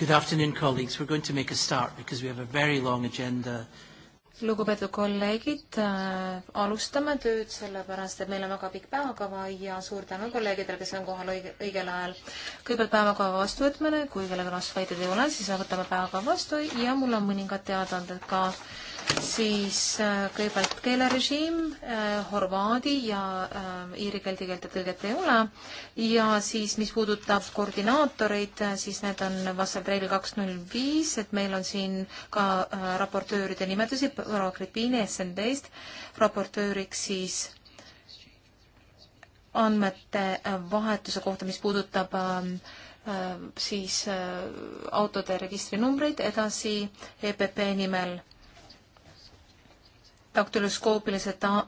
Good afternoon, colleagues. We're going to make a start because we have a very long agenda. lugupeetud kolleegid, äh, alustame tööd sellepärast, et meil on väga pikk päevakava ja suur tänu kolleegidele, kes on kohal õige, õigel ajal. kõigepealt päevakava vastuvõtmine, kui kellelgi vastuväiteid ei ole, siis võtame päevakava vastu ja mul on mõningad teadaanded ka äh, siis äh, kõigepealt keelerežiim, äh, horvaadi ja äh, iiri keelde keelde tõlget ei ole. ja siis, mis puudutab koordinaatoreid, siis need on vastavalt reegel kaks null viis, et meil on siin ka raportööride nimetusi, proua Kripiini SND-st raportööriks siis andmete vahetuse kohta, mis puudutab ähm, siis autode registrinumbreid, edasi EPP nimel daktüloskoopilised äh,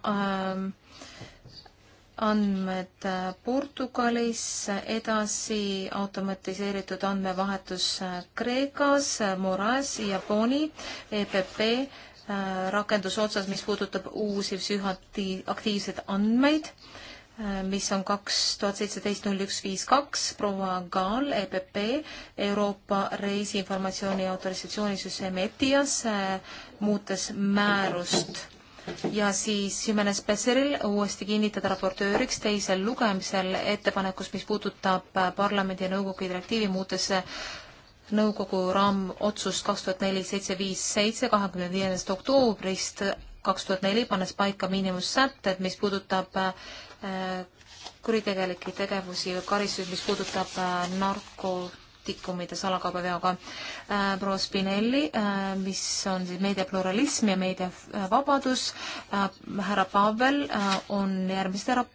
andmed äh, Portugalis, edasi automatiseeritud andmevahetus äh, Kreekas, Moras, Jaapani, EPP rakenduse otsas, mis puudutab uusi psühhoaktiivseid andmeid, mis on kaks tuhat seitseteist null üks viis kaks, proua Gaal, EPP, Euroopa reisiinformatsiooni autorisatsioonisüsteem ETIAS, muutes määrust ja siis Jimenez Peseril uuesti kinnitada raportööriks teisel lugemisel ettepanekus, mis puudutab äh, parlamendi ja nõukogu direktiivi muutes nõukogu raamotsust kaks tuhat neli seitse viis seitse kahekümne viiendast oktoobrist kaks tuhat neli, pannes paika miinimumsätted, mis puudutab äh, kuritegelikke tegevusi või karistusi, mis puudutab äh, narko narkootikumide salakaubaveoga. Äh, proua Spinelli, äh, mis on siis meediapluralism ja meediavabadus, äh, härra Pavel on järgmiste rap-,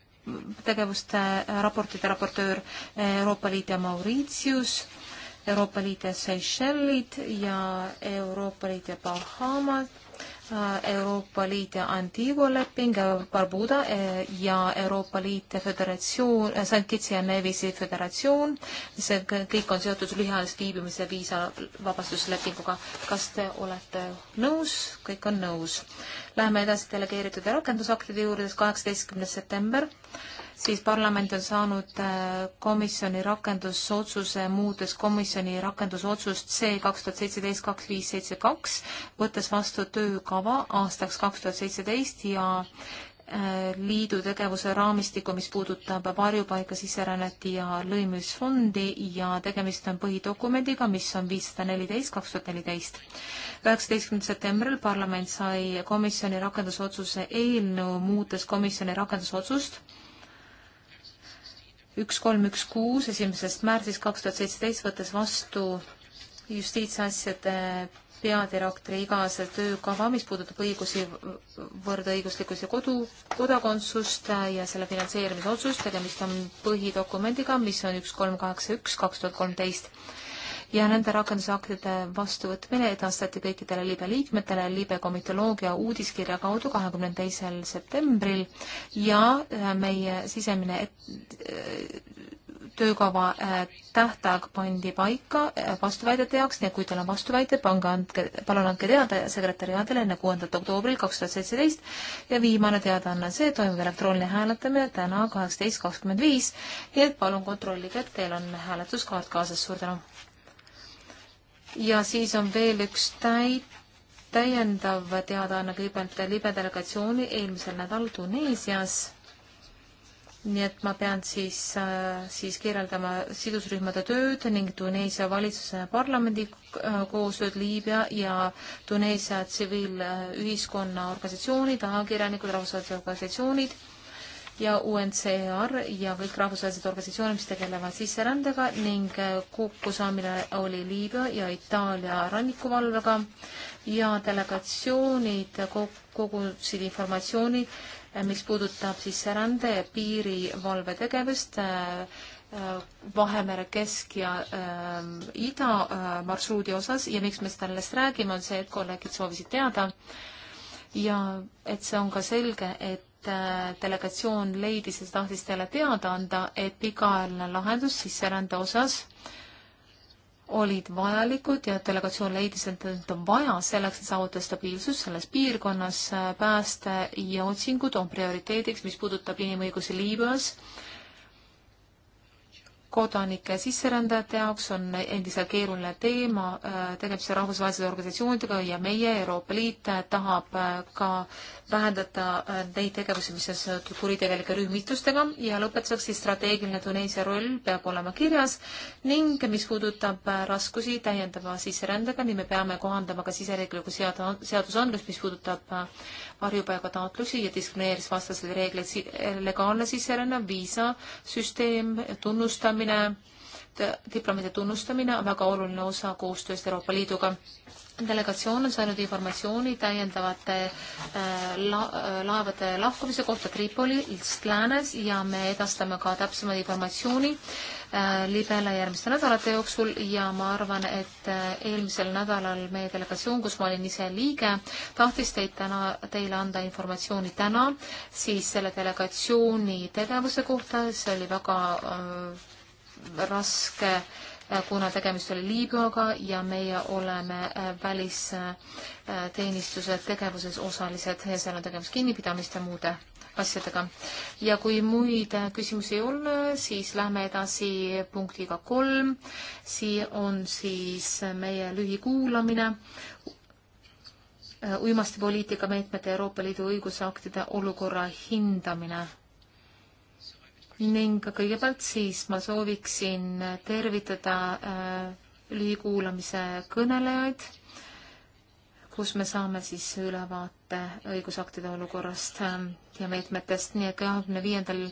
tegevuste raportide raportöör Euroopa Liit ja Mauritius, Euroopa Liit ja Seychellid ja Euroopa Liit ja Bahamad Äh, Euroopa Liit ja Antigua leping, äh, Barbuda äh, ja Euroopa Liit ja föderatsioon, St Kitsi ja Nevisi föderatsioon, see kõik on seotud lühiajalise viibimise viisavabastuslepinguga. kas te olete nõus? kõik on nõus. Läheme edasi delegeeritud ja rakendusaktide juurde, kaheksateistkümnes september siis parlament on saanud äh, komisjoni rakendusotsuse muudes komisjoni rakendusotsust C kaks tuhat seitseteist kaks viis seitse kaks, võttes vastu töökava aastaks kaks tuhat seitseteist ja äh, liidu tegevuse raamistiku, mis puudutab varjupaiga sisserännet ja lõimisfondi ja tegemist on põhidokumendiga, mis on viissada neliteist, kaks tuhat neliteist. üheksateistkümnendal septembril parlament sai komisjoni rakendusotsuse eelnõu, muutes komisjoni rakendusotsust üks kolm üks kuus esimesest märtsist kaks tuhat seitseteist, võttes vastu justiitsasjade peadirektori igase töökava, mis puudutab õigusi, võrdõiguslikkust ja kodu, kodakondsust ja selle finantseerimise otsust, tegemist on põhidokumendiga, mis on üks kolm kaheksa üks kaks tuhat kolmteist ja nende rakendusaktide vastuvõtmine edastati kõikidele liibe liikmetele liibe komitoloogia uudiskirja kaudu kahekümne teisel septembril ja äh, meie sisemine et, äh, töökava äh, tähtaeg pandi paika vastuväidete jaoks, nii et kui teil on vastuväited, pange andke, palun andke teada sekretäriaadile enne kuuendat oktoobril kaks tuhat seitseteist ja viimane teadaanne on see, toimub elektrooniline hääletamine täna kaheksateist kakskümmend viis, nii et palun kontrollige, et teil on hääletuskaart kaasas, suur tänu! ja siis on veel üks täi-, täiendav teadaanne kõigepealt libe delegatsiooni eelmisel nädalal Tuneesias. nii et ma pean siis, äh, siis kirjeldama sidusrühmade tööd ning Tuneesia valitsuse ja parlamendi äh, koostööd Liibüa ja Tuneesia tsiviilühiskonna organisatsioonid, ajakirjanikud, rahvusvahelised organisatsioonid ja UNCR ja kõik rahvusvahelised organisatsioonid, mis tegelevad sisserändega ning äh, kokku saamine oli Liibüa ja Itaalia rannikuvalvega ja delegatsioonid kogusid informatsiooni, äh, mis puudutab sisserände ja piirivalve tegevust äh, Vahemere kesk ja äh, ida äh, marsruudi osas ja miks me sellest räägime, on see, et kolleegid soovisid teada ja et see on ka selge, et Äh, delegatsioon leidis ja tahtis teile teada anda, et pikaajaline lahendus sisserände osas olid vajalikud ja delegatsioon leidis, et need on vaja selleks, et saavutada stabiilsus selles piirkonnas. Äh, pääste ja otsingud on prioriteediks, mis puudutab inimõigusi Liibüas. kodanike sisserändajate jaoks on endiselt keeruline teema, äh, tegemist on rahvusvaheliste organisatsioonidega ja meie, Euroopa Liit, tahab ka äh, vähendada äh, neid tegevusi, mis on seotud kuritegelike rühmitustega ja lõpetuseks siis strateegiline Tuneesia roll peab olema kirjas ning mis puudutab äh, raskusi täiendava sisserändega, nii me peame kohandama ka siseriiklikku seadusandlust, mis puudutab äh, varjupaigataotlusi ja diskrimineerimisvastaseid reegleid, legaalne sisseränne, viisasüsteem, tunnustamine, diplomide tunnustamine on väga oluline osa koostööst Euroopa Liiduga delegatsioon on saanud informatsiooni täiendavate äh, la äh, laevade lahkumise kohta Tripolist läänes ja me edastame ka täpsema informatsiooni äh, libele järgmiste nädalate jooksul ja ma arvan, et eelmisel nädalal meie delegatsioon, kus ma olin ise liige, tahtis teid täna, teile anda informatsiooni täna siis selle delegatsiooni tegevuse kohta, see oli väga äh, raske äh, Äh, kuna tegemist oli Liibüaga ja meie oleme äh, välisteenistuse äh, tegevuses osalised ja seal on tegemist kinnipidamiste muude asjadega. ja kui muid küsimusi ei ole, siis lähme edasi punktiga kolm. siin on siis meie lühikuulamine uimastipoliitika meetmete Euroopa Liidu õigusaktide olukorra hindamine ning kõigepealt siis ma sooviksin tervitada äh, lühikuulamise kõnelejaid, kus me saame siis ülevaate õigusaktide olukorrast äh, ja meetmetest, nii et kahekümne viiendal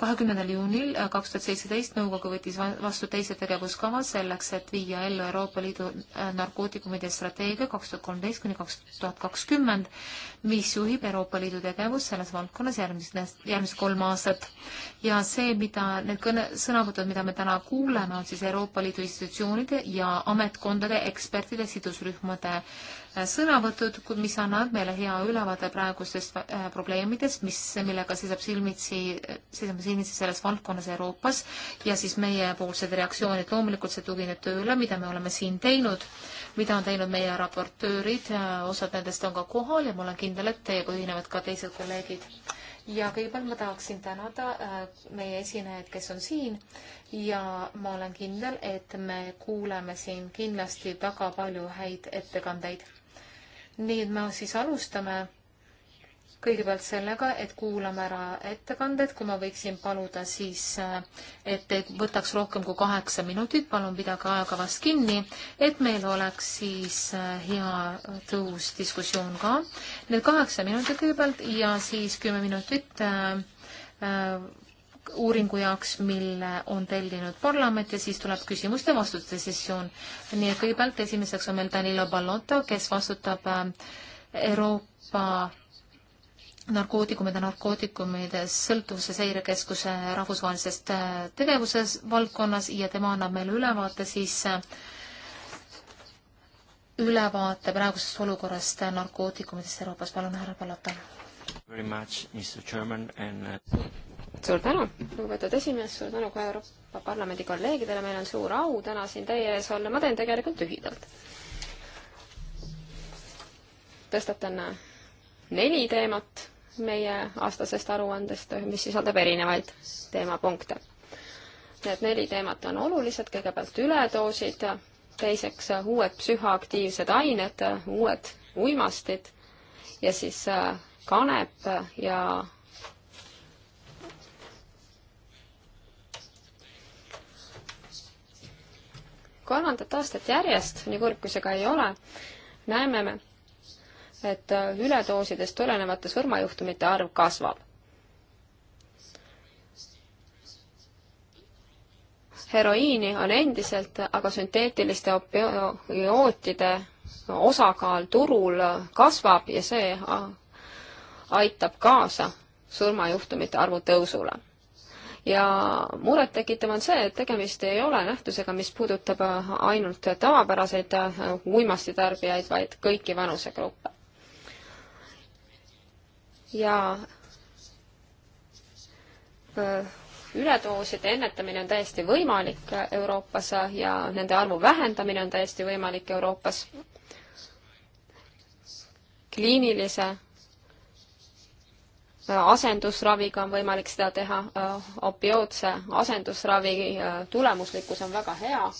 kahekümnendal juunil äh, kaks tuhat seitseteist nõukogu võttis vastu teise tegevuskava selleks, et viia ellu Euroopa Liidu äh, narkootikumide strateegia kaks tuhat kolmteist kuni kaks tuhat kakskümmend, mis juhib Euroopa Liidu tegevust selles valdkonnas järgmised, järgmised kolm aastat. ja see, mida need kõne, sõnavõtud, mida me täna kuuleme, on siis Euroopa Liidu institutsioonide ja ametkondade, ekspertide, sidusrühmade äh, sõnavõtud, mis annavad meile hea ülevaade praegustest äh, probleemidest, mis, millega seisab silmitsi, seisame silmitsi selles valdkonnas Euroopas ja siis meiepoolsed reaktsioonid, loomulikult see tugineb tööle, mida me oleme siin teinud, mida on teinud meie raportöörid, osad nendest on ka kohal ja ma olen kindel, et teiega ühinevad ka teised kolleegid ja kõigepealt ma tahaksin tänada äh, meie esinejaid, kes on siin ja ma olen kindel, et me kuuleme siin kindlasti väga palju häid ettekandeid nii et me siis alustame kõigepealt sellega, et kuulame ära ettekanded, kui ma võiksin paluda siis, äh, et te võtaks rohkem kui kaheksa minutit, palun pidage ajakavast kinni, et meil oleks siis äh, hea tõus diskussioon ka. Need kaheksa minutit kõigepealt ja siis kümme minutit äh, äh, uuringu jaoks, mille on tellinud parlament ja siis tuleb küsimuste-vastuste sessioon. nii et kõigepealt esimeseks on meil Danilo Ballotto, kes vastutab äh, Euroopa narkootikumide, narkootikumide sõltuvuse seirekeskuse rahvusvahelisest äh, tegevuses valdkonnas ja tema annab meile ülevaate siis äh, ülevaate praegusest olukorrast narkootikumides Euroopas. palun, härra Ballotto. Very much, Mr Chairman and uh, suur tänu, lugupeetud esimees, suur tänu ka Euroopa Parlamendi kolleegidele, meil on suur au täna siin teie ees olla, ma teen tegelikult lühidalt. tõstatan äh, neli teemat meie aastasest aruandest, mis sisaldab erinevaid teemapunkte. Need neli teemat on olulised, kõigepealt üledoosid, teiseks äh, uued psühhoaktiivsed ained, äh, uued uimastid ja siis kanep ja kolmandat aastat järjest, nii kurb kui see ka ei ole, näeme me, et äh, üledoosidest tulenevate surmajuhtumite arv kasvab. heroiini on endiselt aga sünteetiliste opiootide osakaal turul kasvab ja see äh, aitab kaasa surmajuhtumite arvu tõusule ja murettekitav on see, et tegemist ei ole nähtusega, mis puudutab äh, ainult tavapäraseid äh, uimastitarbijaid, vaid kõiki vanusegruppe. ja äh, üledooside ennetamine on täiesti võimalik Euroopas ja nende arvu vähendamine on täiesti võimalik Euroopas. kliinilise asendusraviga on võimalik seda teha, äh, opioodse asendusravi äh, tulemuslikkus on väga hea,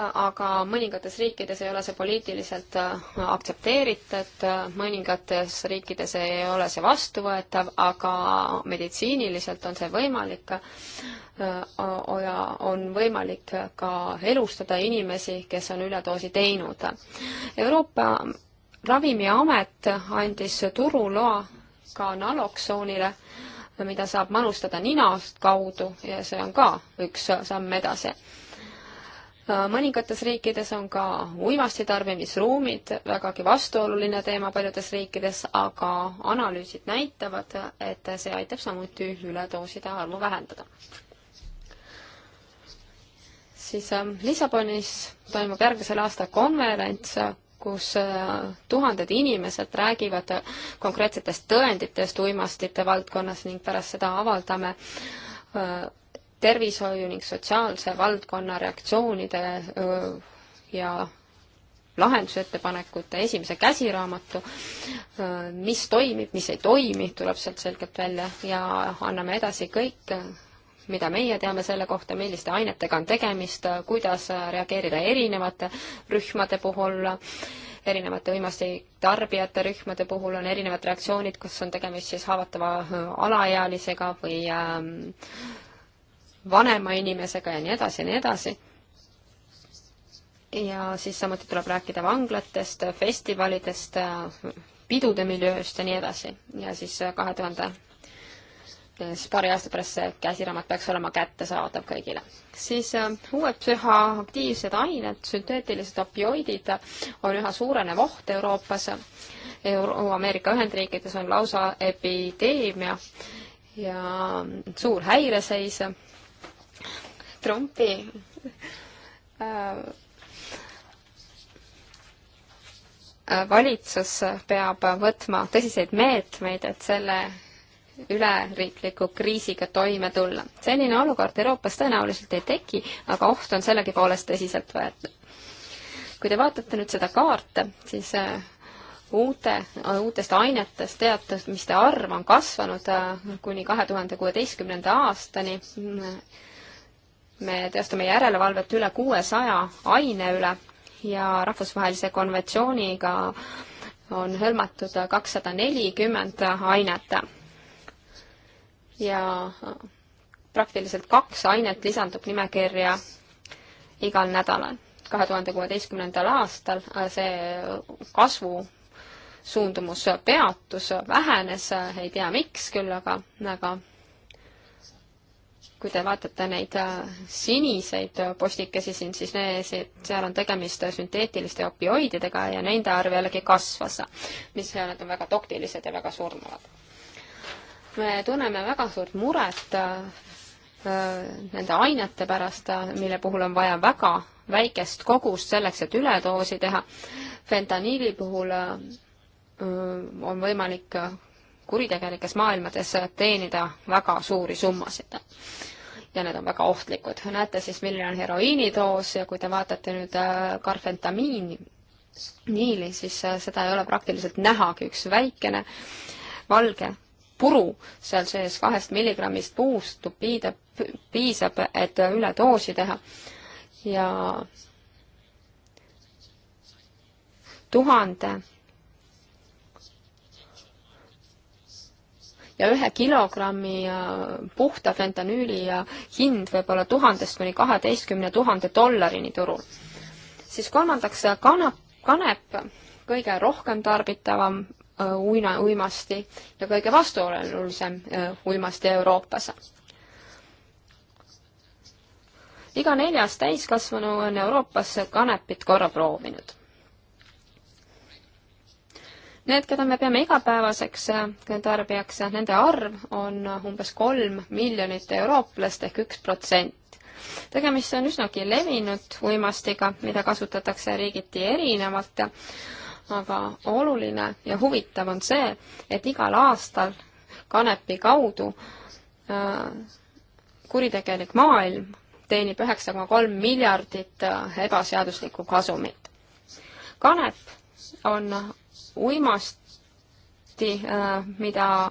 aga mõningates riikides ei ole see poliitiliselt äh, aktsepteeritud, mõningates riikides ei ole see vastuvõetav, aga meditsiiniliselt on see võimalik ja on võimalik ka elustada inimesi, kes on üledoosi teinud. Euroopa ravimiamet andis turuloa ka naloksoonile, mida saab manustada ninast kaudu ja see on ka üks samm edasi. mõningates riikides on ka uimastitarbimisruumid, vägagi vastuoluline teema paljudes riikides, aga analüüsid näitavad, et see aitab samuti üledooside arvu vähendada siis ähm, Lissabonis toimub järgmisel aastal konverents, kus äh, tuhanded inimesed räägivad konkreetsetest tõenditest uimastite valdkonnas ning pärast seda avaldame äh, tervishoiu ning sotsiaalse valdkonna reaktsioonide äh, ja lahendusettepanekute esimese käsiraamatu, mis toimib, mis ei toimi, tuleb sealt selgelt välja ja anname edasi kõik mida meie teame selle kohta, milliste ainetega on tegemist, kuidas reageerida erinevate rühmade puhul, erinevate uimastitarbijate rühmade puhul on erinevad reaktsioonid, kas on tegemist siis haavatava äh, alaealisega või ähm, vanema inimesega ja nii edasi ja nii edasi ja siis samuti tuleb rääkida vanglatest, festivalidest, äh, pidude miljööst ja nii edasi. ja siis äh, kahe tuhande siis paari aasta pärast see käsiraamat peaks olema kättesaadav kõigile. siis äh, uued psühhoaktiivsed ained, sünteetilised opioidid on üha suurenev oht Euroopas Euro. Ameerika Ühendriikides on lausa epideemia ja mm, suur häireseis. Trumpi äh, valitsus peab võtma tõsiseid meetmeid, et selle üleriikliku kriisiga toime tulla. selline olukord Euroopas tõenäoliselt ei teki, aga oht on sellegipoolest tõsiseltvõetav. kui te vaatate nüüd seda kaarte, siis äh, uute, äh, uutest ainetest teatamiste arv on kasvanud äh, kuni kahe tuhande kuueteistkümnenda aastani. Mm, me teostame järelevalvet üle kuuesaja aine üle ja rahvusvahelise konventsiooniga on hõlmatud kakssada nelikümmend ainet ja praktiliselt kaks ainet lisandub nimekirja igal nädalal. kahe tuhande kuueteistkümnendal aastal see kasvu suundumus peatus, vähenes, ei tea miks küll, aga, aga kui te vaatate neid siniseid postikesi siin, siis need, seal on tegemist sünteetiliste opioididega ja nende arv jällegi kasvas, mis, nad on väga toktilised ja väga surmavad me tunneme väga suurt muret äh, nende ainete pärast, äh, mille puhul on vaja väga väikest kogust selleks, et üledoosi teha. fentaniili puhul äh, on võimalik kuritegelikes maailmades teenida väga suuri summasid. ja need on väga ohtlikud. näete siis, milline on heroiinidoos ja kui te vaatate nüüd karfentamiini, niili, siis seda ei ole praktiliselt nähagi, üks väikene valge puru seal sees, kahest milligrammist puust piida, piisab, et üledoosi teha ja tuhande ja ühe kilogrammi äh, puhta fentanüüli hind võib olla tuhandest kuni kaheteistkümne tuhande dollarini turul. siis kolmandaks äh, kanap, kanep, kõige rohkem tarbitavam Äh, uina, uimasti ja kõige vastuolulisem äh, uimasti Euroopas. iga neljas täiskasvanu on Euroopas kanepit korra proovinud. Need, keda me peame igapäevaseks äh, tarbijaks, nende arv on umbes kolm miljonit eurooplast ehk üks protsent. tegemist on üsnagi levinud uimastiga, mida kasutatakse riigiti erinevalt aga oluline ja huvitav on see, et igal aastal kanepi kaudu äh, kuritegelik maailm teenib üheksa koma kolm miljardit äh, ebaseaduslikku kasumit. kanep on uimasti, äh, mida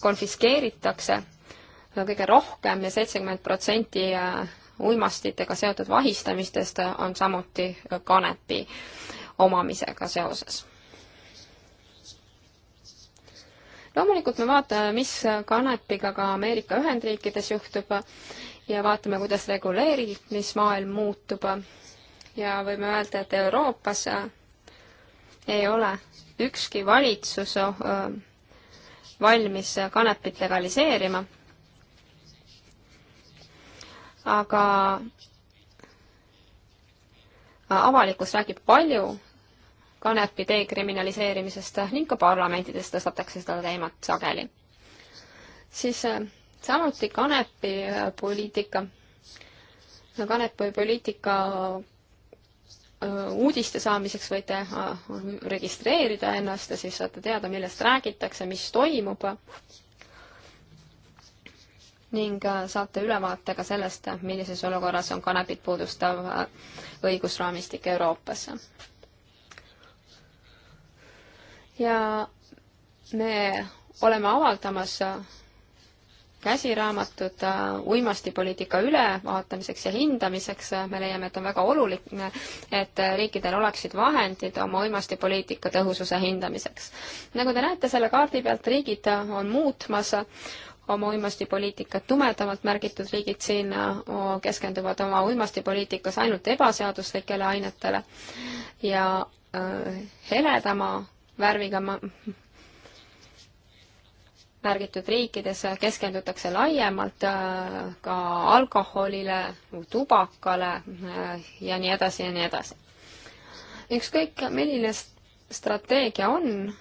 konfiskeeritakse kõige rohkem ja seitsekümmend protsenti uimastitega seotud vahistamistest on samuti kanepi omamisega seoses. loomulikult me vaatame, mis kanepiga ka Ameerika Ühendriikides juhtub ja vaatame, kuidas reguleerimismaailm muutub ja võime öelda, et Euroopas ei ole ükski valitsus äh, valmis kanepit legaliseerima. aga avalikkus räägib palju kanepi dekriminaliseerimisest ning ka parlamentides tõstatakse seda teemat sageli. siis äh, samuti kanepi äh, poliitika, kanepi poliitika äh, uudiste saamiseks võite registreerida ennast ja siis saate teada, millest räägitakse, mis toimub. ning saate ülevaate ka sellest, millises olukorras on kanepit puudustav õigusraamistik Euroopas ja me oleme avaldamas käsiraamatut äh, uimastipoliitika ülevaatamiseks ja hindamiseks. me leiame, et on väga oluline, et riikidel oleksid vahendid oma uimastipoliitika tõhususe hindamiseks. nagu te näete selle kaardi pealt, riigid on muutmas oma uimastipoliitikat, tumedamalt märgitud riigid siin äh, keskenduvad oma uimastipoliitikas ainult ebaseaduslikele ainetele ja äh, heledama värviga märgitud riikides keskendutakse laiemalt äh, ka alkoholile, tubakale äh, ja nii edasi ja nii edasi. ükskõik, milline strateegia on,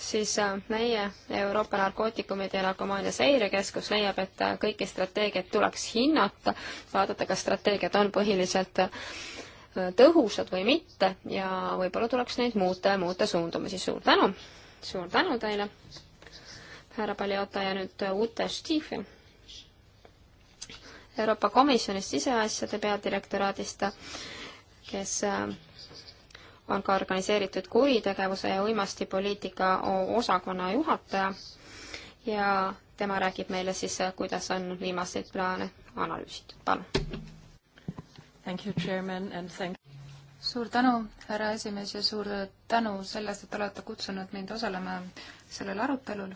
siis äh, meie Euroopa Narkootikumide ja Narkomaania Seirekeskus leiab, et kõiki strateegiaid tuleks hinnata, vaadata, kas strateegiad on põhiliselt tõhusad või mitte ja võib-olla tuleks neid muuta ja muuta suundumisi. suur tänu, suur tänu teile, härra Paljota ja nüüd Ute Stiefel. Euroopa Komisjonist siseasjade peadirektoraadist, kes äh, on ka organiseeritud kuritegevuse ja uimastipoliitika osakonna juhataja ja tema räägib meile siis, kuidas on viimaseid plaane analüüsitud. palun! Thank you, chairman, and thank suur tänu, härra esimees, ja suur tänu sellest, et olete kutsunud mind osalema sellel arutelul.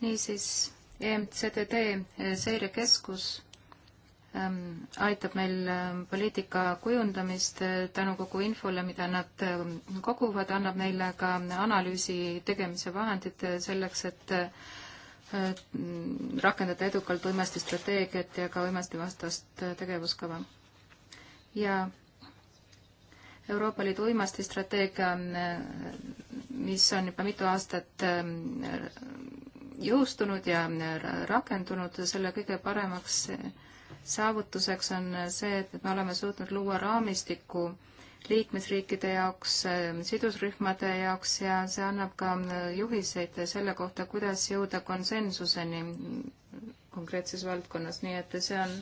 niisiis, EMCDD e, seirekeskus ähm, aitab meil ähm, poliitika kujundamist äh, tänu kogu infole, mida nad ähm, koguvad, annab meile ka analüüsi tegemise vahendid äh, selleks, et äh, Äh, rakendada edukalt uimasti strateegiat ja ka uimasti vastast äh, tegevuskava. ja Euroopa Liidu uimasti strateegia on, äh, mis on juba mitu aastat jõustunud ja rakendunud, selle kõige paremaks saavutuseks on see, et me oleme suutnud luua raamistiku äh, liikmesriikide jaoks, ähm, sidusrühmade jaoks ja see annab ka äh, juhiseid selle kohta, kuidas jõuda konsensuseni konkreetses valdkonnas, nii et see on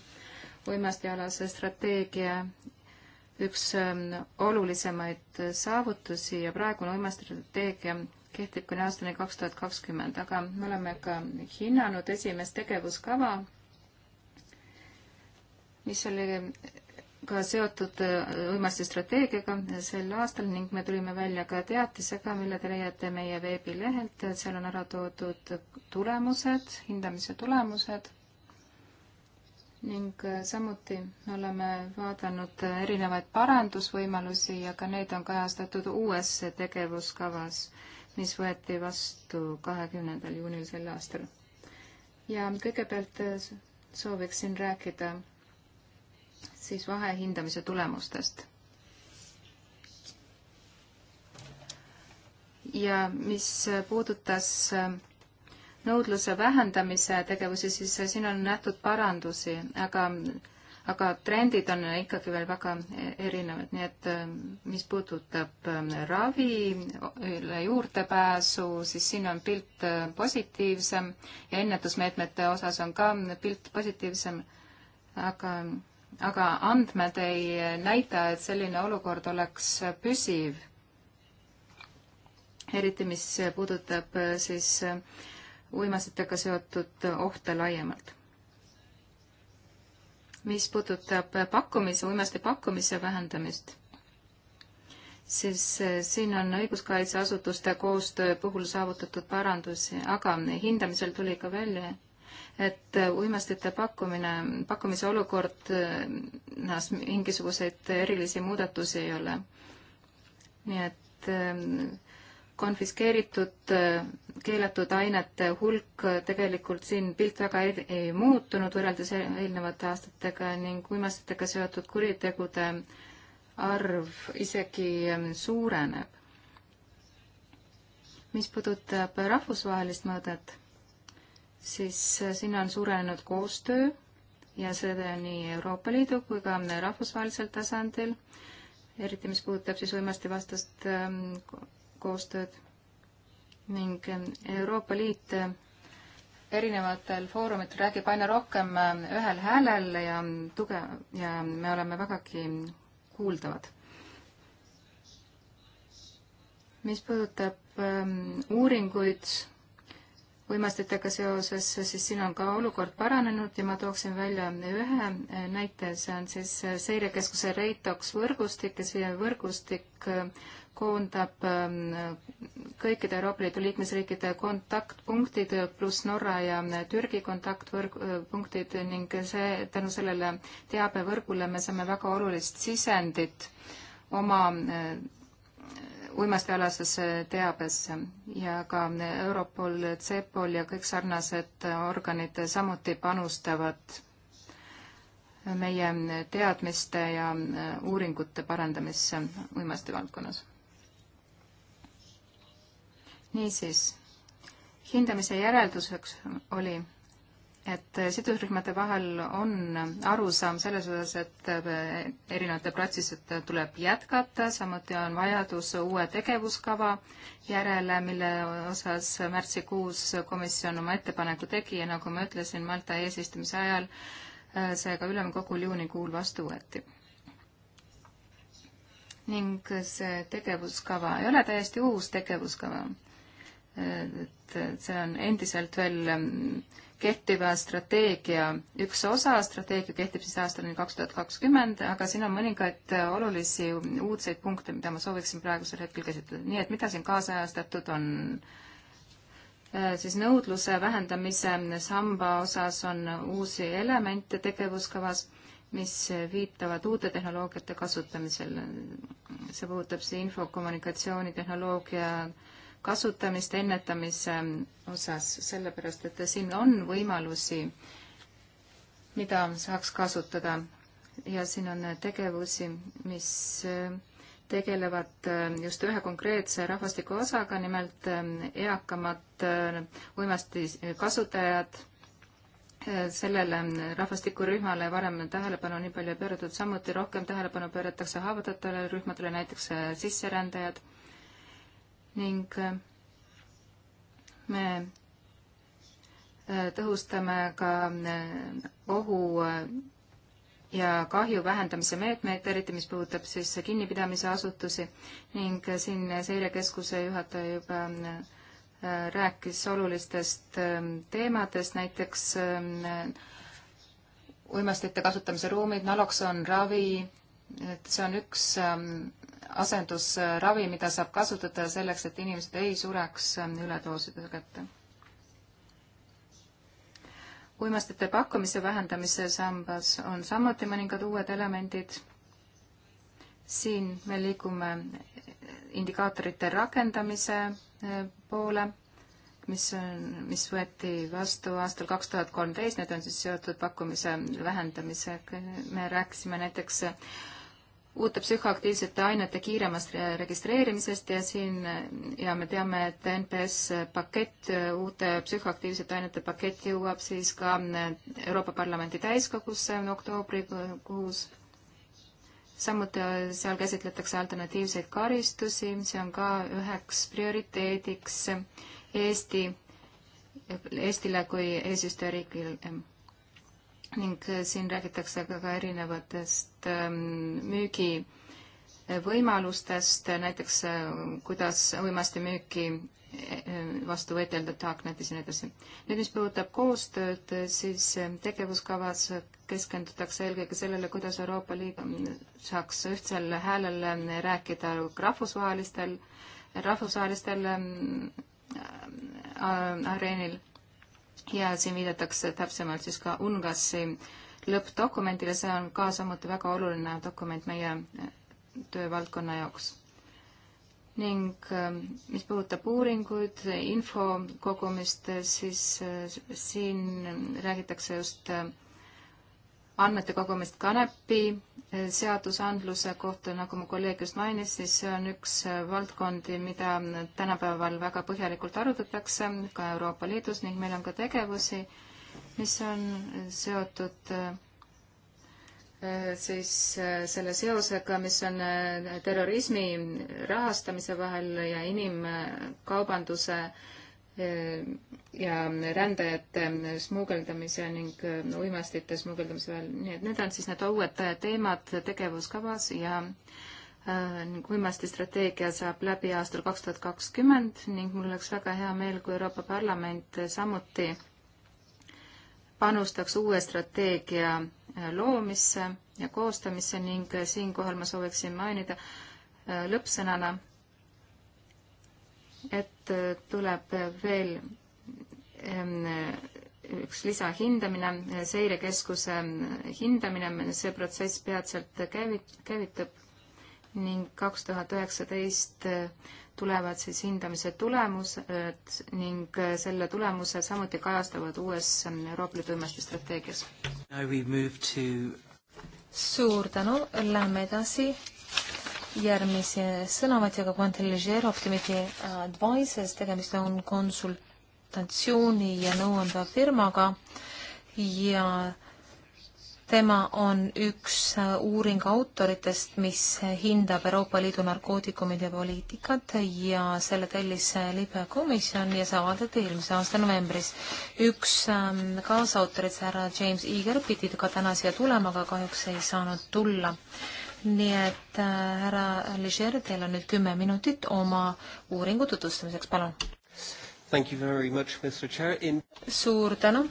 uimastialase strateegia üks ähm, olulisemaid saavutusi ja praegune uimastrateegia kehtib kuni aastani kaks tuhat kakskümmend, aga me oleme ka hinnanud esimest tegevuskava, mis oli ka seotud äh, uimaste strateegiaga sel aastal ning me tulime välja ka teatisega, mille te leiate meie veebilehelt, seal on ära toodud tulemused, hindamise tulemused ning äh, samuti me oleme vaadanud erinevaid parandusvõimalusi ja ka need on kajastatud uues tegevuskavas, mis võeti vastu kahekümnendal juunil sel aastal. ja kõigepealt äh, sooviksin rääkida siis vahehindamise tulemustest. ja mis puudutas äh, nõudluse vähendamise tegevusi, siis äh, siin on nähtud parandusi, aga, aga trendid on ikkagi veel väga e, erinevad, nii et äh, mis puudutab ravile juurdepääsu, siis siin on pilt positiivsem ja ennetusmeetmete osas on ka pilt positiivsem, aga aga andmed ei näita, et selline olukord oleks püsiv. eriti, mis puudutab äh, siis äh, uimastitega seotud ohte laiemalt. mis puudutab äh, pakkumise, uimasti pakkumise vähendamist, siis siin on õiguskaitseasutuste koostöö puhul saavutatud parandusi, aga hindamisel tuli ka välja, et uimastite pakkumine, pakkumise olukord, näos mingisuguseid erilisi muudatusi ei ole. nii et ähm, konfiskeeritud äh, keelatud ainete hulk tegelikult siin pilt väga ei, ei muutunud võrreldes e-, eelnevate aastatega ning uimastitega seotud kuritegude arv isegi ähm, suureneb. mis puudutab rahvusvahelist mõõdet siis äh, sinna on suurenenud koostöö ja seda nii Euroopa Liidu kui ka äh, rahvusvahelisel tasandil, eriti mis puudutab siis uimastivastast ähm, koostööd ning äh, Euroopa Liit erinevatel foorumitel räägib aina rohkem ühel häälel ja tuge- ja me oleme vägagi kuuldavad. mis puudutab ähm, uuringuid uimastitega seoses, siis siin on ka olukord paranenud ja ma tooksin välja ühe eh, näite, see on siis eh, seirekeskuse Reitox võrgustik ja see võrgustik eh, koondab kõikide Euroopa Liidu liikmesriikide kontaktpunktid pluss Norra ja Türgi kontaktpunktid ning see, tänu sellele teabevõrgule me saame väga olulist sisendit oma uimastialasesse teabesse ja ka Europol, CEPOL ja kõik sarnased organid samuti panustavad meie teadmiste ja äh, uuringute parandamisse uimasti valdkonnas. niisiis, hindamise järelduseks oli, et sidusrühmade vahel on arusaam selles osas, et eh, erinevate protsesside tuleb jätkata, samuti on vajadus uue tegevuskava järele, mille osas märtsikuus komisjon oma ettepaneku tegi ja nagu ma ütlesin, Malta eesistumise ajal eh, see ka ülemkogul juunikuul vastu võeti. ning see tegevuskava ei ole täiesti uus tegevuskava. Eh, et see on endiselt veel mm, kehtiva strateegia üks osa, strateegia kehtib siis aastani kaks tuhat kakskümmend, aga siin on mõningaid äh, olulisi uudseid punkte, mida ma sooviksin praegusel hetkel käsitleda. nii et mida siin kaasajastatud on? Äh, siis nõudluse vähendamise samba osas on uusi elemente tegevuskavas, mis viitavad uute tehnoloogiate kasutamisele. see puudutab siis infokommunikatsioonitehnoloogia äh, kasutamist ennetamise osas, sellepärast et siin on võimalusi, mida saaks kasutada ja siin on tegevusi, mis tegelevad just ühe konkreetse rahvastiku osaga, nimelt eakamad uimasti kasutajad. sellele rahvastikurühmale varem tähelepanu nii palju ei pööratud, samuti rohkem tähelepanu pööratakse haavatavatele rühmadele, näiteks sisserändajad ning me äh, tõhustame ka äh, ohu äh, ja kahju vähendamise meetmeid, eriti mis puudutab siis kinnipidamise asutusi ning siin seirekeskuse juhataja juba rääkis olulistest ähm, teemadest, näiteks ähm, uimastite kasutamise ruumid, naloksoon ravi, et see on üks ähm, asendusravi, mida saab kasutada selleks, et inimesed ei sureks ähm, üledooside kätte. uimastite pakkumise vähendamise sambas on samuti mõningad uued elemendid. siin me liigume äh, indikaatorite rakendamise äh, poole mis on, mis võeti vastu aastal kaks tuhat kolmteist, need on siis seotud pakkumise vähendamisega. me rääkisime näiteks äh, uute psühhoaktiivsete ainete kiiremast registreerimisest ja siin ja me teame, et NPS pakett, uute psühhoaktiivsete ainete pakett jõuab siis ka eh, Euroopa Parlamendi täiskogusse oktoobrikuus. samuti eh, seal käsitletakse alternatiivseid karistusi, see on ka üheks prioriteediks Eesti, Eestile kui eesistujariigil ning äh, siin räägitakse ka, ka erinevatest ähm, müügivõimalustest, näiteks äh, kuidas uimastimüüki äh, vastu võidelda Darknetis ja nii edasi. nüüd, mis puudutab koostööd, siis tegevuskavas keskendutakse eelkõige sellele, kuidas Euroopa Liit saaks ühtsel häälel rääkida rahvusvahelistel, rahvusvahelistel areenil ja siin viidatakse täpsemalt siis ka UNGAS-i lõppdokumendile, see on ka samuti väga oluline dokument meie äh, töövaldkonna jaoks. ning äh, mis puudutab uuringuid, info kogumist, siis äh, siin räägitakse just andmete kogumist kanepi eh, seadusandluse kohta, nagu mu kolleeg just mainis, siis see on üks eh, valdkondi, mida tänapäeval väga põhjalikult arutatakse ka Euroopa Liidus ning meil on ka tegevusi, mis on eh, seotud siis selle seosega, mis on terrorismi rahastamise vahel ja inimkaubanduse ja rändajate smugeldamise ning uimastite smugeldamise vahel, nii et need on siis need uued teemad tegevuskavas ja äh, ning uimastistrateegia saab läbi aastal kaks tuhat kakskümmend ning mul oleks väga hea meel, kui Euroopa Parlament samuti panustaks uue strateegia äh, loomisse ja koostamisse ning siinkohal ma sooviksin mainida äh, lõppsõnana, et tuleb veel ähm, üks lisahindamine, seirekeskuse hindamine, see protsess peatselt käivit-, käivitub ning kaks tuhat üheksateist tulevad siis hindamise tulemused ning selle tulemuse samuti kajastavad uues Euroopa Liidu uimestistrateegias. To... suur tänu, lähme edasi järgmise sõnavõtjaga Quantiligero Optimity Advices, tegemist on konsultatsiooni ja nõuandva firmaga ja tema on üks uuringu autoritest, mis hindab Euroopa Liidu narkootikumide poliitikat ja selle tellis libe komisjon ja see avaldati eelmise aasta novembris. üks ähm, kaasautorid, härra James Eager, pidi ka täna siia tulema, aga kahjuks ei saanud tulla nii et äh, härra Ligier, teil on nüüd kümme minutit oma uuringu tutvustamiseks, palun. In... suur tänu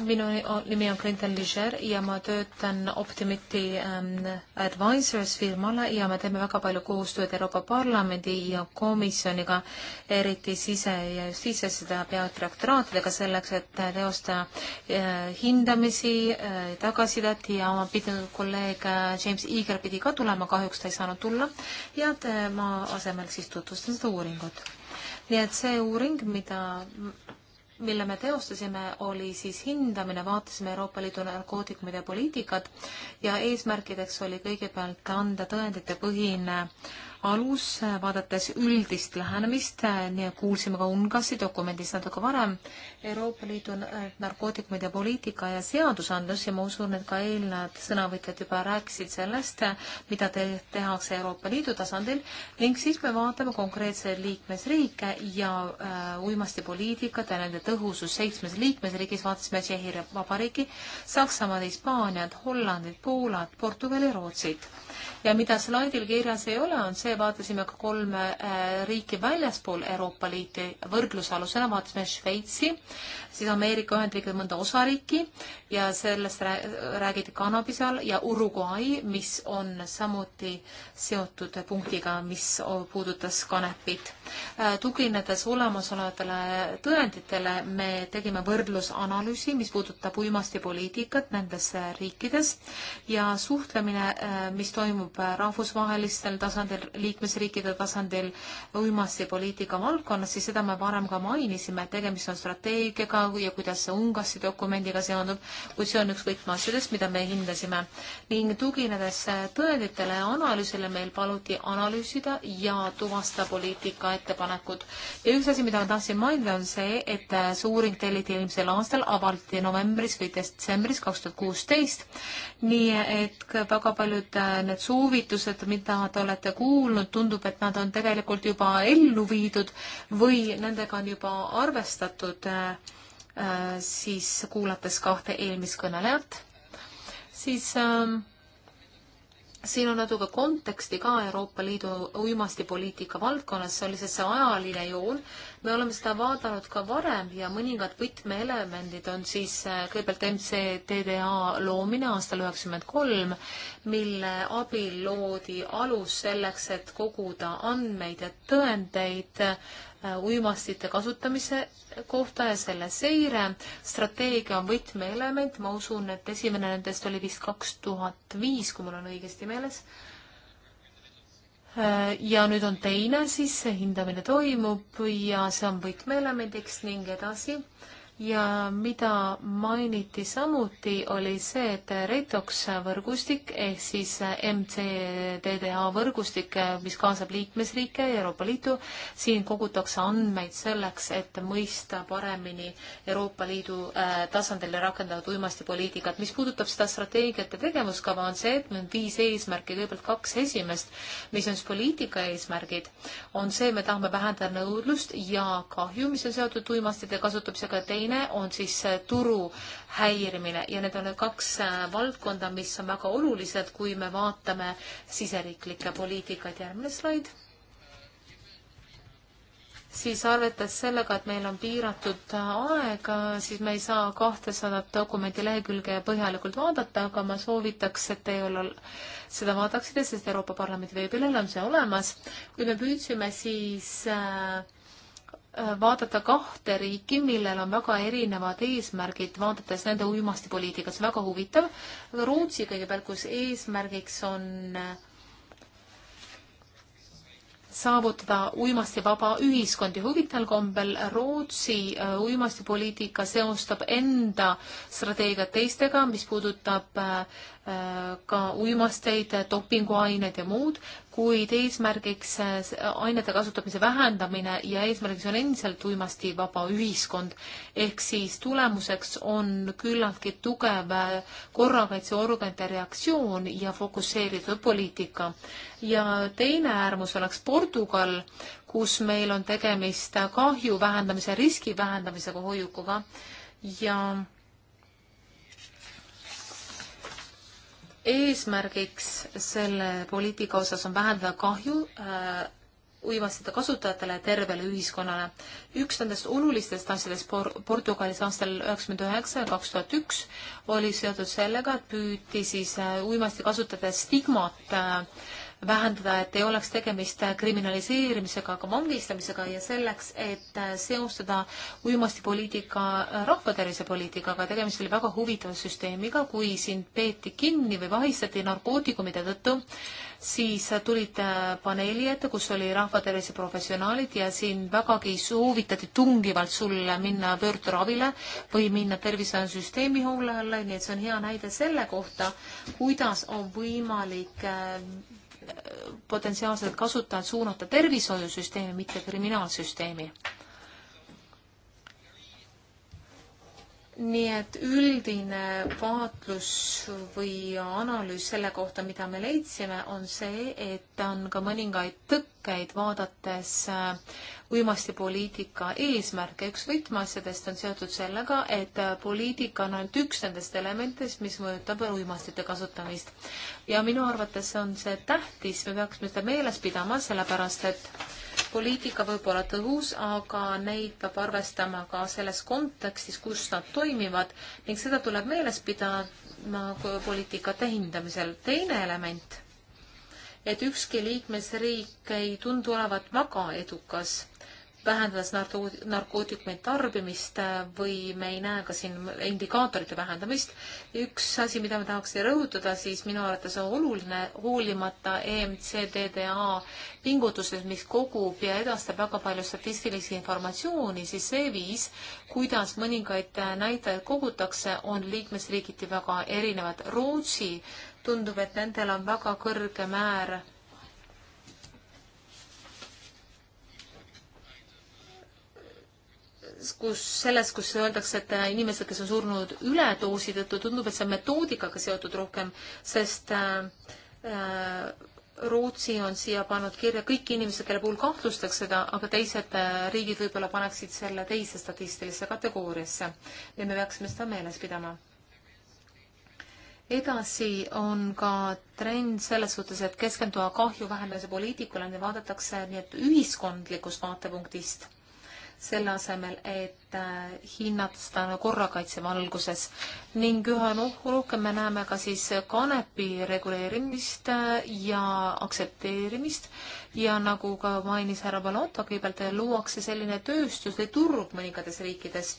minu nimi on Clinton Liger ja ma töötan Optimiti ähm, Advisors firmale ja me teeme väga palju koostööd Euroopa Parlamendi ja komisjoniga, eriti sise- ja justiitsasjade peadirektoraatidega selleks, et teosta äh, hindamisi, äh, tagasisidet ja oma pidev kolleeg äh, James Eager pidi ka tulema, kahjuks ta ei saanud tulla ja tema asemel siis tutvustan seda uuringut. nii et see uuring, mida mille me teostasime, oli siis hindamine, vaatasime Euroopa Liidu narkootikumide poliitikat ja eesmärkideks oli kõigepealt anda tõenditepõhine äh, alus, vaadates üldist lähenemist, kuulsime ka UNGAS-i dokumendis natuke varem, Euroopa Liidu äh, narkootikumide poliitika ja seadusandlus ja ma usun, et ka eelnevad sõnavõtjad juba rääkisid sellest, mida te tehakse Euroopa Liidu tasandil ning siis me vaatame konkreetseid liikmesriike ja äh, uimastipoliitikat ja nende tõhusus seitsmes liikmesriigis, vaatasime Tšehhi Vabariiki, Saksamaad, Hispaaniat, Hollandit, Poolat, Portugali, Rootsit ja mida slaidil kirjas ei ole, on see, vaatasime ka kolme äh, riiki väljaspool Euroopa Liiti võrdlusalusena, vaatasime Šveitsi, siis Ameerika Ühendriikide mõnda osariiki ja sellest räägiti kannabise all ja Uruguay, mis on samuti seotud punktiga, mis puudutas kanepit. Äh, tuginedes olemasolevatele tõenditele, me tegime võrdlusanalüüsi, mis puudutab uimastipoliitikat nendes riikides ja suhtlemine, äh, mis toimub toimub äh, rahvusvahelistel tasandil, liikmesriikide tasandil uimastipoliitika valdkonnas, siis seda me varem ka mainisime, et tegemist on strateegiaga ja kuidas see UNGAS-i dokumendiga seondub, kuid see on üks võtmeasjadest, mida me hindasime. ning tuginedes äh, tõenditele ja analüüsile meil paluti analüüsida ja tuvasta poliitika ettepanekud. ja üks asi, mida ma tahtsin mainida, on see, et äh, see uuring telliti eelmisel aastal, avaldati novembris või detsembris kaks tuhat kuusteist nii et ka väga paljud äh, need soovitused, mida te olete kuulnud, tundub, et nad on tegelikult juba ellu viidud või nendega on juba arvestatud, äh, äh, siis kuulates kahte eelmist kõnelejat, siis äh, siin on natuke konteksti ka Euroopa Liidu uimastipoliitika valdkonnas, see on lihtsalt see ajaline joon. me oleme seda vaadanud ka varem ja mõningad võtmeelemendid on siis äh, kõigepealt MCTDA loomine aastal üheksakümmend kolm, mille abil loodi alus selleks, et koguda andmeid ja tõendeid Äh, uimastite kasutamise kohta ja selle seire. strateegia on võtmeelement, ma usun, et esimene nendest oli vist kaks tuhat viis, kui mul on õigesti meeles. Äh, ja nüüd on teine siis, see hindamine toimub ja see on võtmeelemendiks ning edasi ja mida mainiti samuti, oli see, et Retox võrgustik ehk siis MCDDA võrgustik, mis kaasab liikmesriike ja Euroopa Liitu, siin kogutakse andmeid selleks, et mõista paremini Euroopa Liidu äh, tasandil rakendatud uimastipoliitikat. mis puudutab seda strateegiat ja tegevuskava, on see, et meil on viis eesmärki, kõigepealt kaks esimest, mis on siis poliitika eesmärgid, on see, me tahame vähendada nõudlust ja kahju, mis on seotud uimastide kasutamisega, teine teine on siis äh, turu häirimine ja need on need kaks äh, valdkonda, mis on väga olulised, kui me vaatame siseriiklikke poliitikaid. järgmine slaid. siis arvates sellega, et meil on piiratud äh, aega, siis me ei saa kahtesadat dokumendi lehekülge põhjalikult vaadata, aga ma soovitaks, et te ole, seda vaataksite, sest Euroopa Parlamendi veebilehel on see olemas. kui me püüdsime siis äh, Äh, vaadata kahte riiki, millel on väga erinevad eesmärgid, vaadates nende uimastipoliitikat, see on väga huvitav. Rootsi kõigepealt, kus eesmärgiks on äh, saavutada uimastivaba ühiskond ja huvitaval kombel Rootsi äh, uimastipoliitika seostab enda strateegiat teistega, mis puudutab ka uimasteid, dopinguained ja muud kuid eesmärgiks äh, ainete kasutamise vähendamine ja eesmärgiks on endiselt uimastivaba ühiskond, ehk siis tulemuseks on küllaltki tugev äh, korrakaitseorganite reaktsioon ja fokusseeritud poliitika. ja teine äärmus oleks Portugal, kus meil on tegemist kahju vähendamise, riski vähendamisega hoiukuga ja eesmärgiks selle poliitika osas on vähendada kahju äh, uimastite kasutajatele ja tervele ühiskonnale. üks nendest olulistest asjadest por Portugalis aastal üheksakümmend üheksa ja kaks tuhat üks oli seotud sellega, et püüti siis äh, uimasti kasutajate stigmat äh, vähendada, et ei oleks tegemist kriminaliseerimisega, aga vangistamisega ja selleks, et seostada uimastipoliitika rahvatervisepoliitikaga, tegemist oli väga huvitava süsteemiga, kui sind peeti kinni või vahistati narkootikumide tõttu, siis tulid paneeli ette, kus oli rahvatervise professionaalid ja siin vägagi soovitati tungivalt sulle minna pöördravile või minna tervishoiusüsteemi hoole alla, nii et see on hea näide selle kohta, kuidas on võimalik äh, potentsiaalsed kasutajad suunata tervishoiusüsteemi, mitte kriminaalsüsteemi nii et üldine vaatlus või analüüs selle kohta, mida me leidsime, on see, et on ka mõningaid tõkkeid, vaadates äh, uimastipoliitika eesmärke. üks võtmeasjadest on seotud sellega, et äh, poliitika on ainult üks nendest elementidest, mis mõjutab uimastite kasutamist. ja minu arvates on see tähtis, me peaksime seda meeles pidama, sellepärast et poliitika võib olla tõhus, aga neid peab arvestama ka selles kontekstis, kus nad toimivad ning seda tuleb meeles pidama poliitikate hindamisel. teine element, et ükski liikmesriik ei tundu olevat väga edukas vähendades narkootikumid tarbimist äh, või me ei näe ka siin indikaatorite vähendamist. üks asi, mida ma tahaks rõhutada, siis minu arvates on oluline, hoolimata EMCDDA pingutusest, mis kogub ja edastab väga palju statistilisi informatsiooni, siis see viis, kuidas mõningaid äh, näitajaid kogutakse, on liikmesriigiti väga erinevad. Rootsi tundub, et nendel on väga kõrge määr kus, selles, kus öeldakse, et äh, inimesed, kes on surnud üledoosi tõttu, tundub, et see on metoodikaga seotud rohkem, sest äh, äh Rootsi on siia pannud kirja kõik inimesed, kelle puhul kahtlustakse seda, aga teised äh, riigid võib-olla paneksid selle teise statistilisse kategooriasse ja me peaksime seda meeles pidama. edasi on ka trend selles suhtes, et keskenduva kahju vähendamise poliitikule vaadatakse nii, et ühiskondlikust vaatepunktist selle asemel, et äh, hinnata seda korrakaitse valguses ning üha rohkem me näeme ka siis kanepi reguleerimist äh, ja aktsepteerimist ja nagu ka mainis härra Balotto, kõigepealt äh, luuakse selline tööstus või turg mõningates riikides.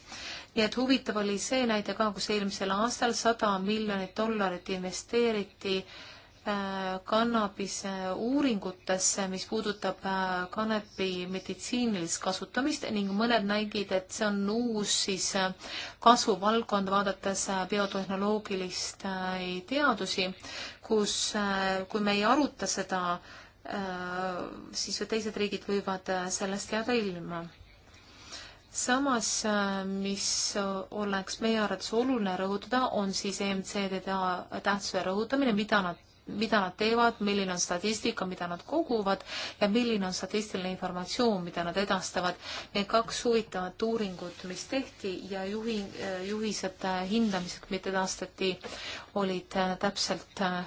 nii et huvitav oli see näide ka, kus eelmisel aastal sada miljonit dollarit investeeriti äh, Äh, kannabise uuringutesse, mis puudutab äh, kanepi meditsiinilist kasutamist ning mõned nägid, et see on uus siis äh, kasvuvaldkond, vaadates biotehnoloogilist teadusi, kus, kui me ei aruta seda, siis teised riigid võivad sellest jääda ilma. samas, mis oleks meie arvates oluline rõhutada, on siis EMC-de tähtsuse rõhutamine, mida nad mida nad teevad, milline on statistika, mida nad koguvad ja milline on statistiline informatsioon, mida nad edastavad. Need kaks huvitavat uuringut, mis tehti ja juhi, juhised äh, hindamiseks, mida edastati, olid äh, täpselt äh,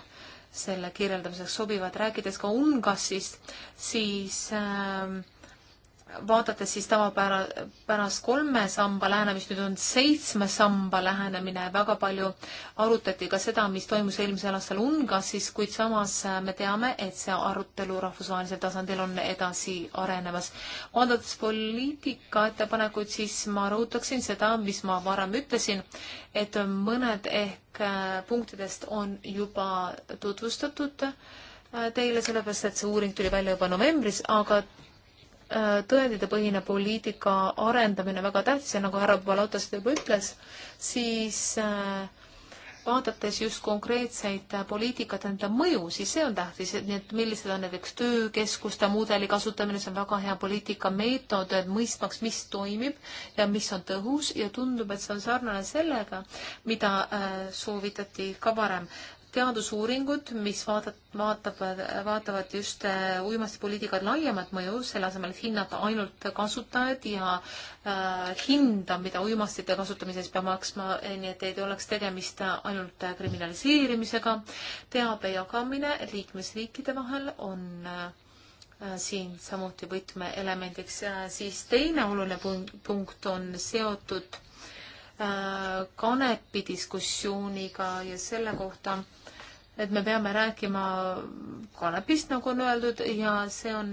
selle kirjeldamiseks sobivad. rääkides ka UNGAS-ist, siis äh, vaadates siis tavapärast kolme samba lähenemist, nüüd on seitsme samba lähenemine, väga palju arutati ka seda, mis toimus eelmisel aastal Ungasis, kuid samas äh, me teame, et see arutelu rahvusvahelisel tasandil on edasi arenemas. vaadates poliitika ettepanekuid, siis ma rõhutaksin seda, mis ma varem ütlesin, et mõned ehk äh, punktidest on juba tutvustatud äh, teile, sellepärast et see uuring tuli välja juba novembris, aga tõenditepõhine poliitika arendamine väga tähtis ja nagu härra Palota seda juba ütles, siis äh, vaadates just konkreetseid äh, poliitikat, enda mõju, siis see on tähtis, et need, millised on näiteks töökeskuste mudeli kasutamine, see on väga hea poliitikameetod, et mõistmaks, mis toimib ja mis on tõhus ja tundub, et see on sarnane sellega, mida äh, soovitati ka varem teadusuuringud, mis vaadat-, vaatab, vaatavad just äh, uimastipoliitika laiemat mõju, selle asemel, et hinnata ainult kasutajad ja äh, hinda, mida uimastite kasutamise eest peab maksma, eh, nii et ei oleks tegemist ainult kriminaliseerimisega. teabe jagamine liikmesriikide vahel on äh, siin samuti võtmeelemendiks. Äh, siis teine oluline punkt on seotud äh, kanepi diskussiooniga ja selle kohta et me peame rääkima kanepist, nagu on öeldud, ja see on,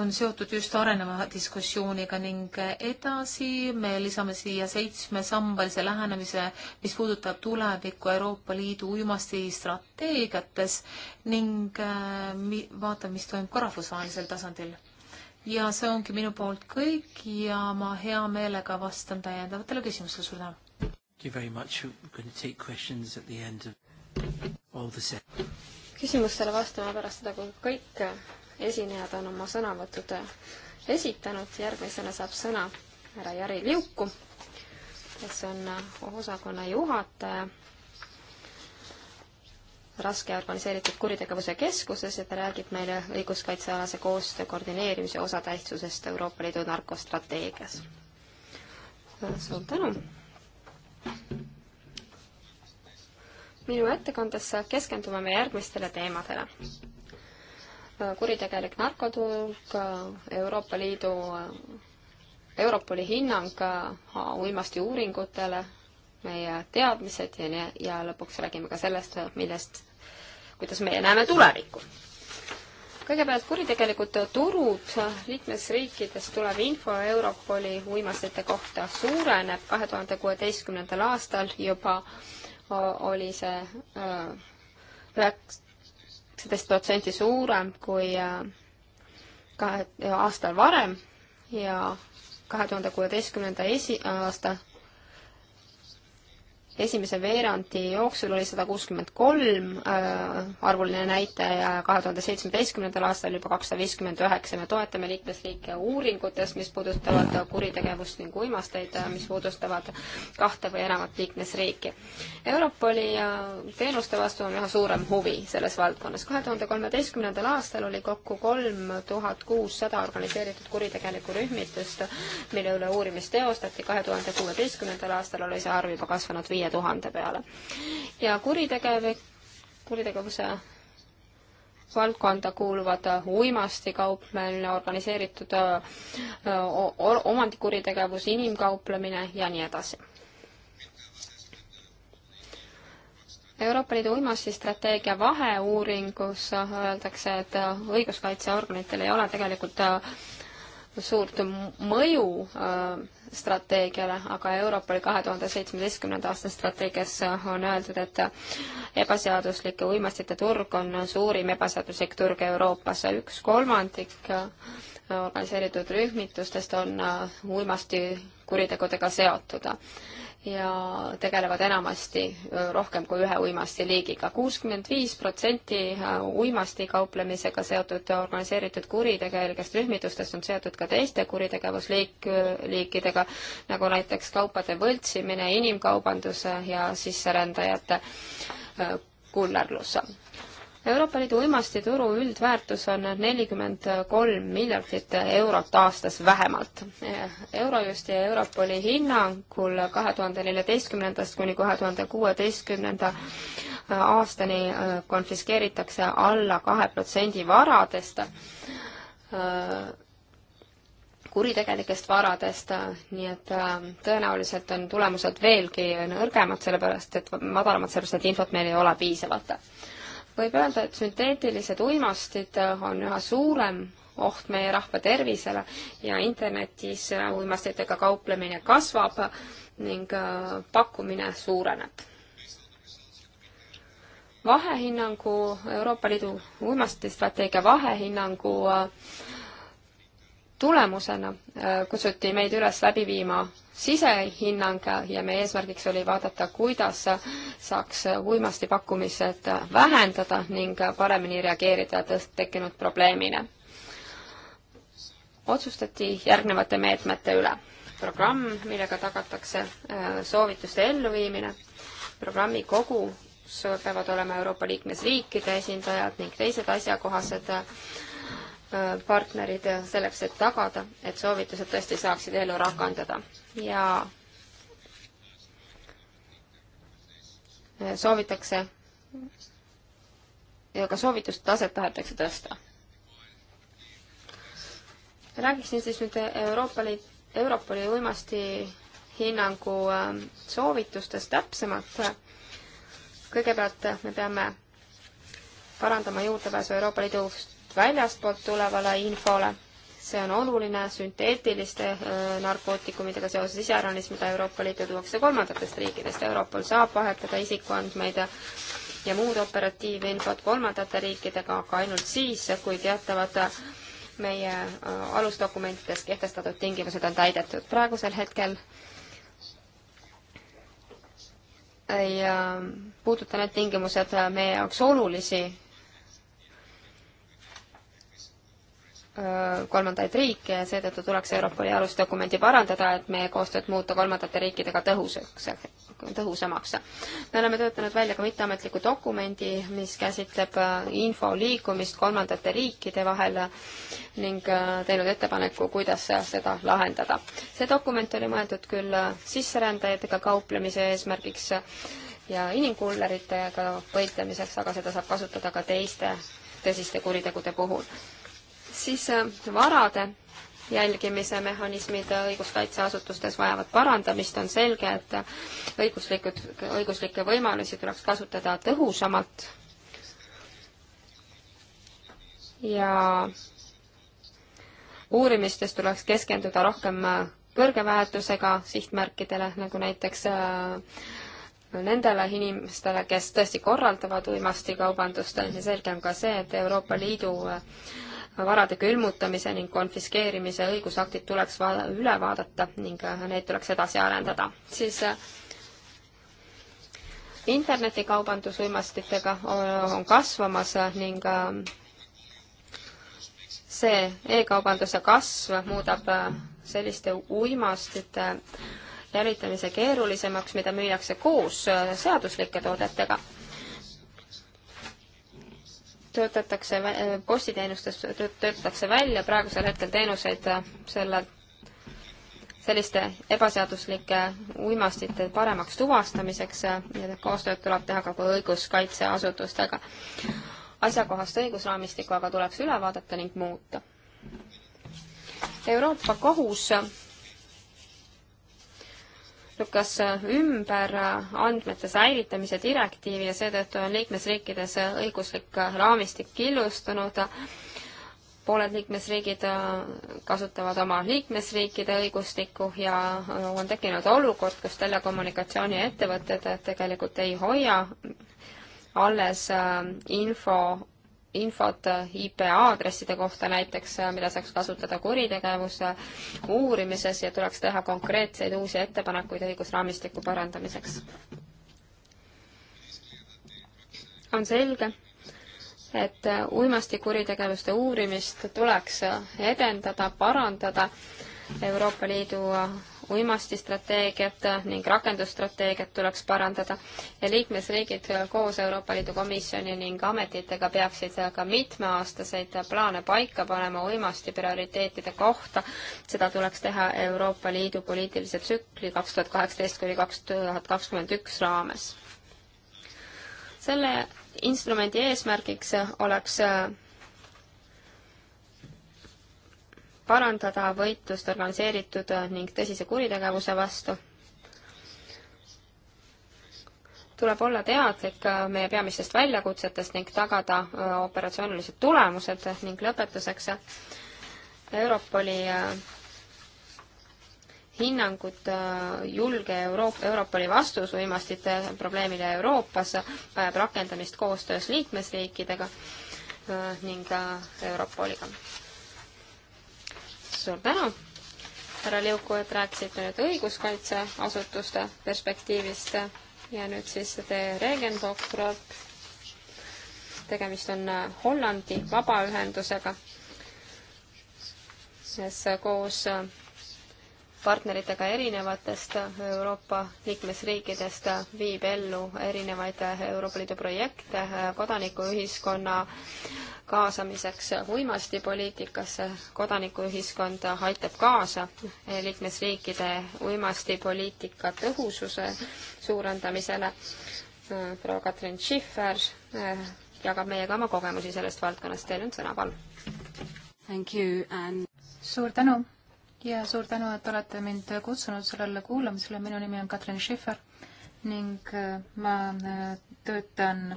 on seotud just areneva diskussiooniga ning edasi me lisame siia seitsmesambalise lähenemise, mis puudutab tulevikku Euroopa Liidu uimastistrateegiates ning äh, mi, vaatame, mis toimub ka rahvusvahelisel tasandil ja see ongi minu poolt kõik ja ma hea meelega vastan täiendavatele küsimustele. suur tänu! you very much. We're going to take questions at the end of all the set. küsimustele vastama pärast seda, kui kõik esinejad on oma sõnavõtud esitanud, järgmisena saab sõna härra Jari Liuku, kes on osakonna juhataja raske organiseeritud kuritegevuse keskuses ja ta räägib meile õiguskaitsealase koostöö koordineerimise osatähtsusest Euroopa Liidu narkostrateegias. suur tänu! minu ettekandes keskendume me järgmistele teemadele. kuritegelik narkoturg, Euroopa Liidu, Europoli hinnang uimasti uuringutele, meie teadmised ja, ja lõpuks räägime ka sellest, millest, kuidas meie näeme tulevikku kõigepealt kuritegelikud turud liikmesriikides tulev info Europoli uimastite kohta suureneb. kahe tuhande kuueteistkümnendal aastal juba oli see äh, üheksateist protsenti suurem kui äh, kahe aastal varem ja kahe tuhande kuueteistkümnenda esi-, aasta esimese veerandi jooksul oli sada kuuskümmend kolm äh, arvuline näitaja ja kahe tuhande seitsmeteistkümnendal aastal juba kakssada viiskümmend üheksa. me toetame liikmesriike uuringutes, mis puudutavad kuritegevust ning uimasteid, äh, mis puudustavad kahte või enamat liikmesriiki. Europoli äh, teenuste vastu on üha suurem huvi selles valdkonnas. kahe tuhande kolmeteistkümnendal aastal oli kokku kolm tuhat kuussada organiseeritud kuritegelikku rühmitust, mille üle uurimist teostati. kahe tuhande kuueteistkümnendal aastal oli see arv juba kasvanud viie viie tuhande peale. ja kuritegev, kuritegevuse valdkonda kuuluvad uimastikauplemine, organiseeritud omandikuritegevus, inimkauplemine ja nii edasi. Euroopa Liidu uimastistrateegia vaheuuringus öeldakse, et õiguskaitseorganitel ei ole tegelikult suurt mõju äh, strateegiale, aga Europoli kahe tuhande seitsmeteistkümnenda aasta strateegias äh, on öeldud, et ebaseaduslike uimastite turg on suurim ebaseaduslik turg Euroopas, üks kolmandik äh, organiseeritud rühmitustest on uimasti kuritegudega seotud ja tegelevad enamasti rohkem kui ühe uimastiliigiga. kuuskümmend viis protsenti uimasti kauplemisega seotud organiseeritud kuritegelikest rühmitustest on seotud ka teiste kuritegevusliik, liikidega, nagu näiteks kaupade võltsimine, inimkaubandus ja sisserändajate kullerlus Euroopa Liidu uimastituru üldväärtus on nelikümmend kolm miljardit eurot aastas vähemalt. Eurojusti ja Europoli hinnangul kahe tuhande neljateistkümnendast kuni kahe tuhande kuueteistkümnenda aastani äh, konfiskeeritakse alla kahe protsendi varadest, äh, kuritegelikest varadest, äh, nii et tõenäoliselt on tulemused veelgi nõrgemad, sellepärast et madalamad, sellepärast et infot meil ei ole piisavalt võib öelda, et sünteetilised uimastid äh, on üha suurem oht meie rahva tervisele ja internetis äh, uimastitega kauplemine kasvab ning äh, pakkumine suureneb. vahehinnangu, Euroopa Liidu uimastistrateegia vahehinnangu tulemusena kutsuti meid üles läbi viima sisehinnang ja meie eesmärgiks oli vaadata, kuidas saaks uimastipakkumised vähendada ning paremini reageerida tekkinud probleemile. otsustati järgnevate meetmete üle. programm, millega tagatakse äh, soovituste elluviimine, programmi kogus peavad olema Euroopa liikmesriikide esindajad ning teised asjakohased äh, partnerid selleks, et tagada, et soovitused tõesti saaksid ellu rakendada ja soovitakse ja ka soovitustaset tahetakse tõsta. räägiksin siis nüüd Euroopa Liit, Europoli uimasti hinnangu ähm, soovitustest täpsemalt. kõigepealt me peame parandama juurdepääsu Euroopa Liidust väljastpoolt tulevale infole see on oluline sünteetiliste narkootikumidega seoses iseäranis, mida Euroopa Liitu tuuakse kolmandatest riikidest. Europol saab vahetada isikuandmeid ja muud operatiivinfot kolmandate riikidega, aga ainult siis, kui teatavad meie alusdokumentides kehtestatud tingimused on täidetud. praegusel hetkel ei puuduta need tingimused meie jaoks olulisi Äh, kolmandaid riike ja seetõttu tuleks Europoli alusdokumenti parandada, et meie koostööd muuta kolmandate riikidega tõhusaks, tõhusamaks. me oleme töötanud välja ka mitteametliku dokumendi, mis käsitleb äh, info liikumist kolmandate riikide vahel ning äh, teinud ettepaneku, kuidas seda lahendada. see dokument oli mõeldud küll sisserändajatega kauplemise eesmärgiks ja inimkulleritega võitlemiseks, aga seda saab kasutada ka teiste tõsiste kuritegude puhul siis äh, varade jälgimise mehhanismid õiguskaitseasutustes vajavad parandamist, on selge, et äh, õiguslikud, õiguslikke võimalusi tuleks kasutada tõhusamalt ja uurimistes tuleks keskenduda rohkem äh, kõrge väärtusega sihtmärkidele, nagu näiteks nendele inimestele, kes tõesti korraldavad uimastikaubandust, on selge on ka see, et Euroopa Liidu äh, varade külmutamise ning konfiskeerimise õigusaktid tuleks vaada, üle vaadata ning äh, neid tuleks edasi arendada. siis äh, internetikaubandus uimastitega äh, on kasvamas ning see e-kaubanduse kasv muudab selliste uimastite jälitamise keerulisemaks, mida müüakse koos seaduslike toodetega töötatakse, äh, postiteenustes töötatakse välja praegusel hetkel teenuseid äh, selle, selliste ebaseaduslike uimastite paremaks tuvastamiseks äh, ja koostööd tuleb teha ka õiguskaitseasutustega. asjakohast õigusraamistikku aga tuleks üle vaadata ning muuta. Euroopa Kohus lükkas ümber andmete säilitamise direktiivi ja seetõttu on liikmesriikides õiguslik raamistik killustunud. pooled liikmesriigid kasutavad oma liikmesriikide õigustikku ja on tekkinud olukord, kus telekommunikatsiooniettevõtted tegelikult ei hoia alles info infot IP aadresside kohta näiteks, mida saaks kasutada kuritegevuse uurimises ja tuleks teha konkreetseid uusi ettepanekuid õigusraamistiku parandamiseks. on selge, et uimastikuritegevuste uurimist tuleks edendada, parandada Euroopa Liidu uimastistrateegiat ning rakendusstrateegiat tuleks parandada ja liikmesriigid koos Euroopa Liidu komisjoni ning ametitega peaksid ka mitmeaastaseid plaane paika panema uimasti prioriteetide kohta. seda tuleks teha Euroopa Liidu poliitilise tsükli kaks tuhat kaheksateist kuni kaks tuhat kakskümmend üks raames. selle instrumendi eesmärgiks oleks parandada võitlust organiseeritud ning tõsise kuritegevuse vastu. tuleb olla teadlik meie peamistest väljakutsetest ning tagada äh, operatsioonilised tulemused ning lõpetuseks äh, Europoli äh, hinnangut julge Euroop-, Europoli vastus uimastite probleemile Euroopas vajab rakendamist koostöös liikmesriikidega ning Europoliga suur tänu, härra Liuku, et rääkisite nüüd õiguskaitseasutuste perspektiivist ja nüüd siis teie Regenbokrop. tegemist on äh, Hollandi vabaühendusega, kes koos äh, partneritega erinevatest Euroopa liikmesriikidest viib ellu erinevaid Euroopa Liidu projekte kodanikuühiskonna kaasamiseks uimastipoliitikasse. kodanikuühiskond aitab kaasa liikmesriikide uimastipoliitika tõhususe suurendamisele. proua Katrin Schiffer jagab meiega oma kogemusi sellest valdkonnast. Teil on sõna, palun. And... suur tänu ja suur tänu, et olete mind kutsunud sellele kuulamisele, minu nimi on Katrin Schiffer ning äh, ma äh, töötan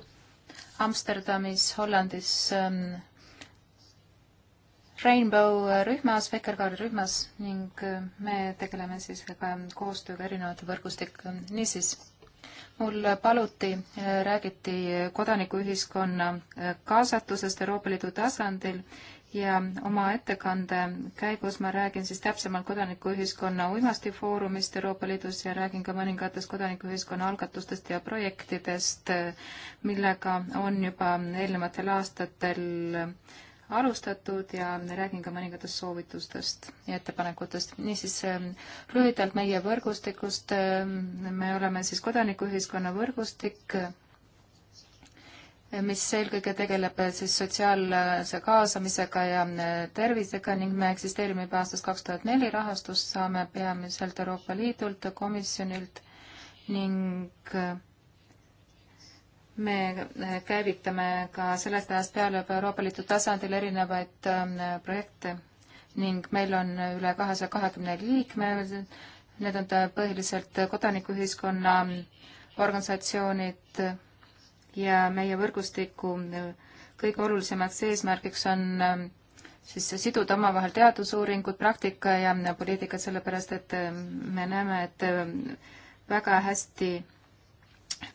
Amsterdamis, Hollandis ähm, Rainbow rühmas, Vekerkaare rühmas ning äh, me tegeleme siis ka koostööga erinevate võrgustikega. niisiis, mul paluti, räägiti kodanikuühiskonna kaasatusest Euroopa Liidu tasandil ja oma ettekande käigus ma räägin siis täpsemalt kodanikuühiskonna uimastifoorumist Euroopa Liidus ja räägin ka mõningatest kodanikuühiskonna algatustest ja projektidest, millega on juba eelnevatel aastatel alustatud ja räägin ka mõningatest soovitustest ja ettepanekutest. niisiis ähm, lühidalt meie võrgustikust, ähm, me oleme siis kodanikuühiskonna võrgustik mis eelkõige tegeleb äh, siis sotsiaalse kaasamisega ja äh, tervisega ning me eksisteerime juba aastast kaks tuhat neli, rahastust saame peamiselt Euroopa Liidult, komisjonilt ning äh, me käivitame ka sellest ajast peale juba Euroopa Liidu tasandil erinevaid ähm, projekte ning meil on üle kahesaja kahekümne liikme, need on põhiliselt kodanikuühiskonna organisatsioonid, ja meie võrgustiku äh, kõige olulisemaks eesmärgiks on ähm, siis siduda omavahel teadusuuringud, praktika ja poliitikad, sellepärast et ähm, me näeme, et ähm, väga hästi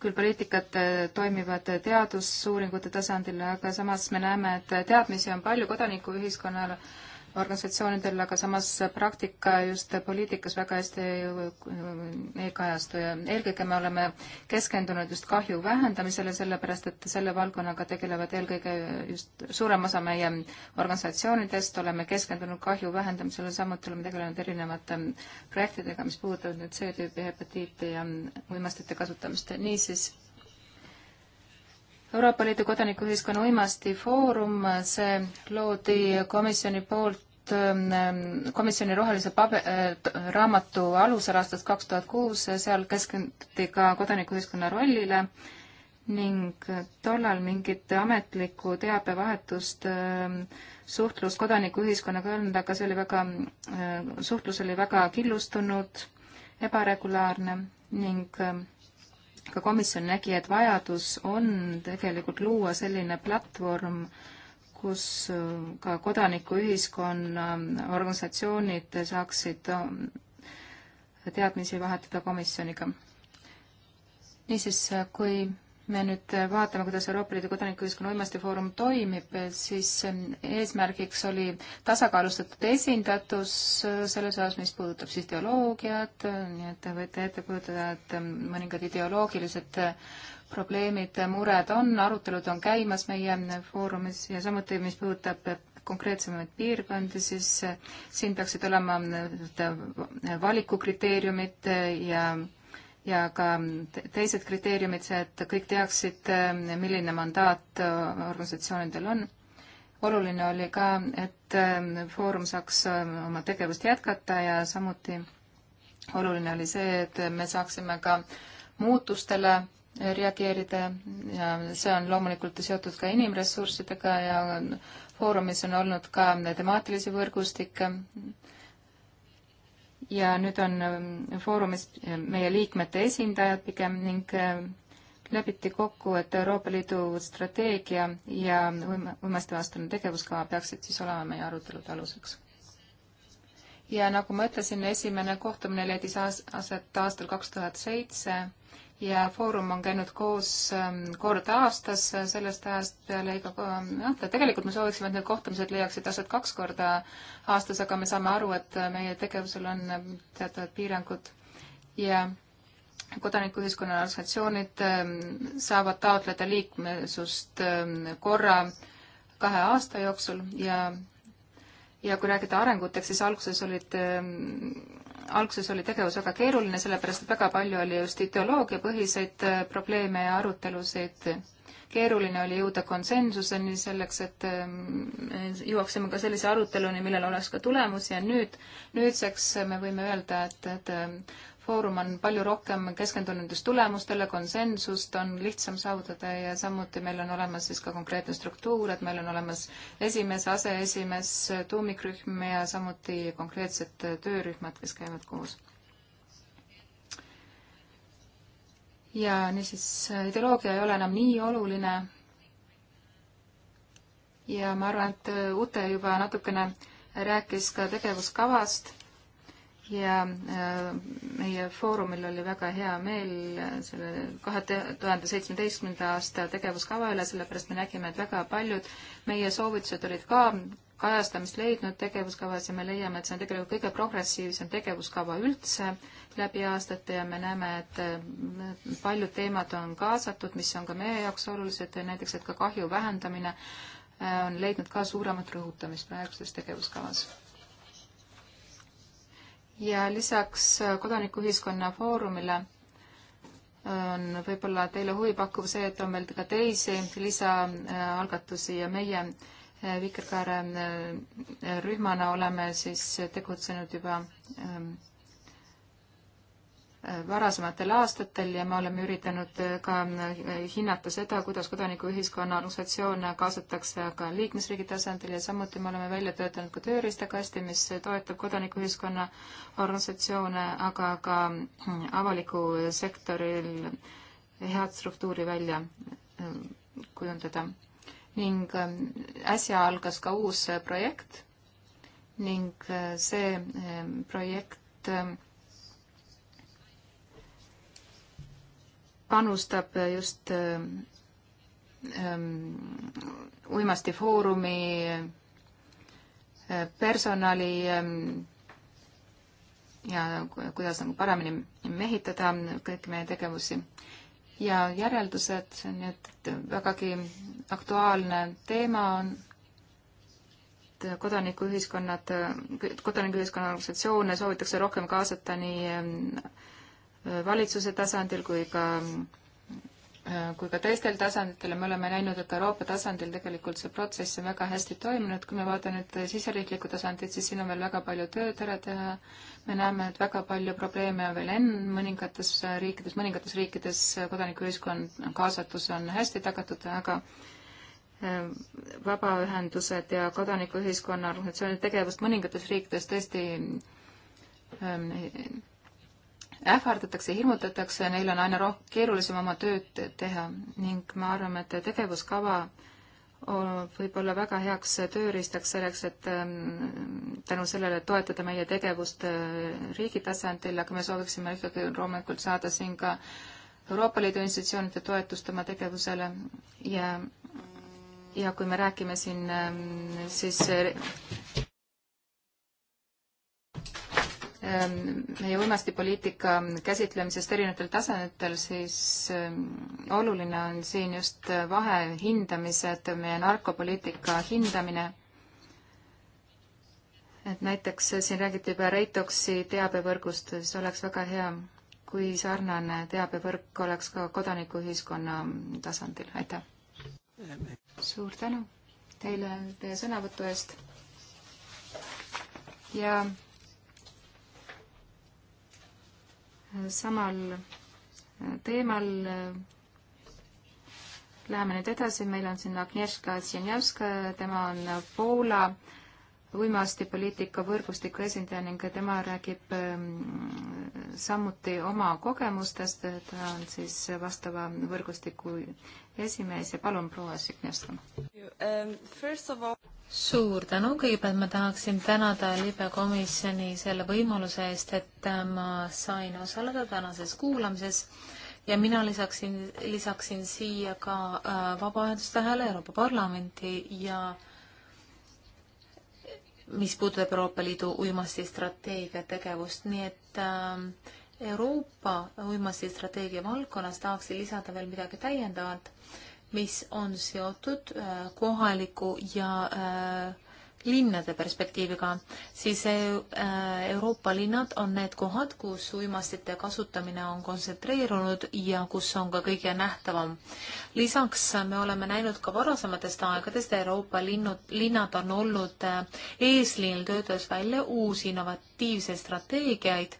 küll poliitikad äh, toimivad teadusuuringute tasandil, aga samas me näeme, et teadmisi on palju kodanikuühiskonnale organisatsioonidel, aga samas praktika just poliitikas väga hästi ei kajastu ja eelkõige me oleme keskendunud just kahju vähendamisele, sellepärast et selle valdkonnaga tegelevad eelkõige just suurem osa meie organisatsioonidest, oleme keskendunud kahju vähendamisele, samuti oleme tegelenud erinevate projektidega, mis puudutavad nüüd C-tüüpi hepatiiti ja uimastite kasutamist, niisiis Euroopa Liidu kodanikuühiskonna uimasti foorum, see loodi komisjoni poolt poolt ähm, komisjoni rohelise pabe-, äh, raamatu alusel aastast kaks tuhat kuus, äh, seal keskenduti ka kodanikuühiskonna rollile ning äh, tollal mingit ametlikku teabevahetust, ähm, suhtlust kodanikuühiskonnaga ei olnud, aga see oli väga, suhtlus oli väga killustunud, ebaregulaarne ning ähm, ka komisjon nägi, et vajadus on tegelikult luua selline platvorm, kus äh, ka kodanikuühiskonna ähm, organisatsioonid saaksid äh, teadmisi vahetada komisjoniga. niisiis, äh, kui me nüüd vaatame, kuidas Euroopa Liidu kodanikuühiskonna uimastifoorum toimib, siis ähm, eesmärgiks oli tasakaalustatud esindatus selles osas, mis puudutab siis ideoloogiat, nii et te võite ette kujutada, et ähm, mõningad ideoloogilised probleemid, mured on, arutelud on käimas meie foorumis ja samuti, mis puudutab konkreetsemaid piirkondi, siis eh, siin peaksid olema eh, valikukriteeriumid eh, ja, ja ka teised kriteeriumid, see, et kõik teaksid, milline mandaat organisatsioonidel on. oluline oli ka, et Foorum saaks oma tegevust jätkata ja samuti oluline oli see, et me saaksime ka muutustele reageerida ja see on loomulikult seotud ka inimressurssidega ja Foorumis on olnud ka temaatilisi võrgustikke ja nüüd on ähm, Foorumis äh, meie liikmete esindajad pigem ning äh, lepiti kokku, et Euroopa Liidu strateegia ja uimastevastane tegevuskava peaksid siis olema meie arutelude aluseks. ja nagu ma ütlesin, esimene kohtumine leidis aas-, aset aastal kaks tuhat seitse ja Foorum on käinud koos ähm, kord aastas äh, sellest ajast peale iga noh, tegelikult me sooviksime, et need kohtumised leiaksid aset kaks korda aastas, aga me saame aru, et äh, meie tegevusel on äh, teatavad piirangud ja kodanikuühiskonna organisatsioonid ähm, saavad taotleda liikmesust korra kahe aasta jooksul ja ja kui rääkida arenguteks, siis alguses olid alguses oli tegevus väga keeruline, sellepärast et väga palju oli just ideoloogiapõhiseid äh, probleeme ja arutelusid. keeruline oli jõuda konsensuseni selleks, et ähm, jõuaksime ka sellise aruteluni, millel oleks ka tulemus ja nüüd, nüüdseks me võime öelda, et, et Foorum on palju rohkem keskendunud just tulemustele, konsensust on lihtsam saavutada ja samuti meil on olemas siis ka konkreetne struktuur, et meil on olemas esimees, aseesimees, tuumikrühm ja samuti konkreetsed töörühmad, kes käivad koos. ja niisiis, ideoloogia ei ole enam nii oluline ja ma arvan, et Ute juba natukene rääkis ka tegevuskavast ja äh, meie foorumil oli väga hea meel äh, selle kahe tuhande seitsmeteistkümnenda aasta tegevuskava üle, sellepärast me nägime, et väga paljud meie soovitused olid ka kajastamist leidnud tegevuskavas ja me leiame, et see on tegelikult kõige progressiivsem tegevuskava üldse läbi aastate ja me näeme, et äh, paljud teemad on kaasatud, mis on ka meie jaoks olulised, näiteks et ka kahju vähendamine on leidnud ka suuremat rõhutamist praeguses tegevuskavas ja lisaks äh, Kodanikuühiskonna Foorumile äh, on võib-olla teile huvi pakkuv see, et on meil ka teisi lisaalgatusi ja meie äh, Vikerkaare rühmana oleme siis tegutsenud juba ähm, Äh, varasematel aastatel ja me oleme üritanud äh, ka äh, hinnata seda, kuidas kodanikuühiskonna organisatsioone kaasatakse ka liikmesriigi tasandil ja samuti me oleme välja töötanud ka tööriistakasti, mis toetab kodanikuühiskonna organisatsioone, aga ka avaliku sektoril head struktuuri välja kujundada. ning äsja algas ka uus projekt ning see projekt panustab just ähm, ähm, uimastifoorumi äh, personali ähm, ja kuidas nagu paremini mehitada kõiki meie tegevusi. ja järeldused, see on nüüd vägagi aktuaalne teema, on kodanikuühiskonnad, kodanikuühiskonna organisatsioone soovitakse rohkem kaasata nii Äh, valitsuse tasandil kui ka äh, kui ka teistel tasanditel ja me oleme näinud, et Euroopa tasandil tegelikult see protsess on väga hästi toimunud, kui me vaatame nüüd siseriiklikku tasandit, siis siin on veel väga palju tööd ära teha. me näeme, et väga palju probleeme on veel enne mõningates riikides, mõningates riikides kodanikuühiskonna kaasatus on hästi tagatud, aga äh, vabaühendused ja kodanikuühiskonna organisatsioonide tegevust mõningates riikides tõesti ähm, ähvardatakse, hirmutatakse, neil on aina roh-, keerulisem oma tööd teha ning me arvame, et tegevuskava võib olla väga heaks tööriistaks selleks, et ähm, tänu sellele toetada meie tegevust äh, riigi tasandil, aga me sooviksime ikkagi loomulikult saada siin ka Euroopa Liidu institutsioonide toetust oma tegevusele ja ja kui me räägime siin ähm, siis Ehm, meie uimastipoliitika käsitlemisest erinevatel tasanditel, siis ehm, oluline on siin just vahehindamised, meie narkopoliitika hindamine. et näiteks siin räägiti juba Reitoksi teabevõrgust, siis oleks väga hea, kui sarnane teabevõrk oleks ka kodanikuühiskonna tasandil, aitäh! suur tänu teile teie sõnavõtu eest ja samal äh, teemal. Läheme nüüd edasi, meil on siin Agnieszka Zinjavska, tema on Poola äh, uimastipoliitika võrgustiku esindaja ning tema räägib ähm, samuti oma kogemustest, ta on siis vastava võrgustiku esimees ja palun, proua Signestam. Um, suur tänu, kõigepealt ma tahaksin tänada libekomisjoni selle võimaluse eest, et äh, ma sain osaleda tänases kuulamises ja mina lisaksin, lisaksin siia ka äh, vabaühenduste hääle Euroopa Parlamenti ja äh, mis puudutab Euroopa Liidu uimastistrateegia tegevust, nii et ähm, Euroopa uimastistrateegia valdkonnas tahaksin lisada veel midagi täiendavat, mis on seotud äh, kohaliku ja äh, linnade perspektiiviga, siis äh, Euroopa linnad on need kohad, kus uimastite kasutamine on kontsentreerunud ja kus on ka kõige nähtavam. lisaks me oleme näinud ka varasematest aegadest, Euroopa linnud, linnad on olnud äh, eesliinil töötades välja uusi innovatiivseid strateegiaid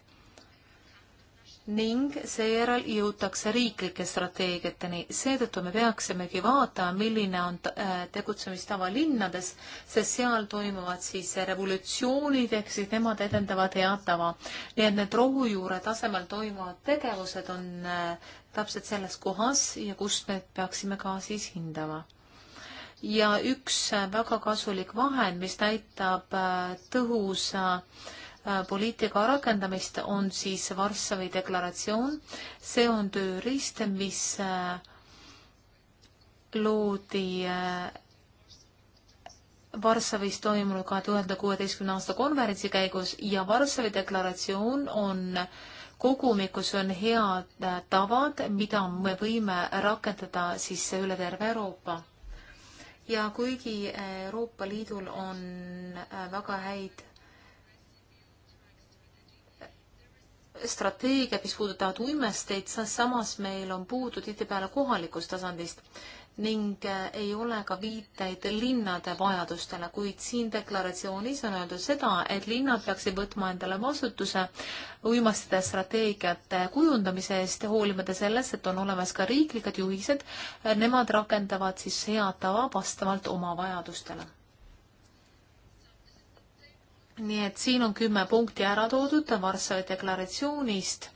ning seejärel jõutakse riiklike strateegiateni. seetõttu me peaksimegi vaatama, milline on äh, tegutsemistava linnades, sest seal toimuvad siis revolutsioonid, ehk siis nemad edendavad head tava. nii et need rohujuure tasemel toimuvad tegevused on äh, täpselt selles kohas ja kust me peaksime ka siis hindama ja üks äh, väga kasulik vahend, mis näitab tõhusa äh, poliitika rakendamist, on siis Varssavi deklaratsioon. see on tööriist, mis äh, loodi äh, Varssavis toimunud kahe tuhande kuueteistkümne aasta konverentsi käigus ja Varssavi deklaratsioon on kogumikus on head äh, tavad, mida me võime rakendada siis üle terve Euroopa. ja kuigi Euroopa Liidul on väga häid strateegiad, mis puudutavad uimesteid, samas meil on puudu tihtipeale kohalikust tasandist ning äh, ei ole ka viiteid linnade vajadustele, kuid siin deklaratsioonis on öeldud seda, et linnad peaksid võtma endale vastutuse uimastide strateegiate kujundamise eest, hoolimata sellest, et on olemas ka riiklikud juhised, nemad rakendavad siis head tava vastavalt oma vajadustele nii et siin on kümme punkti ära toodud Varssavi deklaratsioonist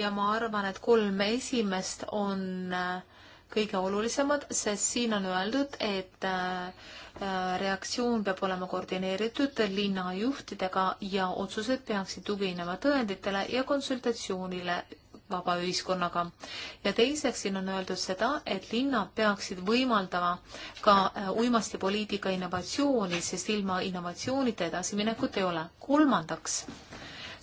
ja ma arvan, et kolm esimest on äh, kõige olulisemad, sest siin on öeldud, et äh, äh, reaktsioon peab olema koordineeritud linnajuhtidega ja otsused peaksid tuginema tõenditele ja konsultatsioonile vaba ühiskonnaga. ja teiseks siin on öeldud seda, et linnad peaksid võimaldama ka äh, uimastipoliitika innovatsiooni, sest ilma innovatsioonita edasiminekut ei ole. kolmandaks,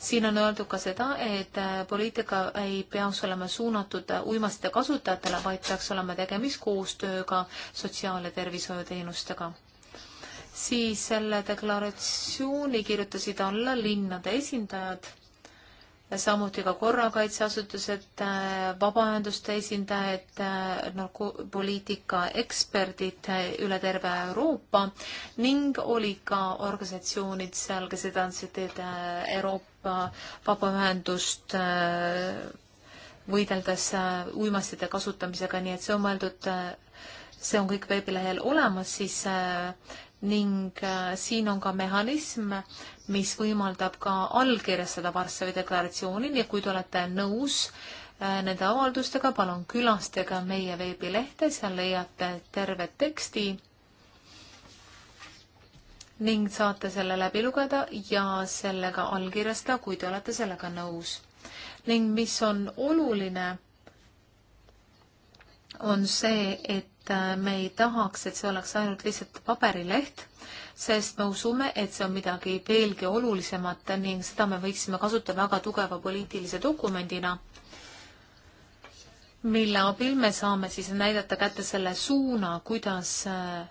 siin on öeldud ka seda, et äh, poliitika ei peaks olema suunatud äh, uimastite kasutajatele, vaid peaks olema tegemist koostööga sotsiaal- ja tervishoiuteenustega siis selle deklaratsiooni kirjutasid alla linnade esindajad samuti ka korrakaitseasutused, äh, vabaühenduste esindajad, äh, narkopoliitika eksperdid äh, üle terve Euroopa ning olid ka organisatsioonid seal, kes edendasid Euroopa vabaühendust võideldes uimastite kasutamisega, nii et see on mõeldud, see on kõik veebilehel olemas siis ning siin on ka mehhanism, mis võimaldab ka allkirjastada Varssavi deklaratsiooni ja kui te olete nõus äh, nende avaldustega, palun külastage meie veebilehte, seal leiate terve teksti ning saate selle läbi lugeda ja sellega allkirjastada, kui te olete sellega nõus. ning mis on oluline, on see, et äh, me ei tahaks, et see oleks ainult lihtsalt paberileht, sest me usume, et see on midagi veelgi olulisemat ning seda me võiksime kasutada väga tugeva poliitilise dokumendina, mille abil me saame siis näidata kätte selle suuna, kuidas äh,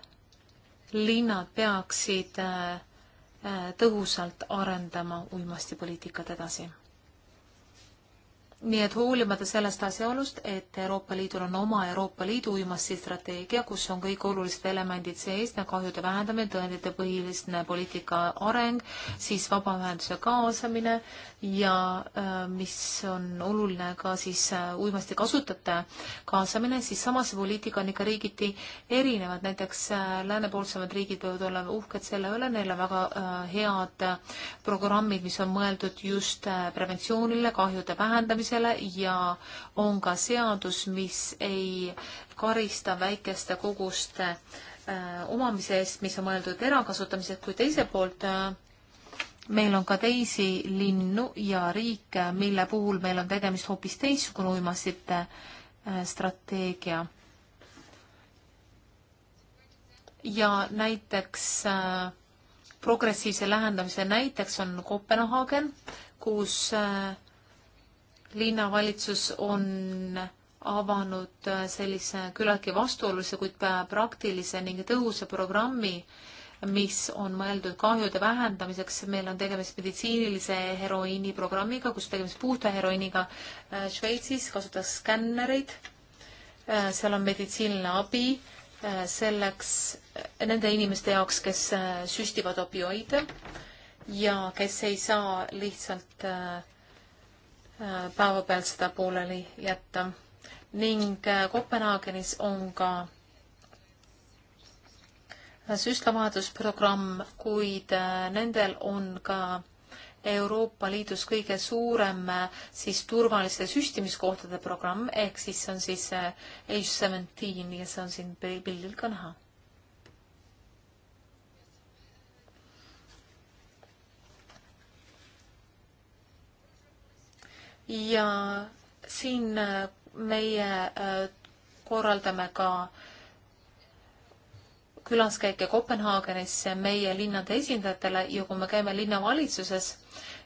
linnad peaksid äh, äh, tõhusalt arendama uimastipoliitikat edasi nii et hoolimata sellest asjaolust, et Euroopa Liidul on oma Euroopa Liidu uimastistrateegia, kus on kõik olulised elemendid sees, nagu kahjude vähendamine, tõendite põhiline poliitika areng, siis vabaühenduse kaasamine ja äh, mis on oluline ka siis äh, uimasti kasutajate kaasamine, siis samas see poliitika on ikka riigiti erinevad, näiteks äh, läänepoolsemad riigid võivad olla uhked selle üle, neil on väga head programmid, mis on mõeldud just preventsioonile, kahjude vähendamisele, rikkumisele ja on ka seadus, mis ei karista väikeste koguste äh, omamise eest, mis on mõeldud erakasutamiseks, kui teiselt poolt äh, meil on ka teisi linnu ja riike, mille puhul meil on tegemist hoopis teistsugune uimastite äh, strateegia. ja näiteks äh, progressiivse lähendamise näiteks on Kopenhaagen, kus äh, linnavalitsus on avanud äh, sellise küllaltki vastuolulise, kuid äh, praktilise ning tõhusa programmi, mis on mõeldud kahjude vähendamiseks. meil on tegemist meditsiinilise heroiini programmiga, kus tegemist puhta heroiiniga äh, Šveitsis, kasutades skännereid. seal on meditsiiniline abi selleks nende inimeste jaoks, kes süstivad opioide ja kes ei saa lihtsalt äh, Äh, päevapealt seda pooleli jätta ning äh, Kopenhaagenis on ka äh, süstlavahetusprogramm, kuid nendel on ka Euroopa Liidus kõige suurem siis turvaliste süstimiskohtade programm ehk siis see on siis H17 ja see on siin pildil ka näha. ja siin äh, meie äh, korraldame ka külaskäike Kopenhaagenisse meie linnade esindajatele ja kui me käime linnavalitsuses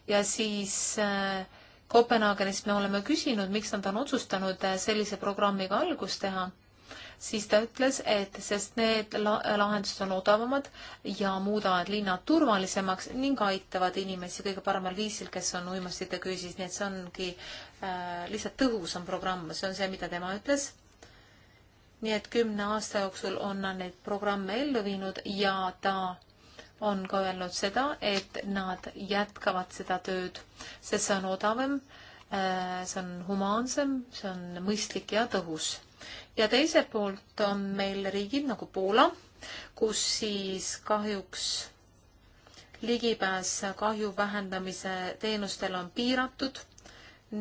ja siis äh, Kopenhaagenist me oleme küsinud, miks nad on otsustanud sellise programmiga algust teha siis ta ütles, et sest need lahendused on odavamad ja muudavad linnad turvalisemaks ning aitavad inimesi kõige paremal viisil, kes on uimastite küüsis, nii et see ongi äh, lihtsalt tõhusam programm, see on see, mida tema ütles. nii et kümne aasta jooksul on nad neid programme ellu viinud ja ta on ka öelnud seda, et nad jätkavad seda tööd, sest see on odavam, äh, see on humaansem, see on mõistlik ja tõhus ja teiselt poolt on meil riigid nagu Poola, kus siis kahjuks ligipääs kahju vähendamise teenustel on piiratud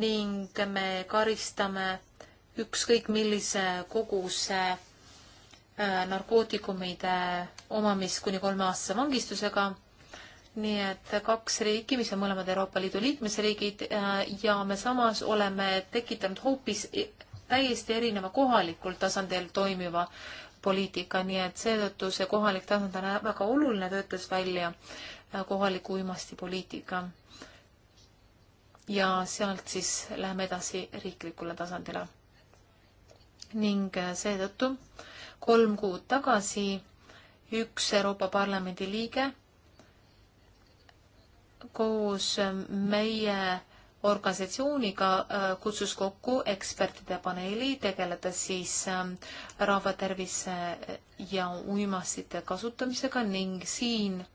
ning me karistame ükskõik millise koguse äh, narkootikumide omamist kuni kolmeaastase vangistusega nii et kaks riiki, mis on mõlemad Euroopa Liidu liikmesriigid äh, ja me samas oleme tekitanud hoopis täiesti erineva kohalikul tasandil toimiva poliitika, nii et seetõttu see kohalik tasand on väga oluline, töötas välja äh, kohaliku uimastipoliitika. ja sealt siis läheme edasi riiklikule tasandile. ning äh, seetõttu kolm kuud tagasi üks Euroopa Parlamendi liige koos äh, meie organisatsiooniga äh, kutsus kokku ekspertide paneeli, tegeledes siis äh, rahvatervise äh, ja uimastite kasutamisega ning siin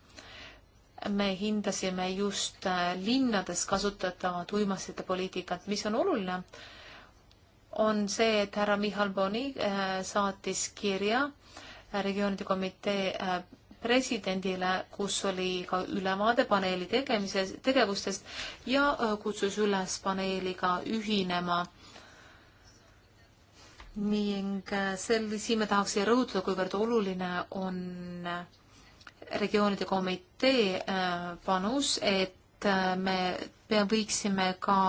me hindasime just linnades kasutatavat uimastite poliitikat, mis on oluline, on see, et härra Michal Boni saatis kirja regioonide komitee presidendile, kus oli ka ülevaade paneeli tegemises, tegevustest ja äh, kutsus üles paneeliga ühinema. ning äh, sel-, siin ma tahaksin rõhutada, kuivõrd oluline on regioonide komitee äh, panus, et me võiksime ka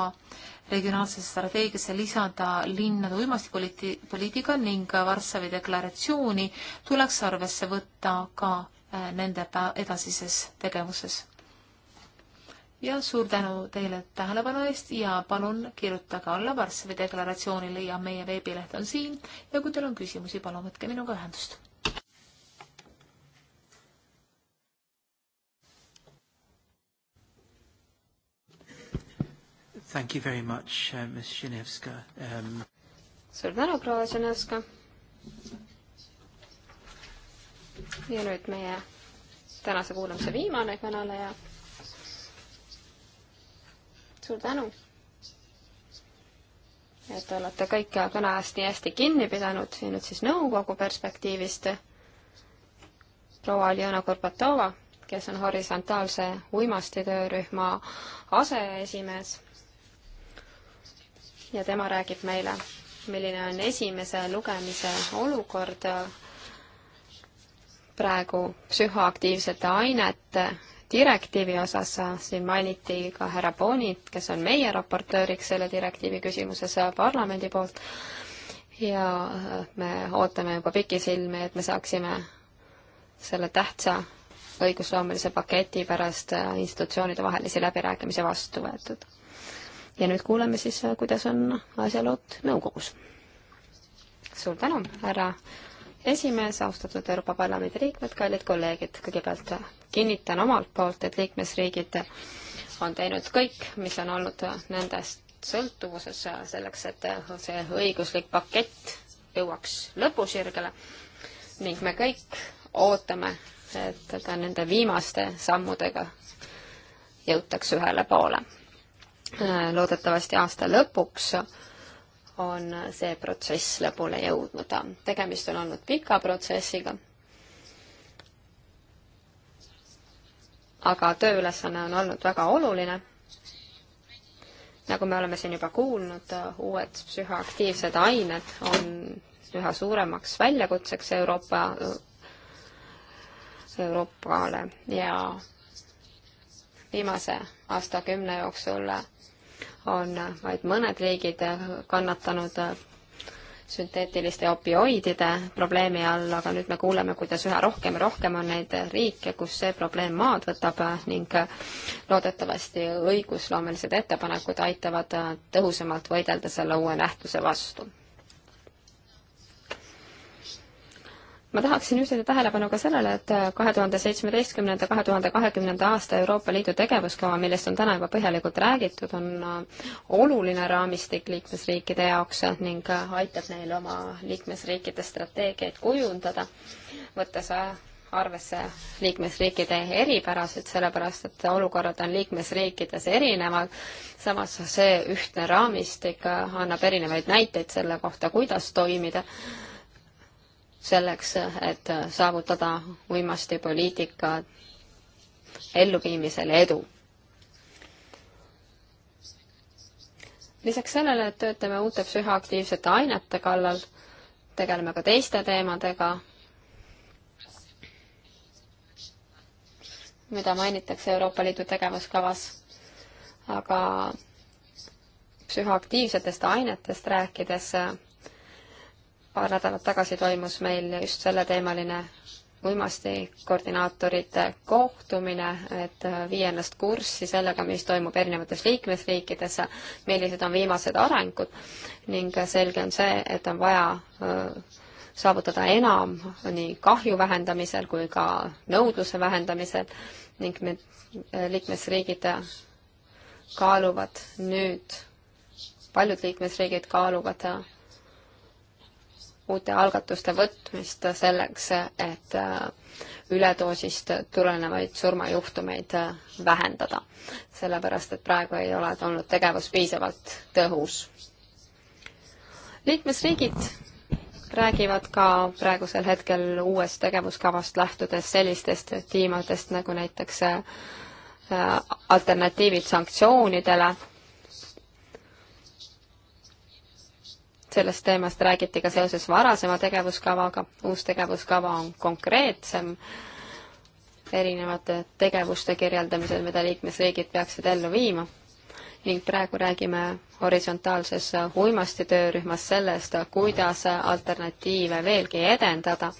regionaalsesse strateegiasse lisada linnade uimastikupoliitika ning Varssavi deklaratsiooni tuleks arvesse võtta ka Äh, nende edasises tegevuses. ja suur tänu teile tähelepanu eest ja palun kirjutage alla Varssavi deklaratsioonile ja meie veebileht on siin ja kui teil on küsimusi, palun võtke minuga ühendust. Thank you very much, uh, Ms. Shinevska. Um... Suur tänu, proua Shinevska ja nüüd meie tänase kuulamise viimane kõneleja. suur tänu, et olete kõik kõne eest nii hästi kinni pidanud ja nüüd siis nõukogu perspektiivist. proua Aljona Gorbatova, kes on horisontaalse uimastitöörühma aseesimees. ja tema räägib meile, milline on esimese lugemise olukord praegu psühhoaktiivsete ainete direktiivi osas siin mainiti ka härra Bonit, kes on meie raportööriks selle direktiivi küsimuses parlamendi poolt. ja me ootame juba pikisilmi, et me saaksime selle tähtsa õigusloomelise paketi pärast institutsioonide vahelisi läbirääkimisi vastu võetud. ja nüüd kuuleme siis, kuidas on asjalood nõukogus. suur tänu, härra esimees, austatud Euroopa Parlamendi liikmed, kallid kolleegid, kõigepealt kinnitan omalt poolt, et liikmesriigid on teinud kõik, mis on olnud nendest sõltuvuses selleks, et see õiguslik pakett jõuaks lõpusirgele ning me kõik ootame, et ka nende viimaste sammudega jõutakse ühele poole. loodetavasti aasta lõpuks on see protsess lõpule jõudnud. tegemist on olnud pika protsessiga. aga tööülesanne on olnud väga oluline. nagu me oleme siin juba kuulnud, uued psühhoaktiivsed ained on üha suuremaks väljakutseks Euroopa, Euroopale ja viimase aastakümne jooksul on vaid mõned riigid kannatanud sünteetiliste opioidide probleemi all, aga nüüd me kuuleme, kuidas üha rohkem ja rohkem on neid riike, kus see probleem maad võtab ning loodetavasti õigusloomelised ettepanekud aitavad tõhusamalt võidelda selle uue nähtuse vastu ma tahaksin juhtida tähelepanu ka sellele, et kahe tuhande seitsmeteistkümnenda, kahe tuhande kahekümnenda aasta Euroopa Liidu tegevuskava, millest on täna juba põhjalikult räägitud, on äh, oluline raamistik liikmesriikide jaoks ning äh, aitab neil oma liikmesriikide strateegiaid kujundada, võttes äh, arvesse liikmesriikide eripärasid, sellepärast et olukorrad on liikmesriikides erinevad. samas see ühtne raamistik annab erinevaid näiteid selle kohta, kuidas toimida selleks, et saavutada uimasti poliitika elluviimisel edu. lisaks sellele, et töötame uute psühhoaktiivsete ainete kallal, tegeleme ka teiste teemadega, mida mainitakse Euroopa Liidu tegevuskavas, aga psühhoaktiivsetest ainetest rääkides paar nädalat tagasi toimus meil just selleteemaline uimasti koordinaatorite kohtumine, et viia ennast kurssi sellega, mis toimub erinevates liikmesriikides, millised on viimased arengud ning selge on see, et on vaja saavutada enam nii kahju vähendamisel kui ka nõudluse vähendamisel ning me, e, liikmesriigid kaaluvad nüüd, paljud liikmesriigid kaaluvad uute algatuste võtmist selleks, et äh, üledoosist tulenevaid surmajuhtumeid äh, vähendada. sellepärast, et praegu ei ole olnud tegevus piisavalt tõhus. liikmesriigid räägivad ka praegusel hetkel uuest tegevuskavast lähtudes sellistest tiimadest nagu näiteks äh, alternatiivid sanktsioonidele sellest teemast räägiti ka seoses varasema tegevuskavaga, uus tegevuskava on konkreetsem, erinevate tegevuste kirjeldamisel, mida liikmesriigid peaksid ellu viima ning praegu räägime horisontaalses uimasti töörühmas sellest, kuidas alternatiive veelgi edendada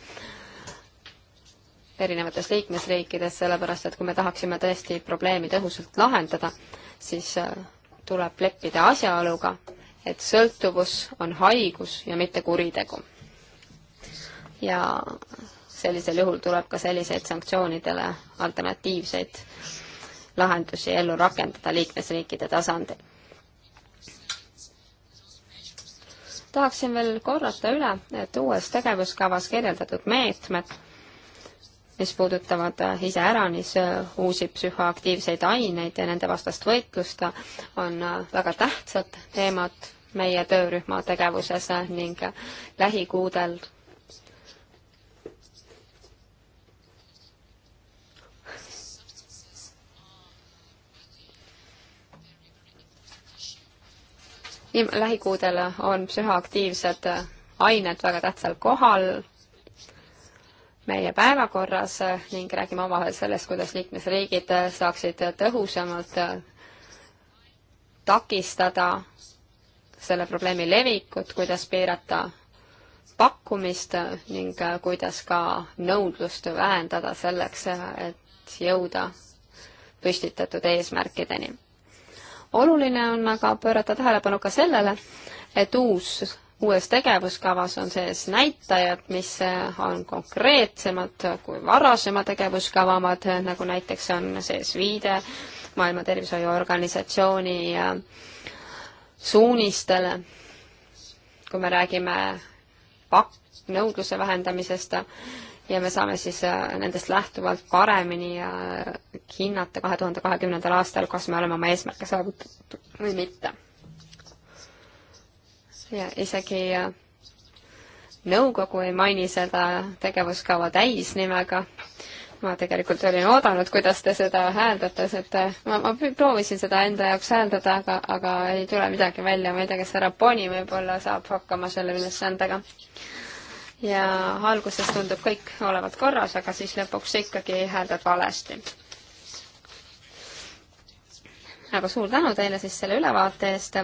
erinevates liikmesriikides, sellepärast et kui me tahaksime tõesti probleemi tõhusalt lahendada, siis tuleb leppida asjaoluga, et sõltuvus on haigus ja mitte kuritegu. ja sellisel juhul tuleb ka selliseid sanktsioonidele alternatiivseid lahendusi ellu rakendada liikmesriikide tasandil. tahaksin veel korrata üle, et uues tegevuskavas kirjeldatud meetmed mis puudutavad äh, iseäranis äh, uusi psühhoaktiivseid aineid ja nende vastast võitlust, äh, on väga tähtsad teemad meie töörühma tegevuses ning lähikuudel lähikuudel on psühhoaktiivsed ained väga tähtsal kohal meie päevakorras ning räägime omavahel sellest, kuidas liikmesriigid saaksid tõhusamalt takistada selle probleemi levikut, kuidas piirata pakkumist ning kuidas ka nõudlust vähendada selleks, et jõuda püstitatud eesmärkideni. oluline on aga pöörata tähelepanu ka sellele, et uus uues tegevuskavas on sees näitajad, mis on konkreetsemad kui varasema tegevuskava omad, nagu näiteks on sees viide Maailma Tervishoiuorganisatsiooni äh, suunistele, kui me räägime pak-, nõudluse vähendamisest ja me saame siis äh, nendest lähtuvalt paremini äh, hinnata kahe tuhande kahekümnendal aastal, kas me oleme oma eesmärke saavutanud või mitte ja isegi äh, nõukogu ei maini seda tegevuskava täisnimega. ma tegelikult olin oodanud, kuidas te seda hääldate, et äh, ma, ma proovisin seda enda jaoks hääldada, aga, aga ei tule midagi välja, ma ei tea, kas härra Boni võib-olla saab hakkama selle ülesandega. ja alguses tundub kõik olevat korras, aga siis lõpuks ikkagi hääldad valesti aga suur tänu teile siis selle ülevaate eest,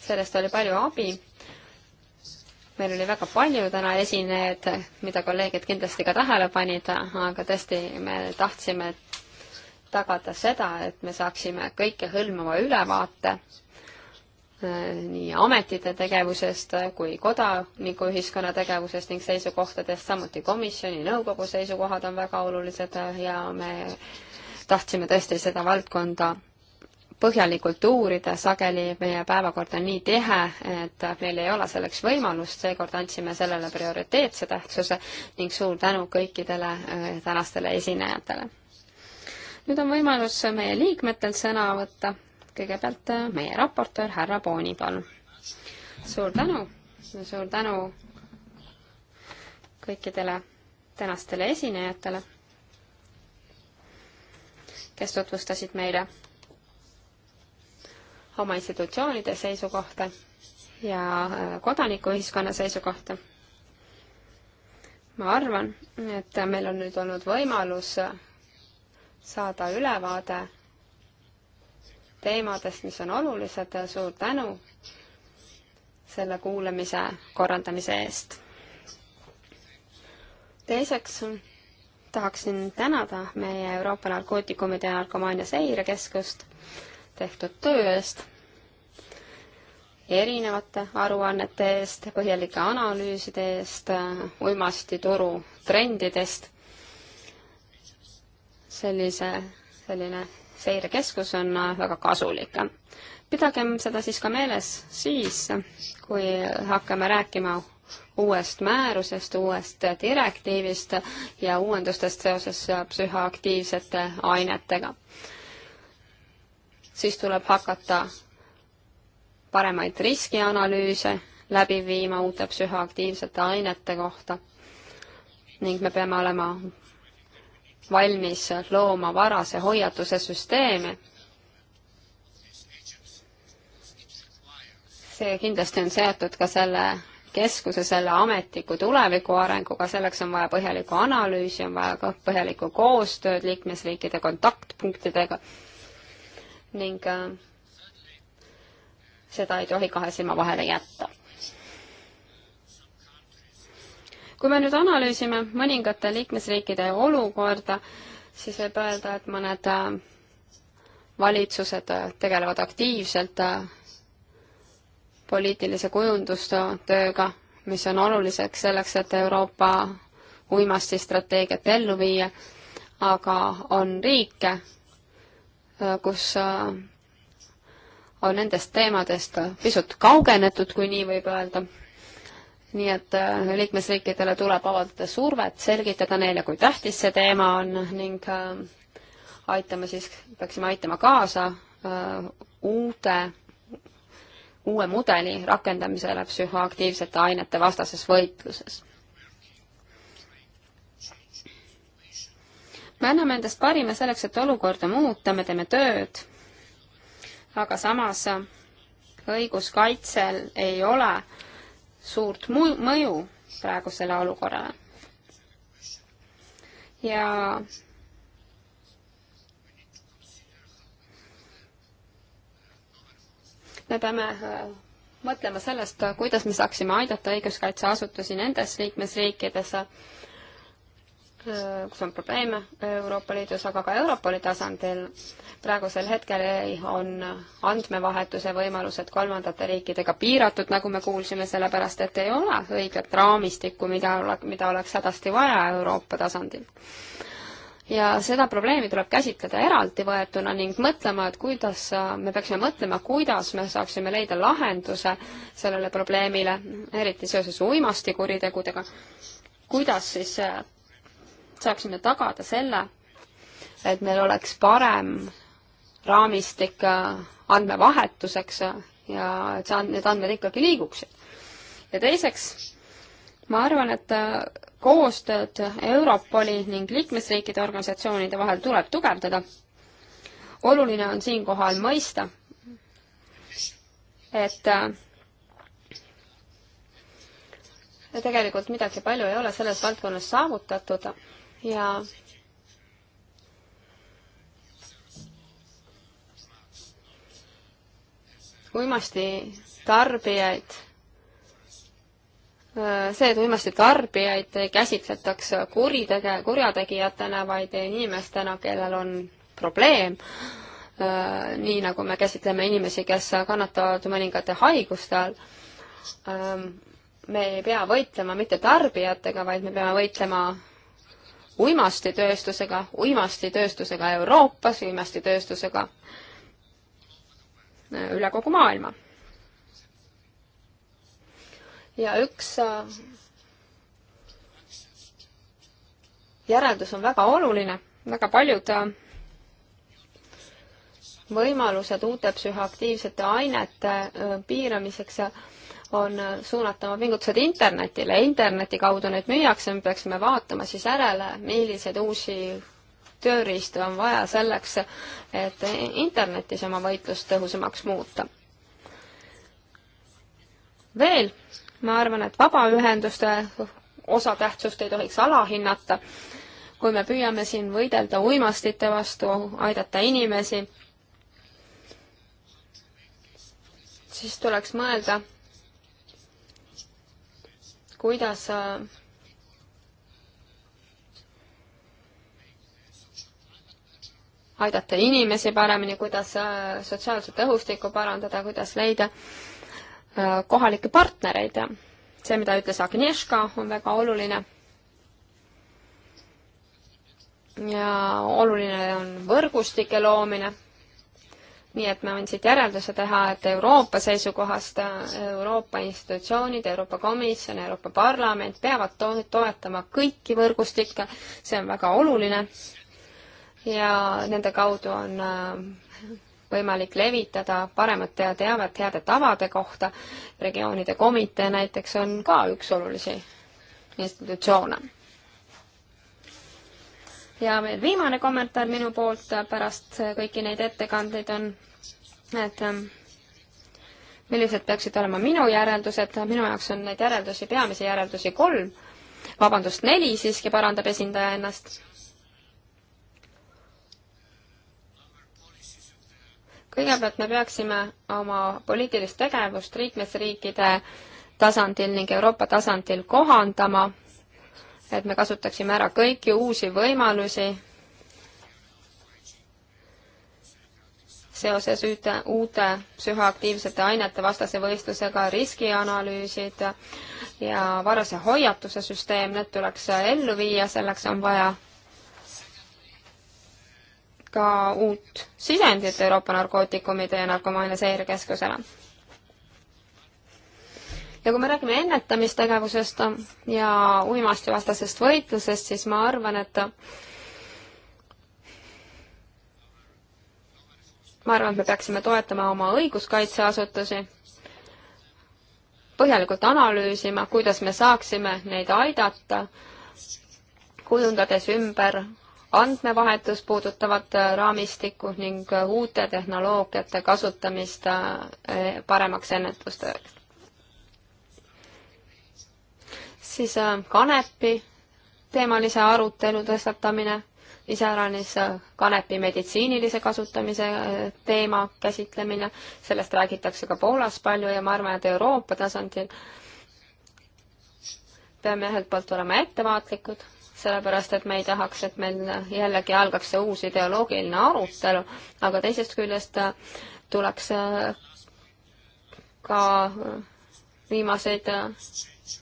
sellest oli palju abi meil oli väga palju täna esinejaid, mida kolleegid kindlasti ka tähele panid, aga tõesti, me tahtsime tagada seda, et me saaksime kõikehõlmava ülevaate äh, nii ametite tegevusest kui kodanikuühiskonna tegevusest ning seisukohtadest, samuti komisjoni, nõukogu seisukohad on väga olulised ja me tahtsime tõesti seda valdkonda põhjalikult uurida, sageli meie päevakord on nii tihe, et meil ei ole selleks võimalust, seekord andsime sellele prioriteetse tähtsuse ning suur tänu kõikidele äh, tänastele esinejatele. nüüd on võimalus meie liikmetel sõna võtta, kõigepealt äh, meie raportöör härra Pooni, palun. suur tänu, suur tänu kõikidele tänastele esinejatele, kes tutvustasid meile oma institutsioonide seisukohta ja äh, kodanikuühiskonna seisukohta. ma arvan, et meil on nüüd olnud võimalus saada ülevaade teemadest, mis on olulised, suur tänu selle kuulamise korraldamise eest. teiseks tahaksin tänada meie Euroopa narkootikumide ja narkomaania seirekeskust tehtud töö eest erinevate aruannete eest, põhjalike analüüside eest, uimastituru trendidest. sellise, selline seirekeskus on väga kasulik. pidagem seda siis ka meeles siis, kui hakkame rääkima uuest määrusest, uuest direktiivist ja uuendustest seoses psühhoaktiivsete ainetega. siis tuleb hakata paremaid riskianalüüse läbi viima uute psühhoaktiivsete ainete kohta ning me peame olema valmis looma varase hoiatuse süsteemi. see kindlasti on seotud ka selle keskuse, selle ametliku tuleviku arenguga, selleks on vaja põhjalikku analüüsi, on vaja ka põhjalikku koostööd liikmesriikide kontaktpunktidega ning äh, seda ei tohi kahe silma vahele jätta. kui me nüüd analüüsime mõningate liikmesriikide olukorda, siis võib öelda, et mõned äh, valitsused äh, tegelevad aktiivselt äh, poliitilise kujundustööga, mis on oluliseks selleks, et Euroopa uimastistrateegiat ellu viia, aga on riike, kus on nendest teemadest pisut kaugenetud, kui nii võib öelda. nii et äh, liikmesriikidele tuleb avaldada survet, selgitada neile, kui tähtis see teema on ning äh, aitame siis, peaksime aitama kaasa äh, uude, uue mudeli rakendamisele psühhoaktiivsete ainete vastases võitluses me anname endast parima selleks, et olukorda muuta, me teeme tööd aga samas õiguskaitsel ei ole suurt mõju praegusele olukorrale. ja me peame äh, mõtlema sellest, kuidas me saaksime aidata õiguskaitseasutusi nendes liikmesriikides, kus on probleeme Euroopa Liidus, aga ka Europoli tasandil. praegusel hetkel on andmevahetuse võimalused kolmandate riikidega piiratud, nagu me kuulsime, sellepärast et ei ole õiget raamistikku, mida, mida oleks hädasti vaja Euroopa tasandil ja seda probleemi tuleb käsitleda eraldivõetuna ning mõtlema, et kuidas, me peaksime mõtlema, kuidas me saaksime leida lahenduse sellele probleemile, eriti seoses uimastikuritegudega. kuidas siis saaksime tagada selle, et meil oleks parem raamistik äh, andmevahetuseks äh, ja et see, need andmed ikkagi liiguksid. ja teiseks, ma arvan, et äh, koostööd Europoli ning liikmesriikide organisatsioonide vahel tuleb tugevdada. oluline on siinkohal mõista, et ja tegelikult midagi palju ei ole selles valdkonnas saavutatud ja uimasti tarbijaid, see, et uimasti tarbijaid ei käsitletaks kuritege-, kurjategijatena, vaid inimestena, kellel on probleem, nii nagu me käsitleme inimesi, kes kannatavad mõningate haiguste all, me ei pea võitlema mitte tarbijatega, vaid me peame võitlema uimastitööstusega, uimastitööstusega Euroopas, uimastitööstusega äh, üle kogu maailma. ja üks äh, järeldus on väga oluline, väga paljud äh, võimalused uute psühhoaktiivsete ainete piiramiseks on suunata oma pingutused internetile, interneti kaudu neid müüakse, me peaksime vaatama siis järele, milliseid uusi tööriistu on vaja selleks, et internetis oma võitlust tõhusamaks muuta. veel, ma arvan, et vabaühenduste osatähtsust ei tohiks alahinnata, kui me püüame siin võidelda uimastite vastu, aidata inimesi, siis tuleks mõelda kuidas äh, aidata inimesi paremini, kuidas äh, sotsiaalset õhustikku parandada, kuidas leida äh, kohalikke partnereid. see, mida ütles Agnieszka, on väga oluline. ja oluline on võrgustike loomine nii et ma võin siit järelduse teha, et Euroopa seisukohast Euroopa institutsioonid, Euroopa Komisjon, Euroopa Parlament peavad to toetama kõiki võrgustikke, see on väga oluline ja nende kaudu on äh, võimalik levitada paremat teavet heade tavade kohta, regioonide komitee näiteks on ka üks olulisi institutsioone ja veel viimane kommentaar minu poolt pärast kõiki neid ettekandeid on, et ähm, millised peaksid olema minu järeldused, minu jaoks on neid järeldusi, peamisi järeldusi kolm, vabandust, neli siiski parandab esindaja ennast. kõigepealt me peaksime oma poliitilist tegevust liikmesriikide tasandil ning Euroopa tasandil kohandama et me kasutaksime ära kõiki uusi võimalusi seoses üte, uute psühhoaktiivsete ainete vastase võistlusega riskianalüüsid ja varase hoiatuse süsteem, need tuleks ellu viia, selleks on vaja ka uut sisendit Euroopa Narkootikumide ja Narkomaania Seirekeskusele ja kui me räägime ennetamistegevusest ja uimastivastasest võitlusest, siis ma arvan, et ma arvan, et me peaksime toetama oma õiguskaitseasutusi, põhjalikult analüüsima, kuidas me saaksime neid aidata, kujundades ümber andmevahetus puudutavat raamistikku ning uute tehnoloogiate kasutamist eh, paremaks ennetustööks siis äh, kanepi teemalise arutelu tõstatamine, iseäranis äh, kanepi meditsiinilise kasutamise äh, teema käsitlemine, sellest räägitakse ka Poolas palju ja ma arvan, et Euroopa tasandil peame ühelt poolt olema ettevaatlikud, sellepärast et me ei tahaks, et meil jällegi algaks see uus ideoloogiline arutelu, aga teisest küljest tuleks ka viimaseid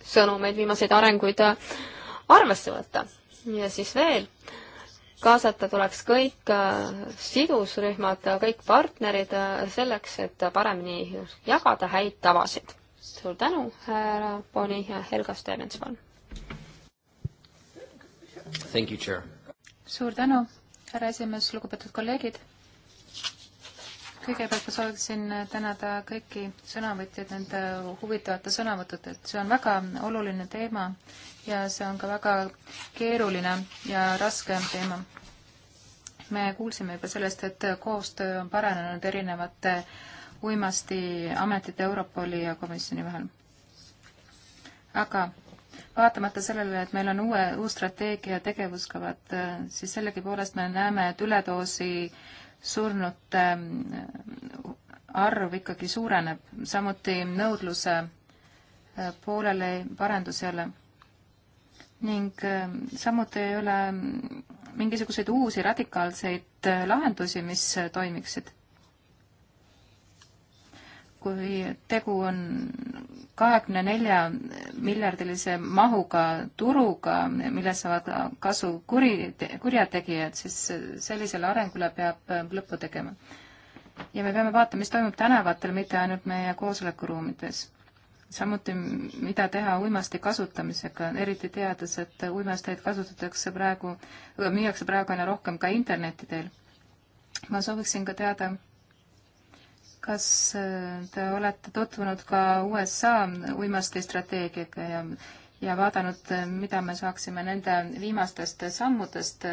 sõnumeid, viimaseid arenguid äh, arvesse võtta. ja siis veel, kaasata tuleks kõik äh, sidusrühmad, äh, kõik partnerid selleks, et paremini jagada häid tavasid. suur tänu, härra Boni ja Helga Stevens, palun! suur tänu, härra esimees, lugupeetud kolleegid! kõigepealt ma sooviksin tänada kõiki sõnavõtjaid nende huvitavate sõnavõtutelt. see on väga oluline teema ja see on ka väga keeruline ja raske teema. me kuulsime juba sellest, et koostöö on paranenud erinevate uimastiametite Europoli ja komisjoni vahel. aga vaatamata sellele, et meil on uue, uus strateegia tegevuskavad, siis sellegipoolest me näeme, et üledoosi surnute ähm, arv ikkagi suureneb, samuti nõudluse äh, poolele parendusele ning ähm, samuti ei ole mm, mingisuguseid uusi radikaalseid äh, lahendusi, mis äh, toimiksid kui tegu on kahekümne nelja miljardilise mahuga turuga, millest saavad kasu kuri, kurjategijad, siis sellisele arengule peab lõpu tegema. ja me peame vaatama, mis toimub tänavatel, mitte ainult meie koosolekuruumides. samuti, mida teha uimasti kasutamisega, eriti teades, et uimasteid kasutatakse praegu, müüakse praegu aina rohkem ka interneti teel. ma sooviksin ka teada, kas äh, te olete tutvunud ka USA äh, uimaste strateegiaga ja, ja vaadanud, äh, mida me saaksime nende viimastest sammudest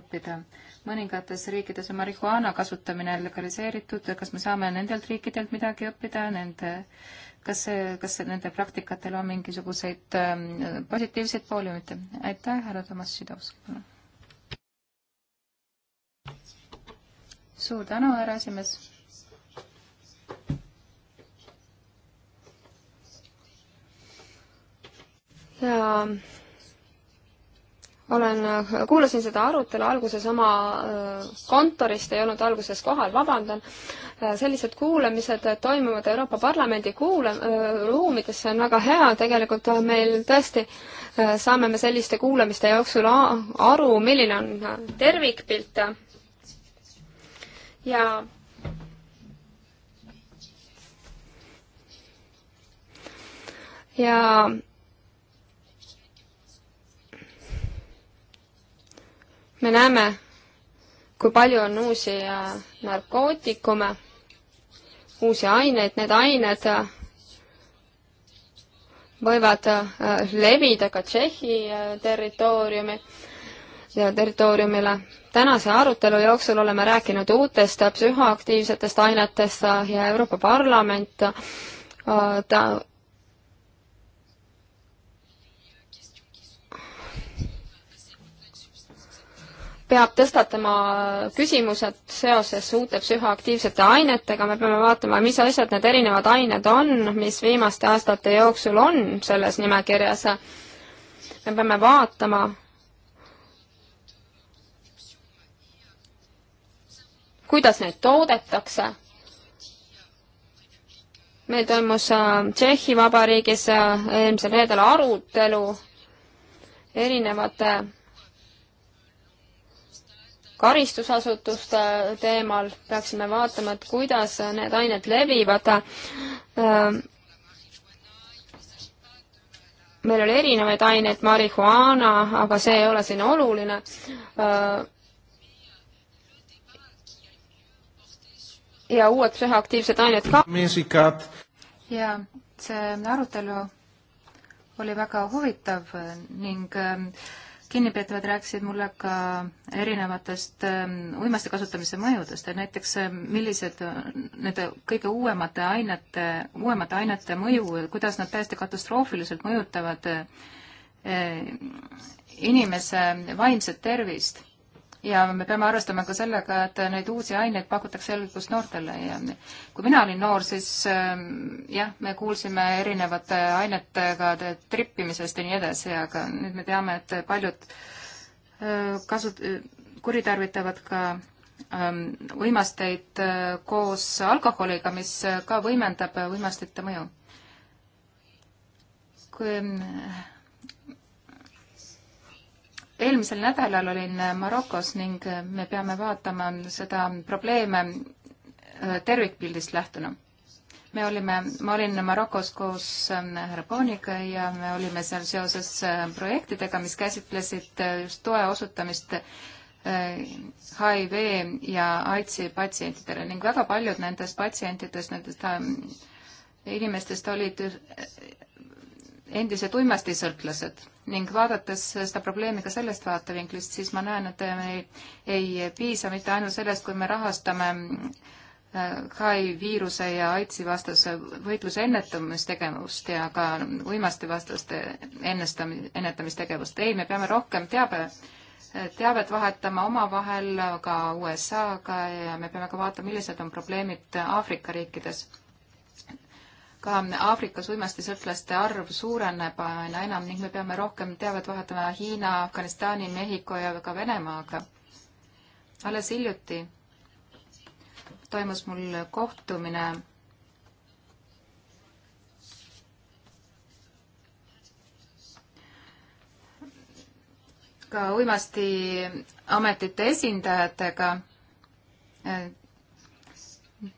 õppida? mõningates riikides on marihuaana kasutamine legaliseeritud, kas me saame nendelt riikidelt midagi õppida, nende, kas see, kas nende praktikatel on mingisuguseid ähm, positiivseid pooli või mitte? aitäh, härra Toomas Sidovs, palun. suur tänu, härra esimees ja olen, kuulasin seda arutelu alguses oma äh, kontorist, ei olnud alguses kohal, vabandan. Äh, sellised kuulamised toimuvad Euroopa Parlamendi kuule-, äh, ruumides, see on väga hea, tegelikult meil tõesti saame me selliste kuulamiste jooksul aru, milline on tervikpilt ja ja me näeme, kui palju on uusi äh, narkootikume, uusi aineid, need ained äh, võivad äh, levida ka Tšehhi territooriumi ja territooriumile. tänase arutelu jooksul oleme rääkinud uutest psühhoaktiivsetest ainetest ja Euroopa Parlament ta peab tõstatama küsimused seoses uute psühhoaktiivsete ainetega, me peame vaatama, mis asjad need erinevad ained on, mis viimaste aastate jooksul on selles nimekirjas. me peame vaatama, kuidas neid toodetakse meil toimus äh, Tšehhi Vabariigis äh, eelmisel reedel arutelu erinevate karistusasutuste teemal, peaksime vaatama, et kuidas need ained levivad. Ähm, meil oli erinevaid aineid, marihuaana, aga see ei ole siin oluline. Ähm, ja uued psühhoaktiivsed ained ka. ja see arutelu oli väga huvitav ning äh, kinnipeetavad rääkisid mulle ka erinevatest ähm, uimaste kasutamise mõjudest, et näiteks äh, millised äh, nende kõige uuemate ainete, uuemate ainete mõju, kuidas nad täiesti katastroofiliselt mõjutavad äh, inimese vaimset tervist ja me peame arvestama ka sellega, et neid uusi aineid pakutakse eelkõige noortele ja kui mina olin noor, siis ähm, jah, me kuulsime erinevate ainetega trippimisest ja nii edasi, aga nüüd me teame, et paljud äh, kasut-, kuritarvitavad ka ähm, uimasteid äh, koos alkoholiga, mis ka võimendab uimastite mõju. kui äh, eelmisel nädalal olin Marokos ning me peame vaatama seda probleeme äh, tervikpildist lähtuna. me olime, ma olin Marokos koos ähm, härra Pooniga ja me olime seal seoses äh, projektidega, mis käsitlesid äh, just toe osutamist HIV ja AIDSi patsientidele ning väga paljud nendest patsientidest, nendest ähm, inimestest olid endised uimastisõltlased ning vaadates seda probleemi ka sellest vaatevinklist, siis ma näen, et me ei, ei piisa mitte ainult sellest, kui me rahastame HI äh, viiruse ja AIDSi vastase võitluse ennetamistegevust ja ka uimaste vastaste ennestam-, ennetamistegevust. ei, me peame rohkem teabe, teavet vahetama omavahel ka USA-ga ja me peame ka vaatama, millised on probleemid Aafrika riikides ka Aafrikas uimastisõltlaste arv suureneb aina enam ning me peame rohkem teavet vahetama Hiina, Afganistani, Mehhiko ja ka Venemaaga. alles hiljuti toimus mul kohtumine ka uimastiametite esindajatega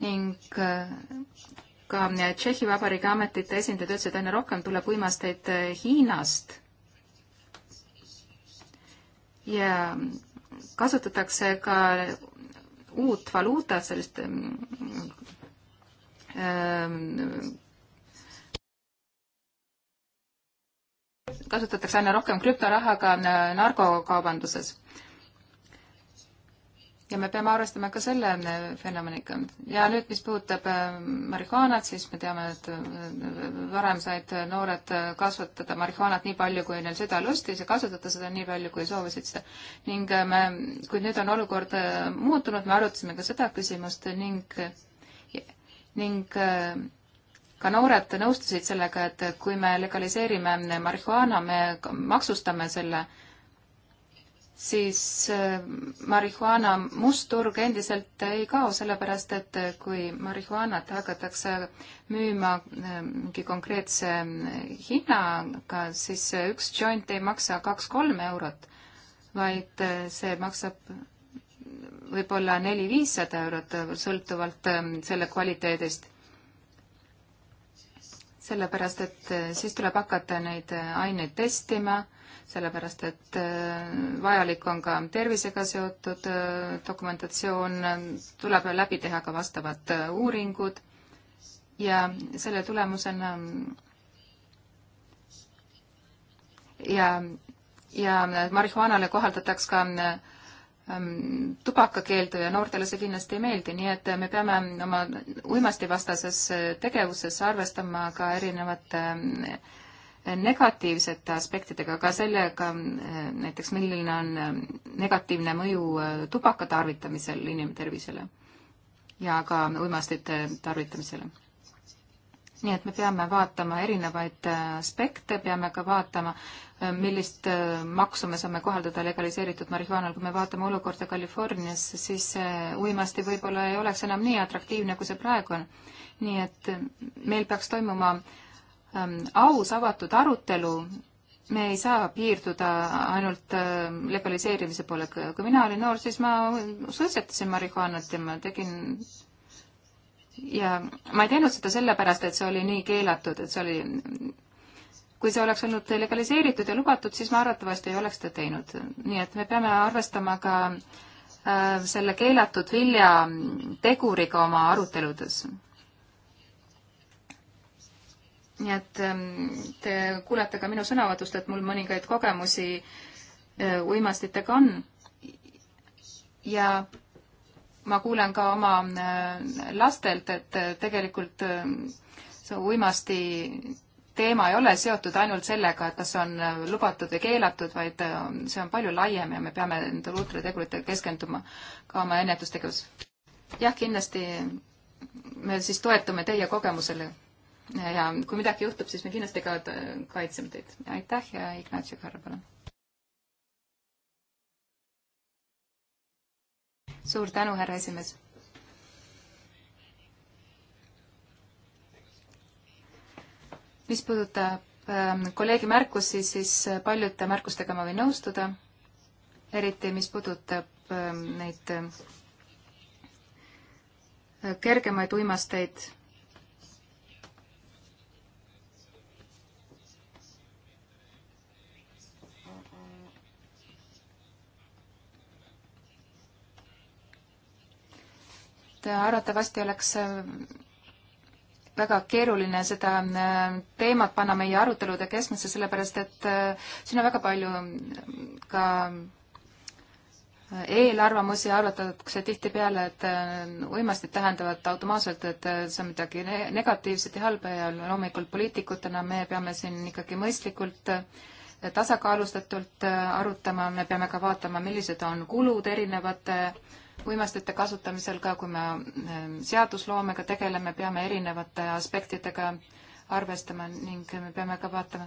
ning ka Tšehhi Vabariigi ametite esindajad ütlesid, aina rohkem tuleb uimasteid eh, Hiinast ja kasutatakse ka uut valuutat, sellist mm, mm, mm, kasutatakse aina rohkem krüptoraha ka eh, narkokaubanduses ja me peame arvestama ka selle äh, fenomeniga. ja nüüd, mis puudutab äh, marihuanat, siis me teame, et äh, varem said noored kasvatada marihuanat nii palju, kui neil süda lustis ja kasutada seda nii palju, kui soovisid seda. ning me, kuid nüüd on olukord muutunud, me arutasime ka seda küsimust ning, ning ka noored nõustusid sellega, et kui me legaliseerime marihuana, me maksustame selle äh, siis äh, marihuana mustturg endiselt ei kao, sellepärast et äh, kui marihuanat hakatakse müüma äh, mingi konkreetse hinnaga, siis üks joint ei maksa kaks-kolm eurot, vaid see maksab võib-olla neli-viissada eurot, sõltuvalt selle kvaliteedist. sellepärast, et siis tuleb hakata neid aineid testima sellepärast et äh, vajalik on ka tervisega seotud äh, dokumentatsioon, tuleb läbi teha ka vastavad äh, uuringud ja selle tulemusena ja, ja marihuanale kohaldataks ka ähm, tubakakeeldu ja noortele see kindlasti ei meeldi, nii et me peame oma uimastivastases tegevuses arvestama ka erinevate negatiivsete aspektidega, ka sellega eh, näiteks, milline on eh, negatiivne mõju eh, tubaka tarvitamisel inimtervisele ja ka uimastite tarvitamisele. nii et me peame vaatama erinevaid aspekte, peame ka vaatama, millist maksu me saame kohaldada legaliseeritud marihuaanal, kui me vaatame olukorda Californias, siis uimasti võib-olla ei oleks enam nii atraktiivne, kui see praegu on. nii et meil peaks toimuma äh, Ähm, aus avatud arutelu, me ei saa piirduda ainult ähm, legaliseerimise poole. kui mina olin noor, siis ma suitsetasin marihuanat ja ma tegin ja ma ei teinud seda sellepärast, et see oli nii keelatud, et see oli, kui see oleks olnud legaliseeritud ja lubatud, siis ma arvatavasti ei oleks seda teinud. nii et me peame arvestama ka äh, selle keelatud vilja teguriga oma aruteludes nii et ähm, te kuulete ka minu sõnavõtust, et mul mõningaid kogemusi äh, uimastitega on. ja ma kuulen ka oma äh, lastelt, et äh, tegelikult ähm, see uimasti teema ei ole seotud ainult sellega, et kas on lubatud või keelatud, vaid ähm, see on palju laiem ja me peame nendele uutele teguritele keskenduma ka oma ennetustegevus. jah, kindlasti me siis toetume teie kogemusele ja kui midagi juhtub, siis me kindlasti ka äh, kaitseme teid. aitäh ja Ignatsio Karr, palun. suur tänu, härra esimees. mis puudutab ähm, kolleegi märkusi, siis äh, paljude märkustega ma võin nõustuda, eriti mis puudutab ähm, neid äh, kergemaid uimasteid et arvatavasti oleks äh, väga keeruline seda äh, teemat panna meie arutelude keskmesse, sellepärast et äh, siin on väga palju ka eelarvamusi arvatakse tihtipeale, et uimastid tähendavad automaatselt, et see on midagi negatiivset ja halba ja loomulikult poliitikutena me peame siin ikkagi mõistlikult tasakaalustatult arutama, me peame ka vaatama, millised on kulud erinevate äh, uimastite kasutamisel ka, kui me ehm, seadusloomega tegeleme, peame erinevate aspektidega arvestama ning me peame ka vaatama,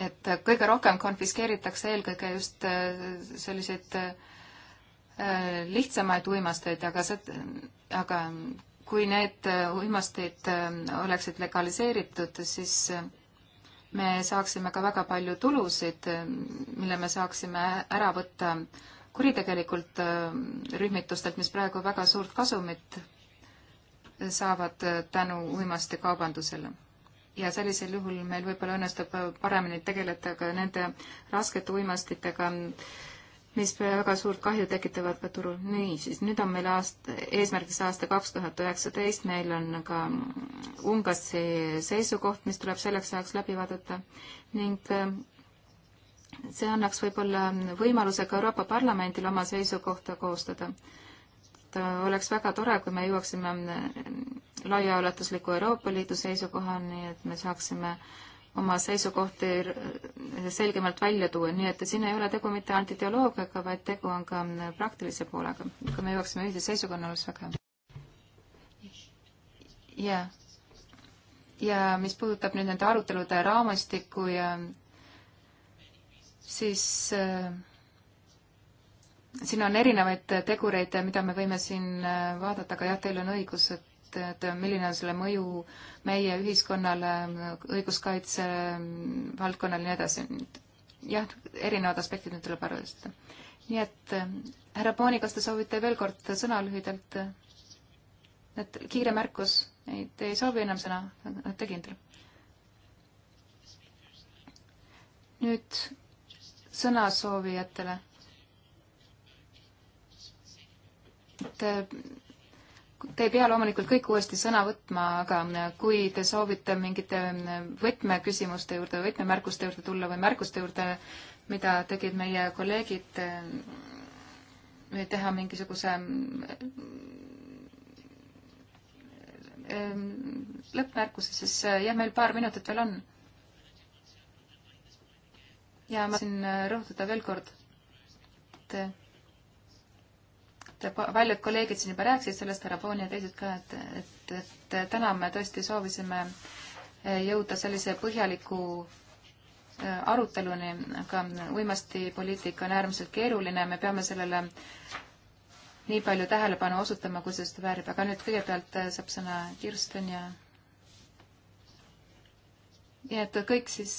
et kõige rohkem konfiskeeritakse eelkõige just ehm, selliseid ehm, lihtsamaid uimasteid, aga see, aga kui need uimasteid oleksid legaliseeritud, siis me saaksime ka väga palju tulusid, mille me saaksime ära võtta kuritegelikult äh, rühmitustelt, mis praegu väga suurt kasumit saavad äh, tänu uimastikaubandusele. ja sellisel juhul meil võib-olla õnnestub äh, paremini tegeleda ka nende raskete uimastitega, mis väga suurt kahju tekitavad ka turul. niisiis, nüüd on meil aasta, eesmärgiks aasta kaks tuhat üheksateist, meil on ka Ungassi seisukoht, mis tuleb selleks ajaks läbi vaadata ning see annaks võib-olla võimaluse ka Euroopa Parlamendil oma seisukohta koostada. et äh, oleks väga tore, kui me jõuaksime äh, laiaulatusliku Euroopa Liidu seisukohani, et me saaksime oma seisukohti äh, selgemalt välja tuua, nii et siin ei ole tegu mitte ainult ideoloogiaga, vaid tegu on ka praktilise poolega. kui me jõuaksime ühise seisukohana, oleks väga hea. jaa. ja mis puudutab nüüd nende arutelude raamistikku ja siis äh, siin on erinevaid tegureid, mida me võime siin äh, vaadata, aga jah, teil on õigus, et et milline on selle mõju meie ühiskonnale, õiguskaitse valdkonnale ja nii edasi. jah, erinevad aspektid nüüd tuleb arvestada. nii et äh, härra Pooni, kas te soovite veel kord sõna lühidalt? et kiire märkus, ei, te ei soovi enam sõna, olete kindel? nüüd sõnasoovijatele. et te ei pea loomulikult kõik uuesti sõna võtma, aga kui te soovite mingite võtmeküsimuste juurde, võtmemärkuste juurde tulla või märkuste juurde, mida tegid meie kolleegid, või teha mingisuguse ehm, lõppmärkuse, siis jah, meil paar minutit veel on ja ma tahtsin äh, rõhutada veel kord, et et paljud kolleegid siin juba rääkisid sellest, härra Poon ja teised ka, et, et, et täna me tõesti soovisime äh, jõuda sellise põhjaliku äh, aruteluni, aga uimastipoliitika on äärmiselt keeruline, me peame sellele nii palju tähelepanu osutama, kui see seda väärib, aga nüüd kõigepealt saab sõna Kirsten ja nii et kõik siis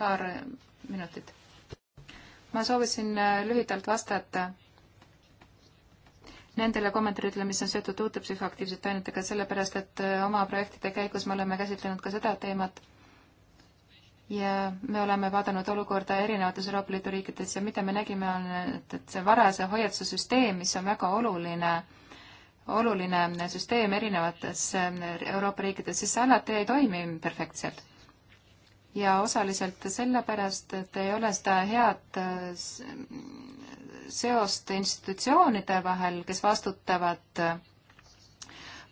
paar minutit. ma soovisin äh, lühidalt vastata nendele kommentaaridele, mis on seotud uute psühhoaktiivsete ainetega, sellepärast et äh, oma projektide käigus me oleme käsitlenud ka seda teemat ja me oleme vaadanud olukorda erinevates Euroopa Liidu riikides ja mida me nägime, on, et, et see varase hoiatuse süsteem, mis on väga oluline, oluline süsteem erinevates äh, Euroopa riikides, siis see alati ei toimi perfektselt ja osaliselt sellepärast, et ei ole seda head äh, seost institutsioonide vahel, kes vastutavad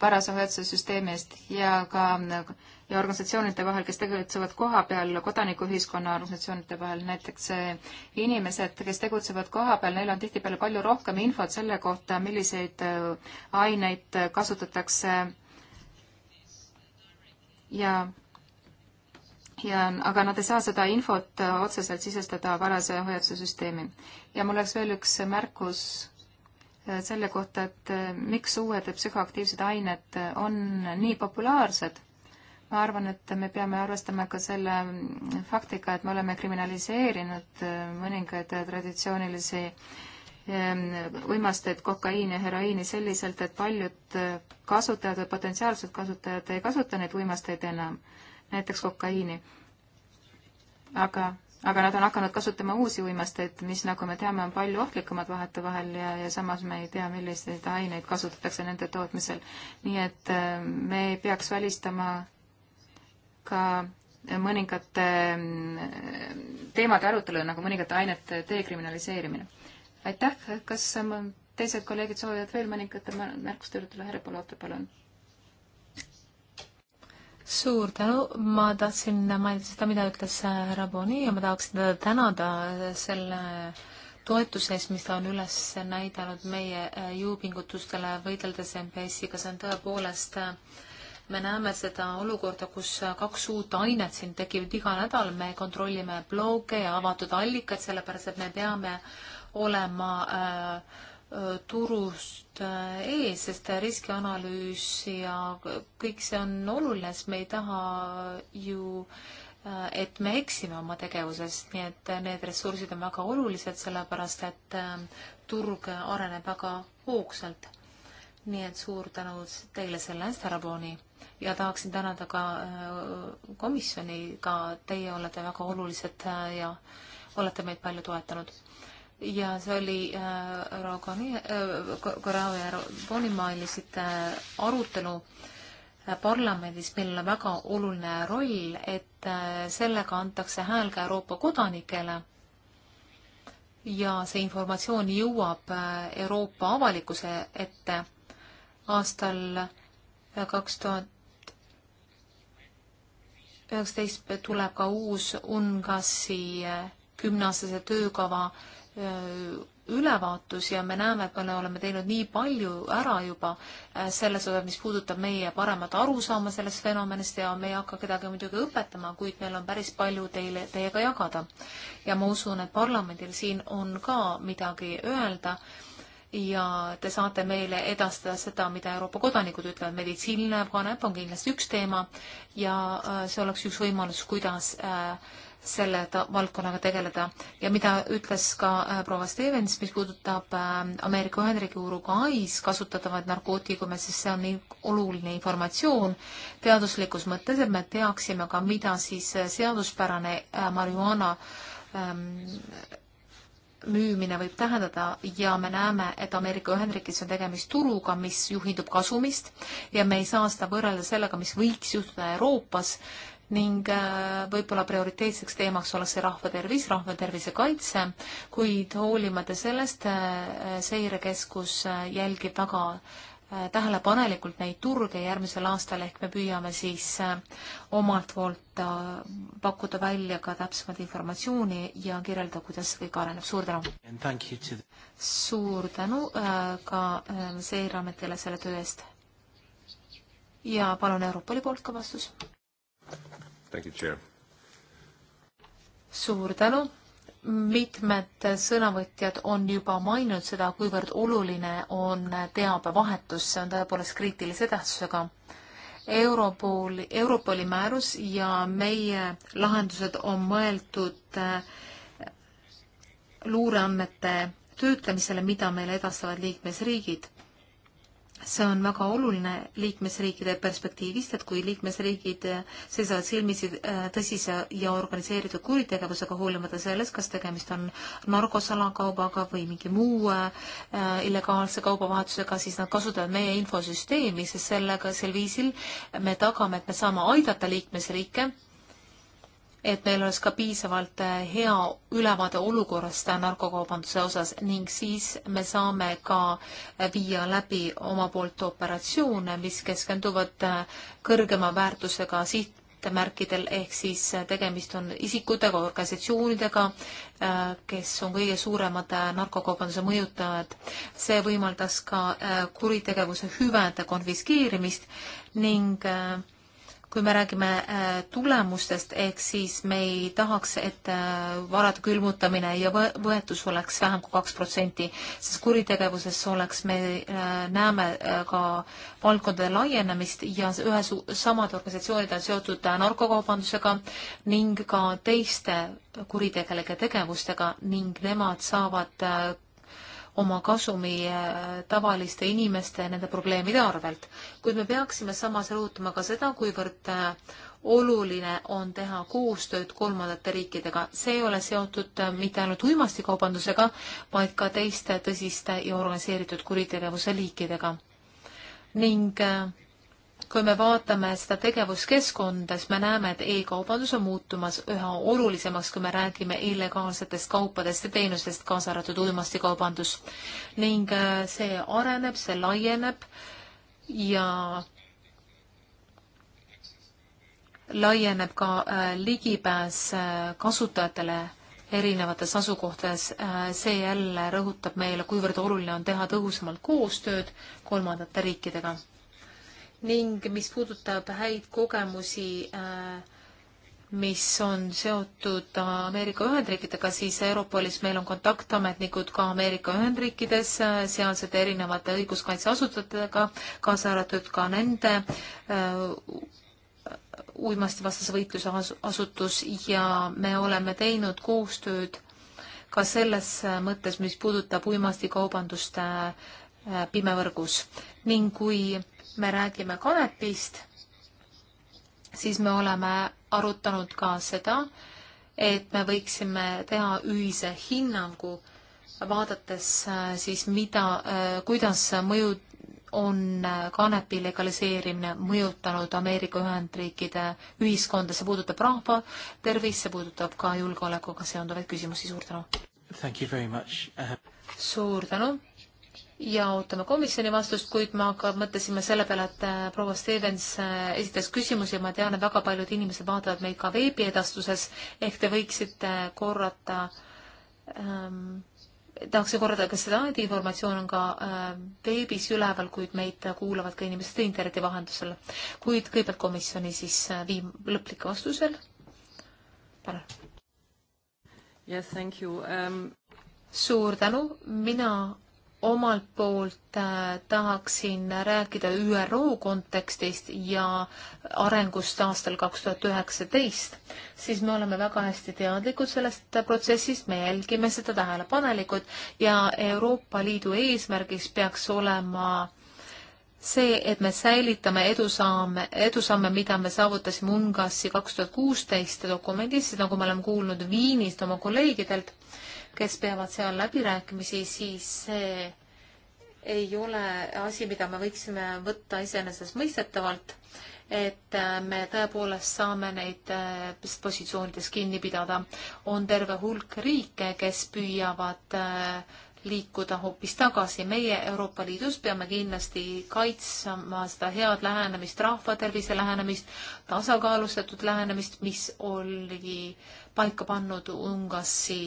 parase äh, hoiatussüsteemi eest ja ka nagu, ja organisatsioonide vahel, kes tegutsevad kohapeal, kodanikuühiskonna organisatsioonide vahel, näiteks äh, inimesed, kes tegutsevad kohapeal, neil on tihtipeale palju rohkem infot selle kohta, milliseid aineid kasutatakse ja ja, aga nad ei saa seda infot äh, otseselt sisestada varase hoiatuse süsteemi. ja mul oleks veel üks märkus äh, selle kohta, et äh, miks uued psühhoaktiivsed ained on nii populaarsed. ma arvan, et me peame arvestama ka selle mm, faktiga, et me oleme kriminaliseerinud mõningaid traditsioonilisi ähm, uimasteid, kokaiini ja heroiini selliselt, et paljud kasutajad või potentsiaalsed kasutajad ei kasuta neid uimasteid enam näiteks kokaiini. aga, aga nad on hakanud kasutama uusi uimasteid, mis, nagu me teame, on palju ohtlikumad vahetevahel ja, ja samas me ei tea, milliseid aineid kasutatakse nende tootmisel. nii et äh, me ei peaks välistama ka mõningate äh, teemade arutelu, nagu mõningate ainete dekriminaliseerimine. aitäh, kas teised kolleegid soovivad veel mõningate märkuste juurde tulla, härra Polotov, palun suur tänu, ma tahtsin mainida seda, mida ütles äh, härra Boni ja ma tahaksin teda tänada äh, selle toetuse eest, mis ta on üles näidanud meie äh, jõupingutustele võideldes MPS-iga, see on tõepoolest me näeme seda olukorda, kus kaks uut ainet siin tekivad iga nädal, me kontrollime bloge ja avatud allikaid, sellepärast et me peame olema äh, turust äh, ees, sest äh, riskianalüüs ja kõik see on oluline, sest me ei taha ju, äh, et me eksime oma tegevuses, nii et need ressursid on väga olulised, sellepärast et turg areneb väga hoogsalt. nii et suur tänu teile selle eest, härra Booni ja tahaksin tänada ka komisjoni, ka teie olete väga olulised ja olete meid palju toetanud ja see oli äh, äh, Korea ja Jaapani maailmas äh, arutelu parlamendis, millel on väga oluline roll, et sellega antakse hääl ka Euroopa kodanikele ja see informatsioon jõuab Euroopa avalikkuse ette aastal kaks tuhat üheksateist tuleb ka uus UNGASi kümneaastase töökava Äh, ülevaatus ja me näeme, et me oleme teinud nii palju ära juba äh, selles osas, mis puudutab meie paremat arusaama sellest fenomenist ja me ei hakka kedagi muidugi õpetama, kuid meil on päris palju teile, teiega jagada. ja ma usun, et parlamendil siin on ka midagi öelda ja te saate meile edastada seda, mida Euroopa kodanikud ütlevad. meditsiiniline kanep on kindlasti üks teema ja äh, see oleks üks võimalus, kuidas äh, selle valdkonnaga tegeleda ja mida ütles ka äh, proua Stevens, mis puudutab äh, Ameerika Ühendriigi Uruguay's kasutatavaid narkootikume, siis see on nii oluline informatsioon teaduslikus mõttes, et me teaksime ka, mida siis äh, seaduspärane äh, marihuana ähm, müümine võib tähendada ja me näeme, et Ameerika Ühendriikides on tegemist turuga, mis juhindub kasumist ja me ei saa seda võrrelda sellega, mis võiks juhtuda Euroopas äh, ning äh, võib-olla prioriteetseks teemaks oleks see rahvatervis, rahvatervise kaitse, kuid hoolimata sellest äh, seirekeskus äh, jälgib väga tähelepanelikult neid turge järgmisel aastal, ehk me püüame siis omalt poolt pakkuda välja ka täpsemat informatsiooni ja kirjelda, kuidas see kõik areneb. suur tänu! The... suur tänu ka Seireametile selle töö eest! ja palun Euroopa Liidu poolt ka vastus! Thank you, Chair. suur tänu. mitmed sõnavõtjad on juba maininud seda, kuivõrd oluline on teabevahetus, see on tõepoolest kriitilise tähtsusega. Europol, Europoli määrus ja meie lahendused on mõeldud äh, luureandmete töötlemisele, mida meile edastavad liikmesriigid see on väga oluline liikmesriikide perspektiivist, et kui liikmesriigid seisavad silmitsi äh, tõsise ja organiseeritud kuritegevusega, hoolimata sellest, kas tegemist on narkosalakaubaga või mingi muu äh, illegaalse kaubavahetusega, siis nad kasutavad meie infosüsteemi, sest sellega, sel viisil me tagame, et me saame aidata liikmesriike et meil oleks ka piisavalt äh, hea ülevaade olukorrast äh, narkokaubanduse osas ning siis me saame ka äh, viia läbi oma poolt operatsioone, mis keskenduvad kõrgema väärtusega sihtmärkidel, ehk siis tegemist on isikutega, organisatsioonidega, kes on kõige suuremad narkokaubanduse mõjutajad. see võimaldas ka kuritegevuse hüvede konfiskeerimist ning äh, kui me räägime äh, tulemustest, ehk siis me ei tahaks, et äh, varade külmutamine ja võetus oleks vähem kui kaks protsenti, sest kuritegevuses oleks, me äh, näeme ka valdkondade laienemist ja ühes, samad organisatsioonid on seotud narkokaubandusega ning ka teiste kuritegelike tegevustega ning nemad saavad oma kasumi äh, tavaliste inimeste, nende probleemide arvelt. kuid me peaksime samas rõhutama ka seda, kuivõrd äh, oluline on teha koostööd kolmandate riikidega. see ei ole seotud äh, mitte ainult uimastikaubandusega, vaid ka teiste tõsiste ja organiseeritud kuritegevuse liikidega. ning äh, kui me vaatame seda tegevuskeskkonda, siis me näeme, et e-kaubandus on muutumas üha olulisemaks, kui me räägime illegaalsetest kaupadest ja teenustest, kaasa arvatud uimastikaubandus. ning äh, see areneb, see laieneb ja laieneb ka äh, ligipääs äh, kasutajatele erinevates asukohtades. see jälle rõhutab meile, kuivõrd oluline on teha tõhusamalt koostööd kolmandate riikidega ning mis puudutab häid kogemusi, äh, mis on seotud Ameerika Ühendriikidega, siis Europolis meil on kontaktametnikud ka Ameerika Ühendriikides, äh, sealsete erinevate õiguskaitseasutajatega, kaasa arvatud ka nende äh, uimastivastase võitluse asutus ja me oleme teinud koostööd ka selles mõttes, mis puudutab uimastikaubanduste pimevõrgus ning kui me räägime kanepist, siis me oleme arutanud ka seda, et me võiksime teha ühise hinnangu, vaadates äh, siis mida, äh, kuidas mõju on äh, kanepi legaliseerimine mõjutanud Ameerika Ühendriikide ühiskonda, see puudutab rahva tervist, see puudutab ka julgeolekuga seonduvaid küsimusi, suur tänu! Uh, suur tänu! ja ootame komisjoni vastust, kuid ma ka mõtlesime selle peale, et äh, proua Stevens äh, esitas küsimusi ja ma tean, et väga paljud inimesed vaatavad meid ka veebiedastuses, ehk te võiksite korrata ähm, tahaksin korrata, kas seda informatsioon on ka ähm, veebis äh, üleval, kuid meid kuulavad ka inimesed interneti vahendusel. kuid kõigepealt komisjoni siis äh, viim-, lõplik vastusel. palun. Yes, thank you um.... suur tänu, mina omalt poolt äh, tahaksin rääkida ÜRO kontekstist ja arengust aastal 2019, siis me oleme väga hästi teadlikud sellest protsessist, me jälgime seda tähelepanelikult ja Euroopa Liidu eesmärgiks peaks olema see, et me säilitame edusamme, edusamme, mida me saavutasime UNGASi kaks tuhat kuusteist dokumendis, nagu me oleme kuulnud Viinist oma kolleegidelt kes peavad seal läbirääkimisi, siis see ei ole asi, mida me võiksime võtta iseenesestmõistetavalt, et äh, me tõepoolest saame neid äh, positsioonides kinni pidada. on terve hulk riike, kes püüavad äh, liikuda hoopis tagasi. meie Euroopa Liidus peame kindlasti kaitsma seda head lähenemist, rahvatervise lähenemist, tasakaalustatud lähenemist, mis oli paika pannud Ungassi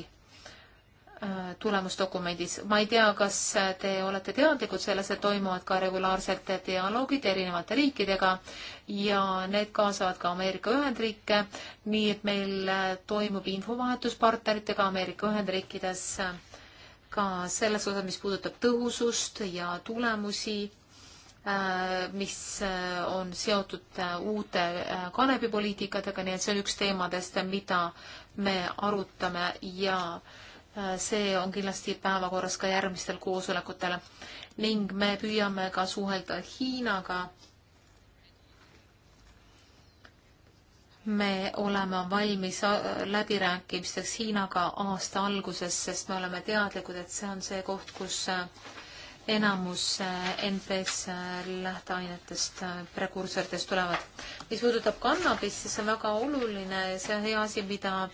Äh, tulemusdokumendis. ma ei tea, kas te olete teadlikud selles, et toimuvad ka regulaarselt dialoogid erinevate riikidega ja need kaasavad ka Ameerika Ühendriike, nii et meil äh, toimub infovahetus partneritega Ameerika Ühendriikides äh, ka selles osas, mis puudutab tõhusust ja tulemusi, mis on seotud uute kanepipoliitikatega, nii et see on üks teemadest, mida me arutame ja äh, see on kindlasti päevakorras ka järgmistel koosolekutel ning me püüame ka suhelda Hiinaga. me oleme valmis äh, läbirääkimisteks Hiinaga aasta alguses, sest me oleme teadlikud, et see on see koht, kus äh, enamus äh, NPS äh, lähteainetest, äh, prekursoritest tulevad. mis puudutab kannabist, siis see on väga oluline, see on hea asi, mida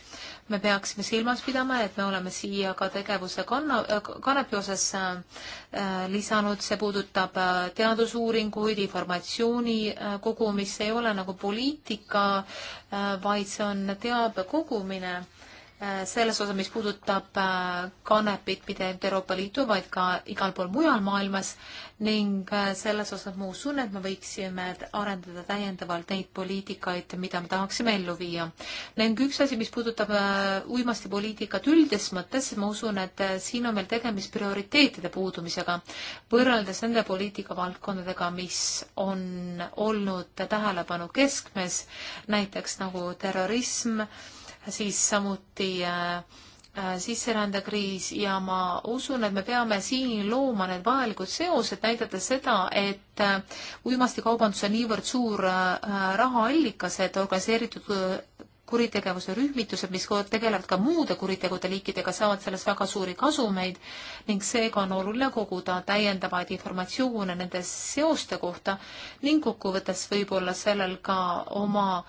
me peaksime silmas pidama, et me oleme siia ka tegevuse kanna, kanepi osas äh, lisanud, see puudutab teadusuuringuid, informatsiooni kogumist, see ei ole nagu poliitika äh,, vaid see on teabe kogumine Äh, selles osas, mis puudutab äh, kanepit mitte ainult Euroopa Liidu, vaid ka igal pool mujal maailmas ning äh, selles osas ma usun, et me võiksime arendada täiendavalt neid poliitikaid, mida me tahaksime ellu viia. ning üks asi, mis puudutab uimastipoliitikat üldises mõttes, ma usun, et siin on meil tegemist prioriteetide puudumisega võrreldes nende poliitikavaldkondadega, mis on olnud tähelepanu keskmes, näiteks nagu terrorism, siis samuti äh, äh, sisserändekriis ja ma usun, et me peame siin looma need vajalikud seosed, näidates seda, et äh, uimastikaubandus on niivõrd suur rahaallikas, et organiseeritud kuritegevuse rühmitused, mis tegelevad ka muude kuritegude liikidega, saavad sellest väga suuri kasumeid ning seega on oluline koguda täiendavaid informatsioone nende seoste kohta ning kokkuvõttes võib olla sellel ka oma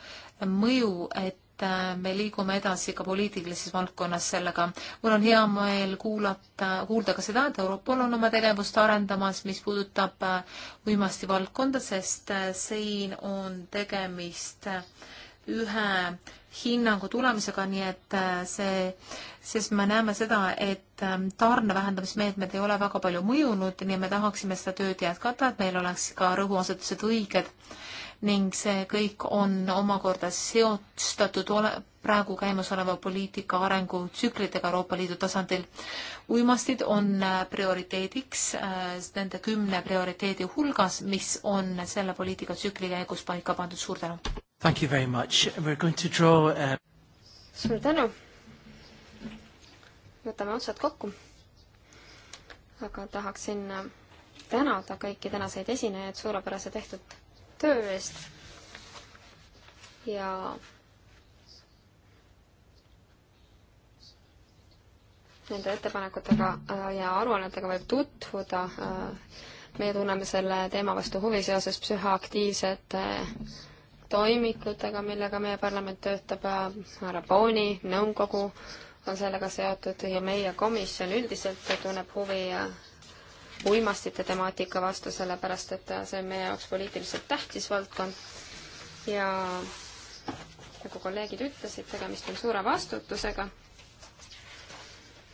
mõju, et et äh, me liigume edasi ka poliitilises valdkonnas sellega. mul on hea meel kuulata, kuulda ka seda, et Europol on oma tegevust arendamas, mis puudutab äh, uimasti valdkonda, sest äh, siin on tegemist ühe hinnangu tulemisega, nii et see, sest me näeme seda, et tarne vähendamismeetmed ei ole väga palju mõjunud, nii me tahaksime seda tööd jätkata, et meil oleks ka rõhuasetused õiged ning see kõik on omakorda seostatud ole, praegu käimasoleva poliitika arengutsüklitega Euroopa Liidu tasandil. uimastid on äh, prioriteediks äh, nende kümne prioriteedi hulgas, mis on selle poliitikatsükli käigus paika pandud. suur tänu! Thank you very much. We're going to draw uh... suur tänu! võtame otsad kokku. aga tahaksin äh, tänada kõiki tänaseid esinejaid suurepärase tehtud töö eest ja nende ettepanekutega äh, ja aruannetega võib tutvuda. Äh, meie tunneme selle teema vastu huvi seoses psühhoaktiivsete äh, toimikutega, millega meie parlament töötab, härra Booni nõukogu on sellega seotud ja meie komisjon üldiselt tunneb huvi uimastite temaatika vastu, sellepärast et see on meie jaoks poliitiliselt tähtis valdkond ja nagu kolleegid ütlesid, tegemist on suure vastutusega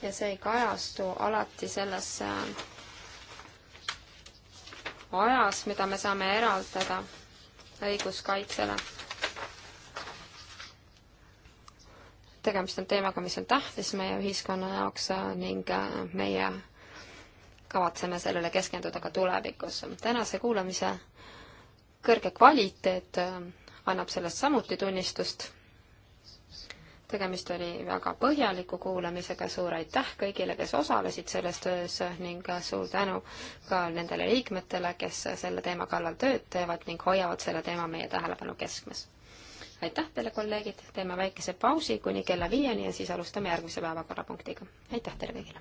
ja see ei kajastu alati selles äh, ajas, mida me saame eraldada õiguskaitsele. tegemist on teemaga, mis on tähtis meie ühiskonna jaoks äh, ning äh, meie kavatseme sellele keskenduda ka tulevikus. tänase kuulamise kõrge kvaliteet äh, annab sellest samuti tunnistust. tegemist oli väga põhjaliku kuulamisega, suur aitäh kõigile, kes osalesid selles töös ning suur tänu ka nendele liikmetele, kes selle teema kallal tööd teevad ning hoiavad selle teema meie tähelepanu keskmes. aitäh teile, kolleegid, teeme väikese pausi kuni kella viieni ja siis alustame järgmise päevakorrapunktiga. aitäh teile kõigile!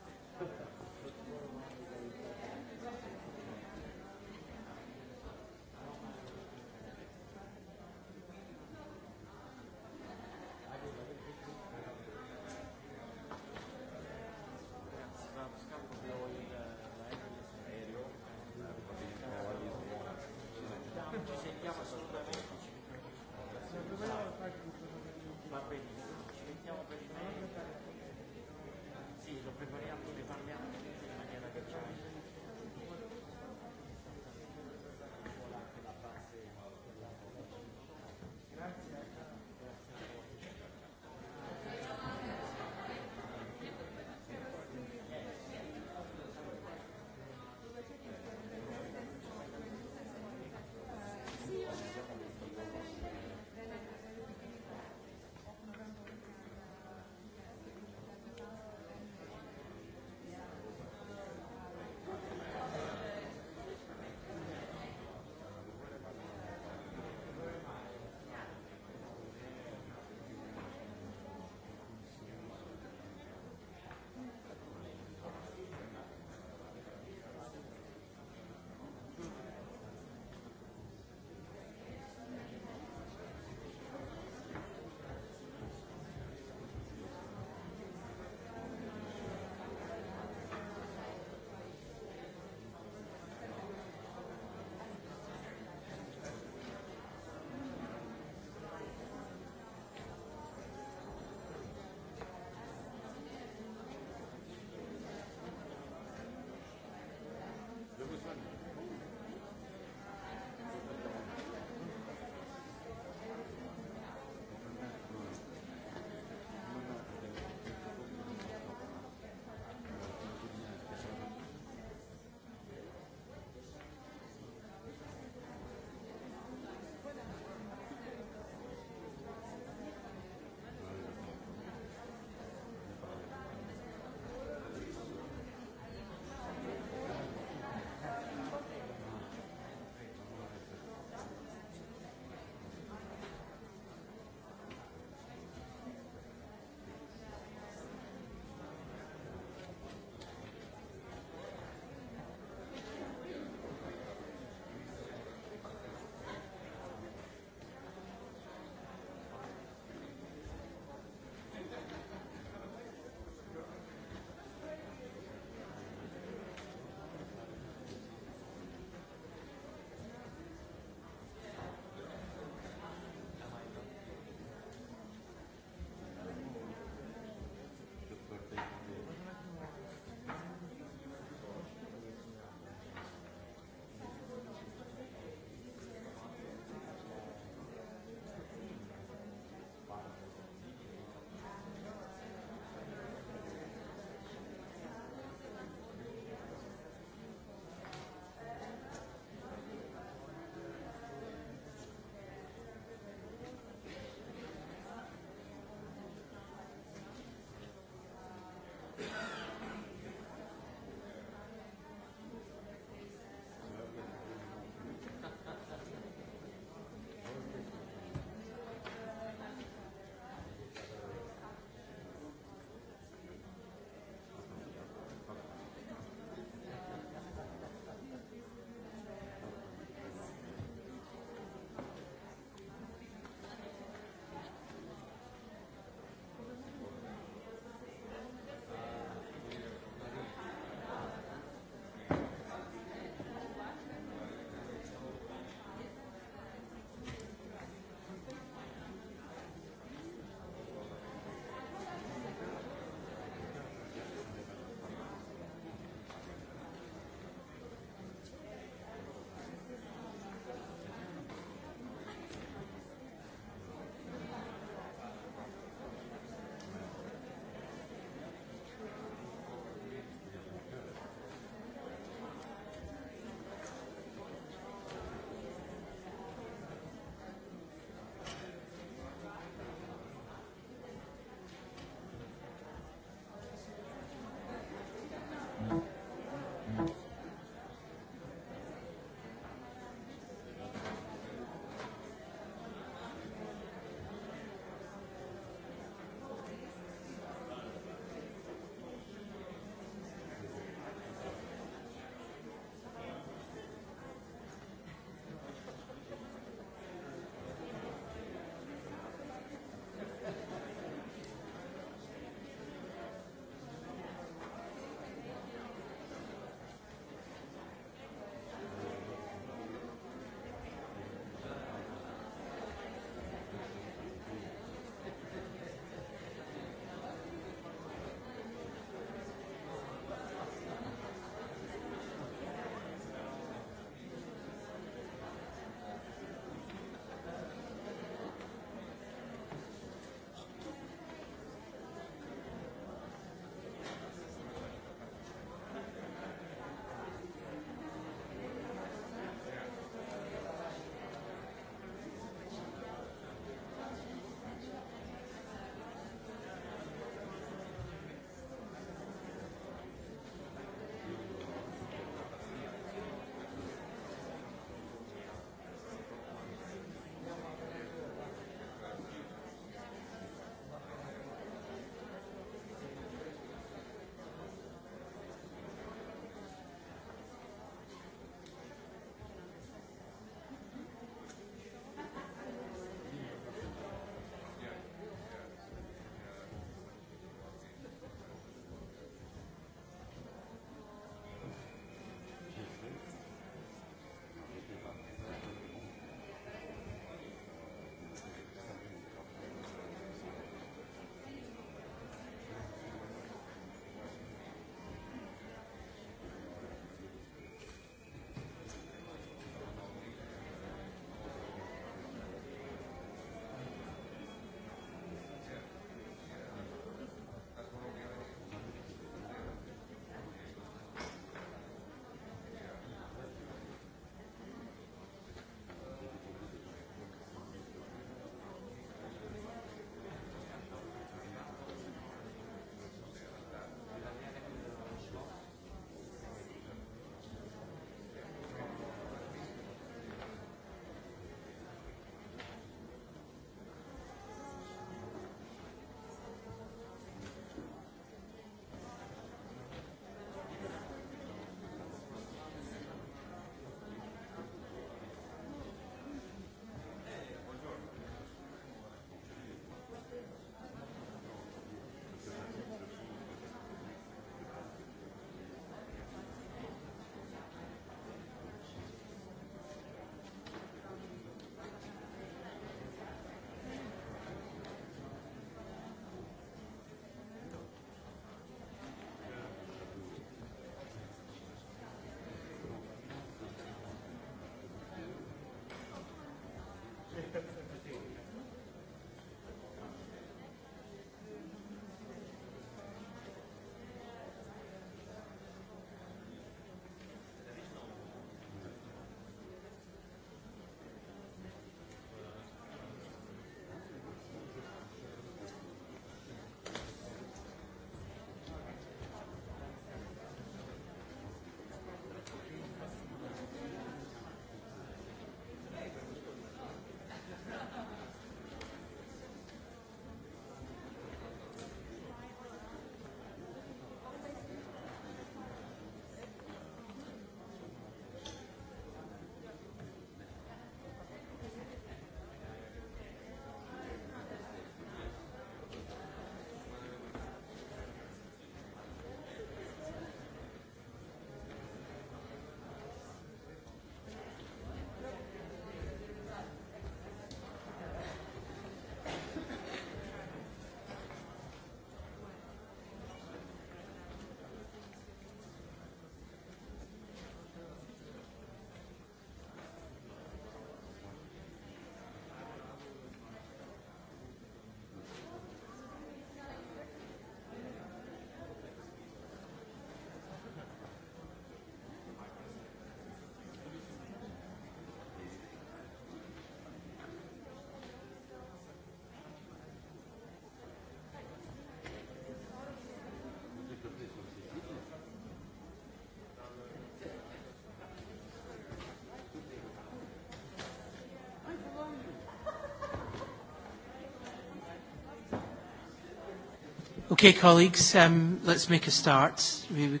Okay, colleagues, um, let's make a start. We...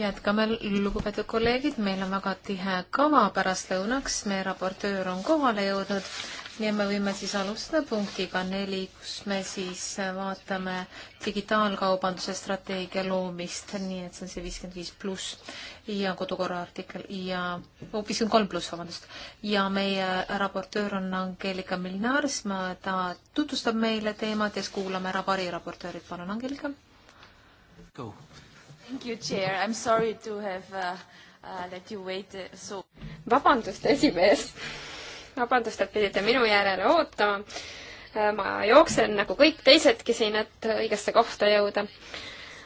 jätkame, lugupeetud kolleegid, meil on väga tihe kava pärastlõunaks, meie raportöör on kohale jõudnud ja me võime siis alustada punktiga neli, kus me siis vaatame digitaalkaubanduse strateegia loomist, nii et see on see viiskümmend viis pluss ja kodukorra artikkel ja oh,, viiskümmend kolm pluss, vabandust. ja meie raportöör on Angelika Milnaars, ma, ta tutvustab meile teemat ja siis kuulame ära variraportöörid, palun Angelika. Go. Thank you, chair, I am sorry to have uh, uh, let you wait uh, so. vabandust, esimees vabandust, et pidite minu järele ootama. Äh, ma jooksen nagu kõik teisedki siin, et õigesse kohta jõuda.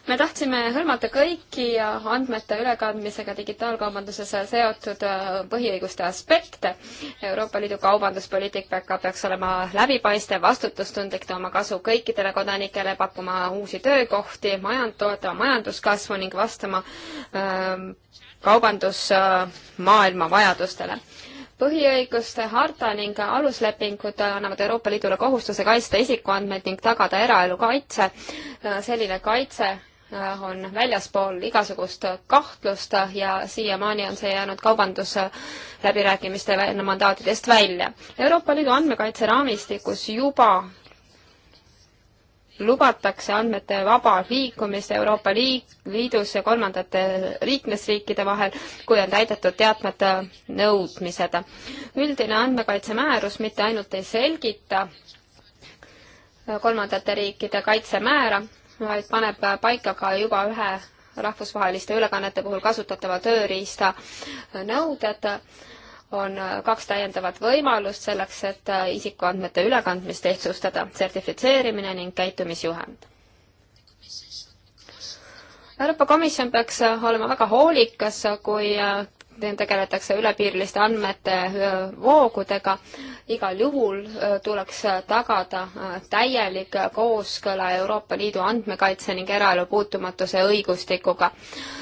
me tahtsime hõlmata kõiki andmete ülekandmisega digitaalkaubanduses seotud äh, põhiõiguste aspekte. Euroopa Liidu kaubanduspoliitika peaks olema läbipaistev, vastutustundlik, tooma kasu kõikidele kodanikele, pakkuma uusi töökohti, majand, toetama majanduskasvu ning vastama öö, äh, kaubandusmaailma vajadustele põhiõiguste harta ning aluslepingud annavad Euroopa Liidule kohustuse kaitsta isikuandmeid ning tagada eraelu kaitse. selline kaitse äh, on väljaspool igasugust kahtlust ja siiamaani on see jäänud kaubandusläbirääkimiste mandaatidest välja. Euroopa Liidu andmekaitse raamistikus juba lubatakse andmete vaba liikumist Euroopa Liidus ja kolmandate liikmesriikide vahel, kui on täidetud teadmata nõudmised. üldine andmekaitsemäärus mitte ainult ei selgita kolmandate riikide kaitsemäära, vaid paneb paika ka juba ühe rahvusvaheliste ülekannete puhul kasutatava tööriista nõuded on äh, kaks täiendavat võimalust selleks, et äh, isikuandmete ülekandmist ehtsustada, sertifitseerimine ning käitumisjuhend. Euroopa Komisjon peaks äh, olema väga hoolikas, kui tegeletakse ülepiiriliste andmete voogudega. igal juhul tuleks tagada täielik kooskõla Euroopa Liidu andmekaitse ning eraelu puutumatuse õigustikuga.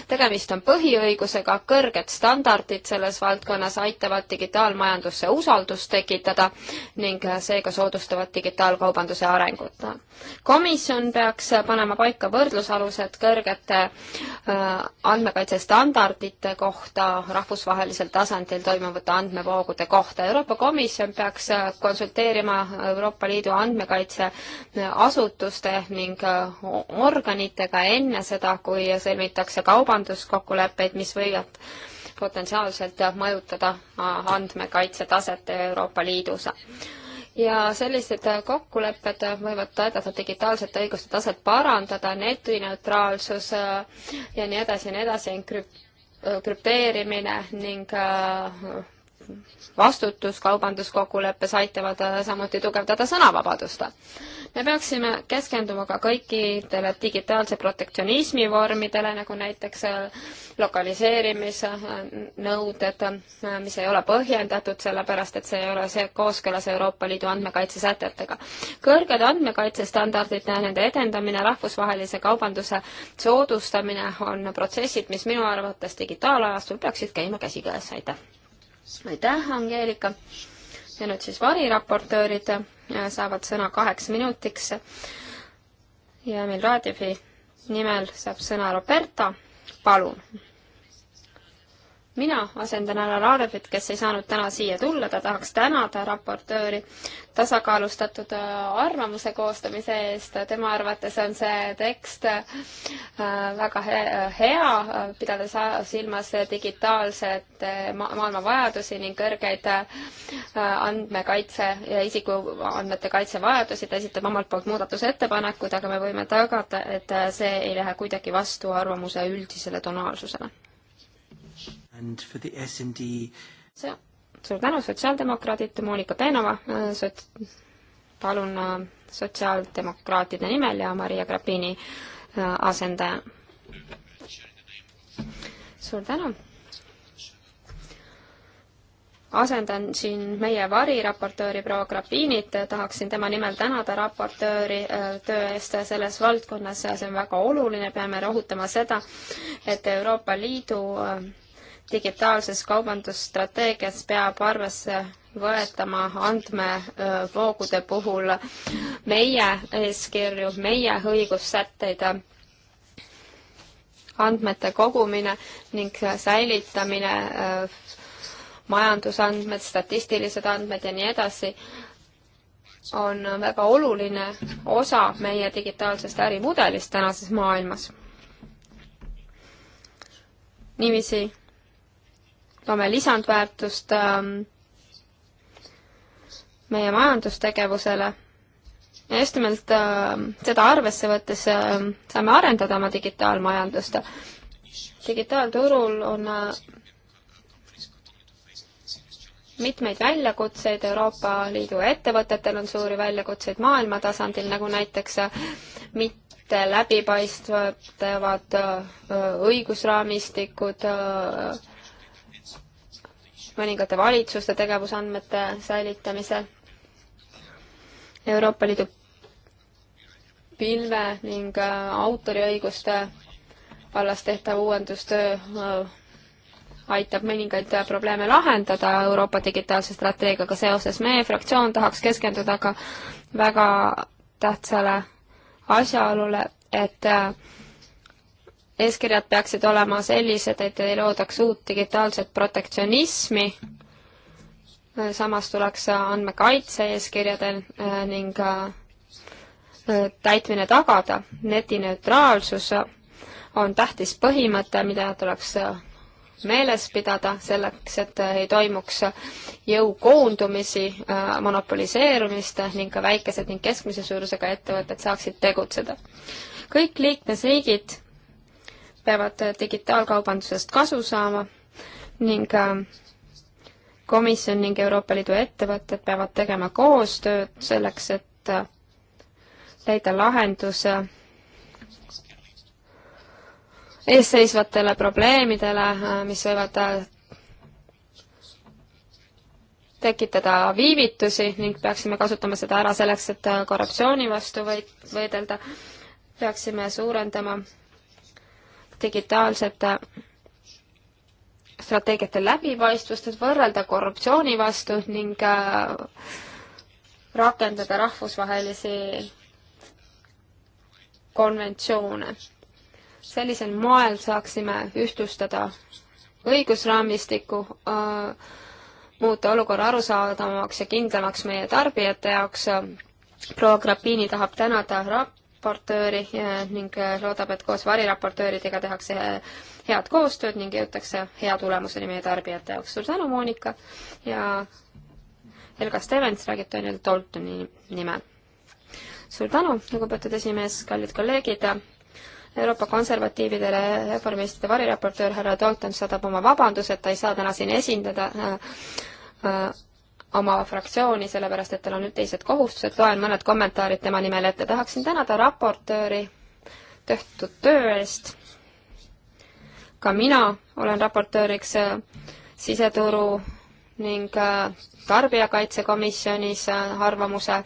tegemist on põhiõigusega, kõrged standardid selles valdkonnas aitavad digitaalmajandusse usaldust tekitada ning seega soodustavad digitaalkaubanduse arengut. komisjon peaks panema paika võrdlusalused kõrgete andmekaitsestandardite kohta rahvusvahelisel tasandil toimuvate andmevoogude kohta. Euroopa Komisjon peaks äh, konsulteerima Euroopa Liidu andmekaitseasutuste äh, ning äh, organitega enne seda, kui sõlmitakse kaubanduskokkuleppeid, mis võivad potentsiaalselt mõjutada andmekaitse taset Euroopa Liidus ja sellised kokkulepped võivad aidata digitaalsete õiguste taset parandada, netineutraalsus ja nii edasi ja nii edasi, enkrüpt-, krüpteerimine äh, ning äh, vastutus kaubanduskokkuleppes aitavad äh, samuti tugevdada sõnavabadust me peaksime keskenduma ka kõikidele digitaalse protektsionismi vormidele, nagu näiteks äh, lokaliseerimise äh, nõuded, äh, mis ei ole põhjendatud, sellepärast et see ei ole see kooskõlas Euroopa Liidu andmekaitsesätetega. kõrged andmekaitsestandardid ja nende edendamine, rahvusvahelise kaubanduse soodustamine on protsessid, mis minu arvates digitaalajastul peaksid käima käsikäes, aitäh! aitäh, Angeelika! ja nüüd siis variraportöörid saavad sõna kaheks minutiks. ja Emil Raadjevi nimel saab sõna Roberta, palun mina asendan härra Raalevit, kes ei saanud täna siia tulla, ta tahaks tänada raportööri tasakaalustatud äh, arvamuse koostamise eest, tema arvates on see tekst äh, väga hea, pidades silmas digitaalset äh, maailma vajadusi ning kõrgeid andmekaitse ja isikuandmete kaitse vajadusi, ta esitab omalt poolt muudatusettepanekud, aga me võime tagada, et see ei lähe kuidagi vastu arvamuse üldisele tonaalsusele suur tänu, sotsiaaldemokraadid, Monika Peenova, äh, sot-, palun äh, sotsiaaldemokraatide nimel ja Maria Grapini äh, asendaja. suur tänu. asendan siin meie variraportööri proua Grapinit, tahaksin tema nimel tänada raportööri töö eest selles valdkonnas, see on väga oluline, peame rõhutama seda, et Euroopa Liidu digitaalses kaubandusstrateegias peab arvesse võetama andmevoogude puhul meie eeskirju, meie õigussätteid, andmete kogumine ning säilitamine, majandusandmed, statistilised andmed ja nii edasi, on väga oluline osa meie digitaalsest ärimudelist tänases maailmas. niiviisi loome lisandväärtust ähm, meie majandustegevusele ja just nimelt ähm, seda arvesse võttes ähm, saame arendada oma digitaalmajandust. digitaalturul on äh, mitmeid väljakutseid, Euroopa Liidu ettevõtetel on suuri väljakutseid maailma tasandil, nagu näiteks äh, mitte läbipaistvad äh, õigusraamistikud, mõningate valitsuste tegevusandmete säilitamise, Euroopa Liidu pilve ning äh, autoriõiguste vallas tehtav uuendustöö äh, aitab mõningaid äh, probleeme lahendada Euroopa digitaalse strateegiaga seoses. meie fraktsioon tahaks keskenduda ka väga tähtsale asjaolule, et eeskirjad peaksid olema sellised, et ei loodaks uut digitaalset protektsionismi, samas tuleks andmekaitse eeskirjadel äh, ning äh, täitmine tagada. netineutraalsus on tähtis põhimõte, mida tuleks äh, meeles pidada selleks, et ei toimuks jõukoondumisi, monopoliseerumist ning ka väikesed ning keskmise suurusega ettevõtted saaksid tegutseda. kõik liikmesriigid peavad digitaalkaubandusest kasu saama ning äh, komisjon ning Euroopa Liidu ettevõtted peavad tegema koostööd selleks, et äh, leida lahendus äh, eesseisvatele probleemidele, mis võivad tekitada viivitusi ning peaksime kasutama seda ära selleks, et korruptsiooni vastu võidelda. peaksime suurendama digitaalsete strateegiate läbipaistvust, et võrrelda korruptsiooni vastu ning äh, rakendada rahvusvahelisi konventsioone. sellisel moel saaksime ühtlustada õigusraamistikku, äh, muuta olukorra arusaadavamaks ja kindlamaks meie tarbijate jaoks. proua Grapini tahab tänada rap-, raportööri ning äh, loodab, et koos variraportööridega tehakse äh, head koostööd ning jõutakse hea tulemuseni meie tarbijate jaoks. suur tänu, Monika ja Helga Stevens räägib Daniel Daltoni nimel. suur tänu, lugupeetud esimees, kallid kolleegid Euroopa konservatiividele reformistide variraportöör härra Dalton saadab oma vabandused, ta ei saa täna siin esindada äh,. Äh, oma fraktsiooni, sellepärast et tal on nüüd teised kohustused, loen mõned kommentaarid tema nimel ette. tahaksin tänada raportööri tehtud töö eest. ka mina olen raportööriks äh, siseturu ning äh, tarbijakaitsekomisjonis äh, arvamuse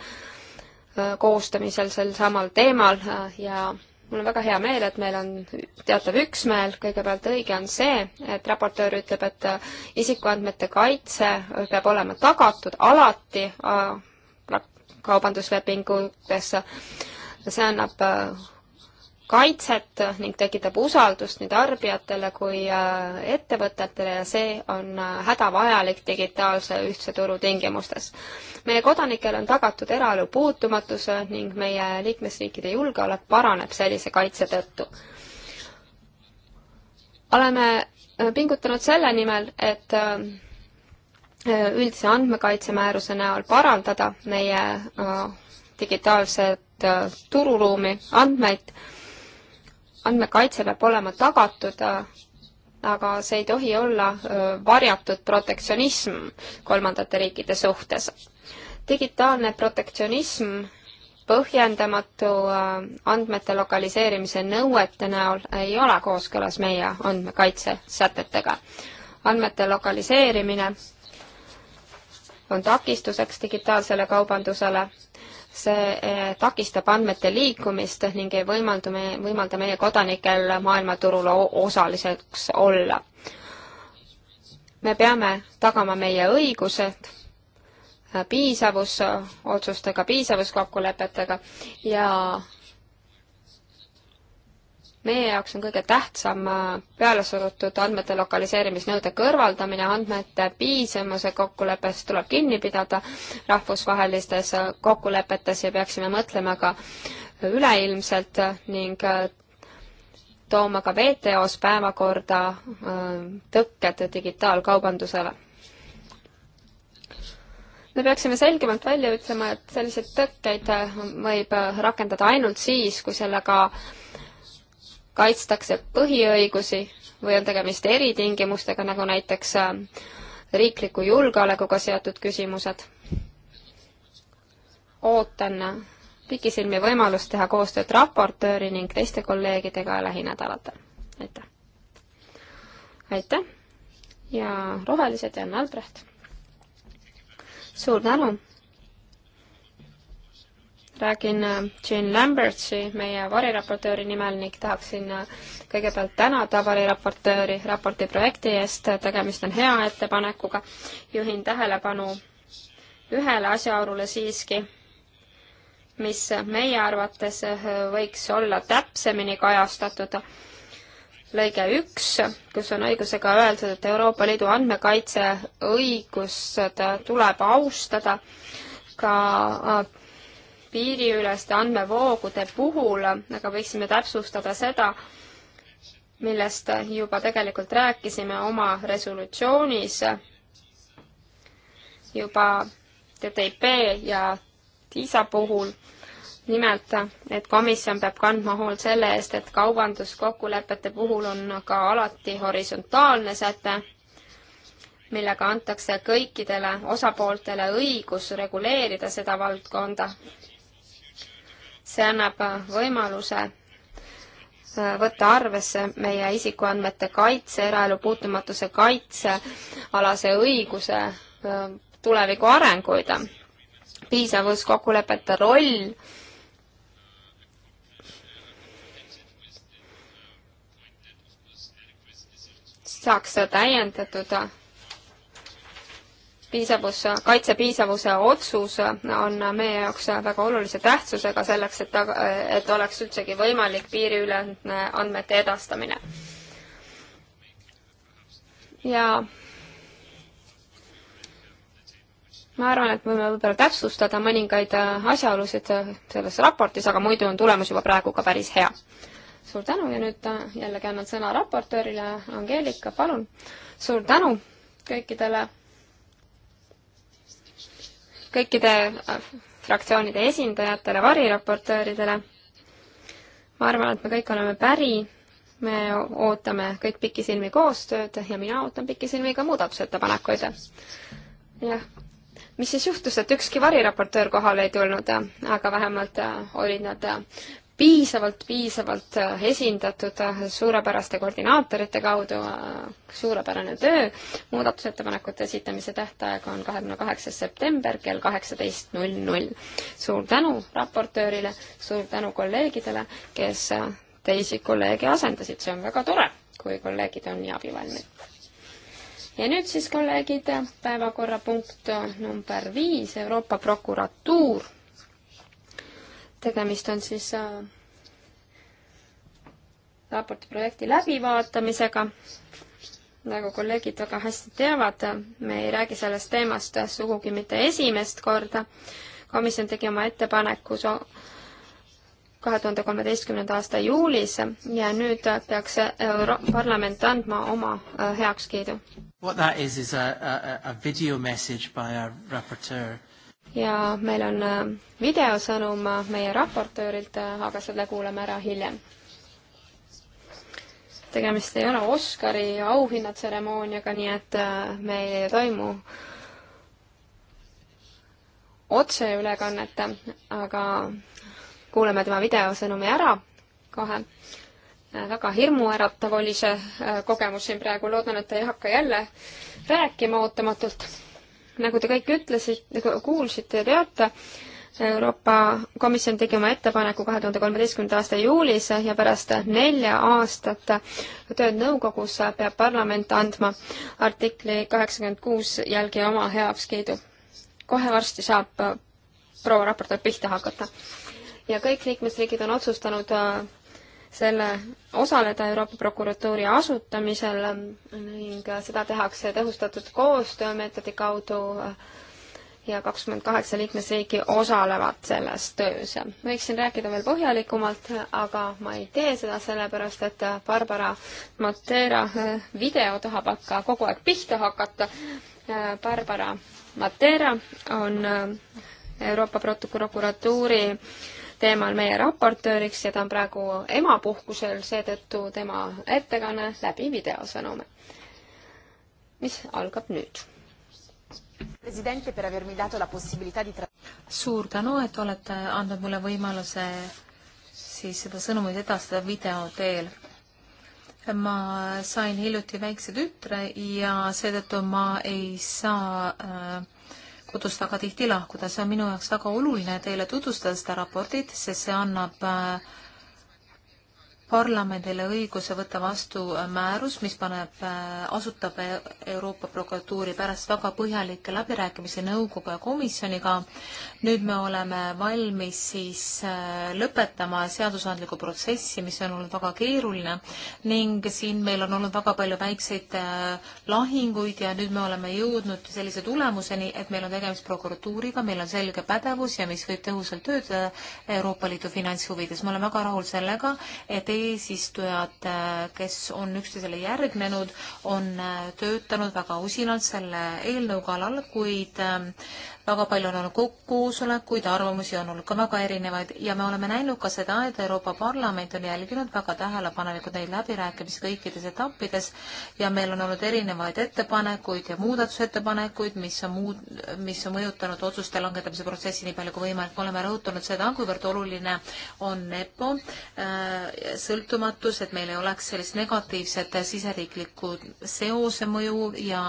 koostamisel sel samal teemal ja mul on väga hea meel, et meil on teatav üksmeel, kõigepealt õige on see, et raportöör ütleb, et isikuandmete kaitse peab olema tagatud alati äh, kaubanduslepingutesse, see annab äh, kaitset ning tekitab usaldust nii tarbijatele kui äh, ettevõtetele ja see on äh, hädavajalik digitaalse ühtse turu tingimustes. meie kodanikel on tagatud eraelu puutumatus äh, ning meie liikmesriikide julgeolek paraneb sellise kaitse tõttu. oleme pingutanud selle nimel, et üldise andmekaitsemääruse näol parandada meie digitaalset tururuumi andmeid andmekaitse peab olema tagatud, aga see ei tohi olla varjatud protektsionism kolmandate riikide suhtes. digitaalne protektsionism põhjendamatu andmete lokaliseerimise nõuete näol ei ole kooskõlas meie andmekaitsesätetega. andmete lokaliseerimine on takistuseks digitaalsele kaubandusele see eh, takistab andmete liikumist ning ei võimalda me, võimalda meie kodanikel maailmaturul osaliseks olla. me peame tagama meie õigused piisavus otsustega, piisavuskokkulepetega ja meie jaoks on kõige tähtsam äh, pealesurutud andmete lokaliseerimisnõude kõrvaldamine, andmete piisavuse kokkuleppest tuleb kinni pidada rahvusvahelistes äh, kokkulepetes ja peaksime mõtlema ka üleilmselt äh, ning tooma ka WTO-s päevakorda tõkked digitaalkaubandusele. me peaksime selgemalt välja ütlema, et selliseid tõkkeid võib rakendada ainult siis, kui sellega kaitstakse põhiõigusi või on tegemist eritingimustega, nagu näiteks äh, riikliku julgeolekuga seotud küsimused. ootan pikisilmi võimalust teha koostööd raportööri ning teiste kolleegidega lähinädalatel. aitäh! aitäh ja rohelised ja Albrecht! suur tänu! räägin äh, Jean Lambertsi, meie variraportööri nimel ning tahaksin äh, kõigepealt tänada variraportööri raporti projekti eest, tegemist on hea ettepanekuga. juhin tähelepanu ühele asjaolule siiski, mis meie arvates äh, võiks olla täpsemini kajastatud. lõige üks, kus on õigusega öeldud, et Euroopa Liidu andmekaitseõigust tuleb austada ka piiriüleste andmevoogude puhul, aga võiksime täpsustada seda, millest juba tegelikult rääkisime oma resolutsioonis juba TTIP ja TISA puhul. nimelt, et komisjon peab kandma hoolt selle eest, et kaubanduskokkulepete puhul on ka alati horisontaalne säte, millega antakse kõikidele osapooltele õigus reguleerida seda valdkonda see annab võimaluse äh, võtta arvesse meie isikuandmete kaitse, eraelu puutumatuse kaitse alase õiguse äh, tuleviku arenguid, piisavuskokkulepete roll, saaks täiendatud piisavus, kaitsepiisavuse otsus on meie jaoks väga olulise tähtsusega selleks, et, et oleks üldsegi võimalik piiriülene andmete edastamine. ja ma arvan, et võime võib-olla täpsustada mõningaid asjaolusid selles raportis, aga muidu on tulemus juba praegu ka päris hea. suur tänu ja nüüd jällegi annan sõna raportöörile, Angeelika, palun. suur tänu kõikidele kõikide äh, fraktsioonide esindajatele, variraportööridele. ma arvan, et me kõik oleme päri, me ootame kõik pikisilmi koostööd ja mina ootan pikisilmi ka muudatusettepanekuid. jah, mis siis juhtus, et ükski variraportöör kohale ei tulnud, aga vähemalt äh, olid nad äh, piisavalt, piisavalt äh, esindatud äh, suurepäraste koordinaatorite kaudu, äh, suurepärane töö. muudatusettepanekute esitamise tähtaeg on kahekümne kaheksas september kell kaheksateist null null. suur tänu raportöörile, suur tänu kolleegidele, kes teisi kolleege asendasid, see on väga tore, kui kolleegid on nii abivalmid ja nüüd siis kolleegid, päevakorrapunkt number viis, Euroopa Prokuratuur tegemist on siis äh, raporti projekti läbivaatamisega. nagu kolleegid väga hästi teavad, me ei räägi sellest teemast sugugi mitte esimest korda. komisjon tegi oma ettepaneku kahe tuhande kolmeteistkümnenda aasta juulis ja nüüd peaks Euro parlament andma oma äh, heakskiidu. What that is is a, a, a video message by our raporteur ja meil on äh, videosõnum äh, meie raportöörilt, äh, aga selle kuulame ära hiljem. tegemist ei ole Oscari auhinnatseremooniaga, nii et me ei toimu otseülekannet, aga kuulame tema videosõnumi ära kohe. väga hirmuäratav oli see kogemus siin praegu, loodan, et ei hakka jälle rääkima ootamatult nagu te kõik ütlesite, nagu kuulsite ja teate, Euroopa Komisjon tegi oma ettepaneku kahe tuhande kolmeteistkümnenda aasta juulis ja pärast nelja aastat tööd nõukogus peab parlament andma artikli kaheksakümmend kuus jälgi oma heakskiidu. kohe varsti saab proua raportöör pihta hakata. ja kõik liikmesriigid on otsustanud äh, selle, osaleda Euroopa prokuratuuri asutamisel ning seda tehakse tõhustatud koostöömeetodi kaudu ja kakskümmend kaheksa liikmesriiki osalevad selles töös. võiksin rääkida veel põhjalikumalt, aga ma ei tee seda sellepärast, et Barbara Matera video tahab hakka kogu aeg pihta hakata. Barbara Matera on Euroopa prokuratuuri teemal meie raportööriks ja ta on praegu emapuhkusel, seetõttu tema ettekanne läbi videosõnumi, mis algab nüüd. suur tänu, et olete andnud mulle võimaluse siis seda sõnumit edastada video teel ma sain hiljuti väikse tütre ja seetõttu ma ei saa äh, kodust väga tihti lahkuda. see on minu jaoks väga oluline teile tutvustada seda raportit, sest see annab äh, parlamendile õiguse võtta vastu määrus, mis paneb, äh, asutab e-, Euroopa prokuratuuri pärast väga põhjalikke läbirääkimisi nõukogu ja komisjoniga. nüüd me oleme valmis siis äh, lõpetama seadusandlikku protsessi, mis on olnud väga keeruline ning siin meil on olnud väga palju väikseid äh, lahinguid ja nüüd me oleme jõudnud sellise tulemuseni, et meil on tegemist prokuratuuriga, meil on selge pädevus ja mis võib tõhusalt töötada Euroopa Liidu finantshuvides. ma olen väga rahul sellega, et eesistujad, äh, kes on üksteisele järgnenud, on äh, töötanud väga usinalt selle eelnõu kallal, kuid ähm, väga palju on olnud koosolekuid, arvamusi on olnud ka väga erinevaid ja me oleme näinud ka seda, et Euroopa Parlament on jälginud väga tähelepanelikult neid läbirääkimisi kõikides etappides ja meil on olnud erinevaid ettepanekuid ja muudatusettepanekuid, mis on muud, mis on mõjutanud otsuste langetamise protsessi nii palju kui võimalik. me oleme rõhutanud seda, kuivõrd oluline on EPPO äh, sõltumatus, et meil ei oleks sellist negatiivset siseriiklikku seose mõju ja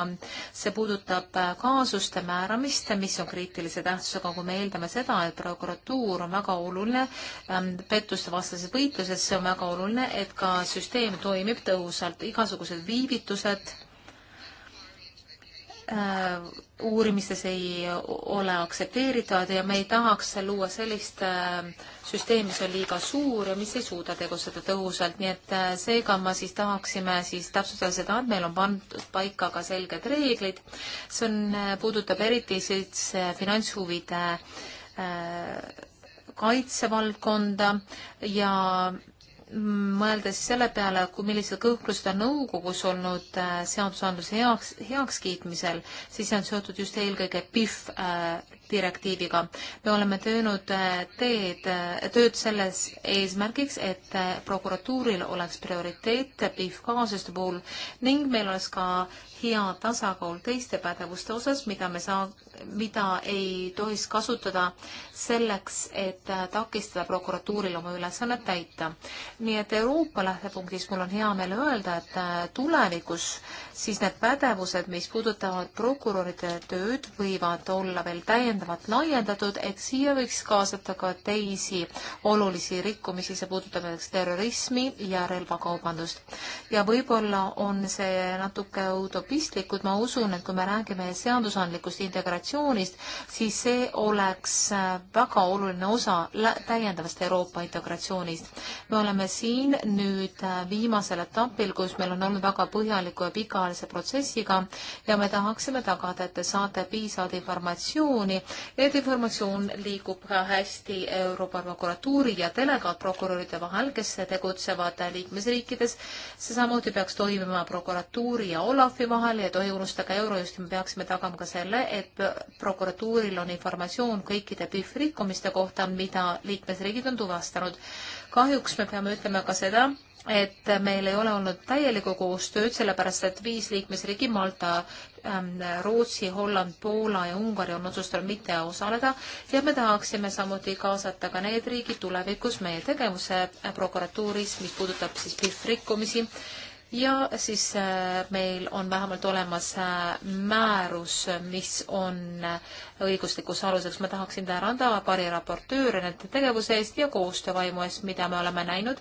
see puudutab äh, kaasuste määramist, mis on kriitilise tähtsusega, kui me eeldame seda, et prokuratuur on väga oluline ähm, pettuste vastases võitluses, see on väga oluline, et ka süsteem toimib tõhusalt, igasugused viivitused Äh, uurimistes ei ole aktsepteeritud ja me ei tahaks luua sellist äh, süsteemi, mis on liiga suur ja mis ei suuda tegutseda tõhusalt, nii et äh, seega ma siis tahaksime siis täpsustada seda, et meil on pandud paika ka selged reeglid, see on, puudutab eriti siis finantshuvide kaitsevaldkonda ja mõelda siis selle peale, kui millised kõhklused on nõukogus olnud äh, seadusandluse heaks, heakskiitmisel, siis see on seotud just eelkõige PIF äh, direktiiviga. me oleme teinud äh, teed, tööd selles eesmärgiks, et prokuratuuril oleks prioriteet PIF kaasuste puhul ning meil oleks ka hea tasakaal teiste pädevuste osas, mida me saa-, mida ei tohiks kasutada selleks, et takistada prokuratuuril oma ülesannet täita. nii et Euroopa lähtepunktist mul on hea meel öelda, et äh, tulevikus siis need pädevused, mis puudutavad prokuröride tööd, võivad olla veel täiendavalt laiendatud, et siia võiks kaasata ka teisi olulisi rikkumisi, see puudutab näiteks terrorismi ja relvakaubandust. ja võib-olla on see natuke utopistlik, kuid ma usun, et kui me räägime seadusandlikust integratsioonist, integratsioonist, siis see oleks äh, väga oluline osa täiendavast Euroopa integratsioonist. me oleme siin nüüd äh, viimasel etapil, kus meil on olnud väga põhjaliku ja pikaajalise protsessiga ja me tahaksime tagada, et te saate piisavalt informatsiooni, et informatsioon liigub hästi Euroopa prokuratuuri ja delegaatprokuröride vahel, kes tegutsevad liikmesriikides. see samuti peaks toimima prokuratuuri ja Olafi vahel ja ei tohi unustada ka Eurojust, me peaksime tagama ka selle, et prokuratuuril on informatsioon kõikide PIF rikkumiste kohta, mida liikmesriigid on tuvastanud. kahjuks me peame ütlema ka seda, et meil ei ole olnud täielikku koostööd, sellepärast et viis liikmesriigi, Malta, ähm, Rootsi, Holland, Poola ja Ungari on otsustanud mitte osaleda ja me tahaksime samuti kaasata ka need riigid tulevikus meie tegevuse prokuratuuris, mis puudutab siis PIF rikkumisi ja siis äh, meil on vähemalt olemas äh, määrus, mis on äh, õiguslikuks aluseks. ma tahaksin tänada pariraportööre nende tegevuse eest ja koostöövaimu eest, mida me oleme näinud.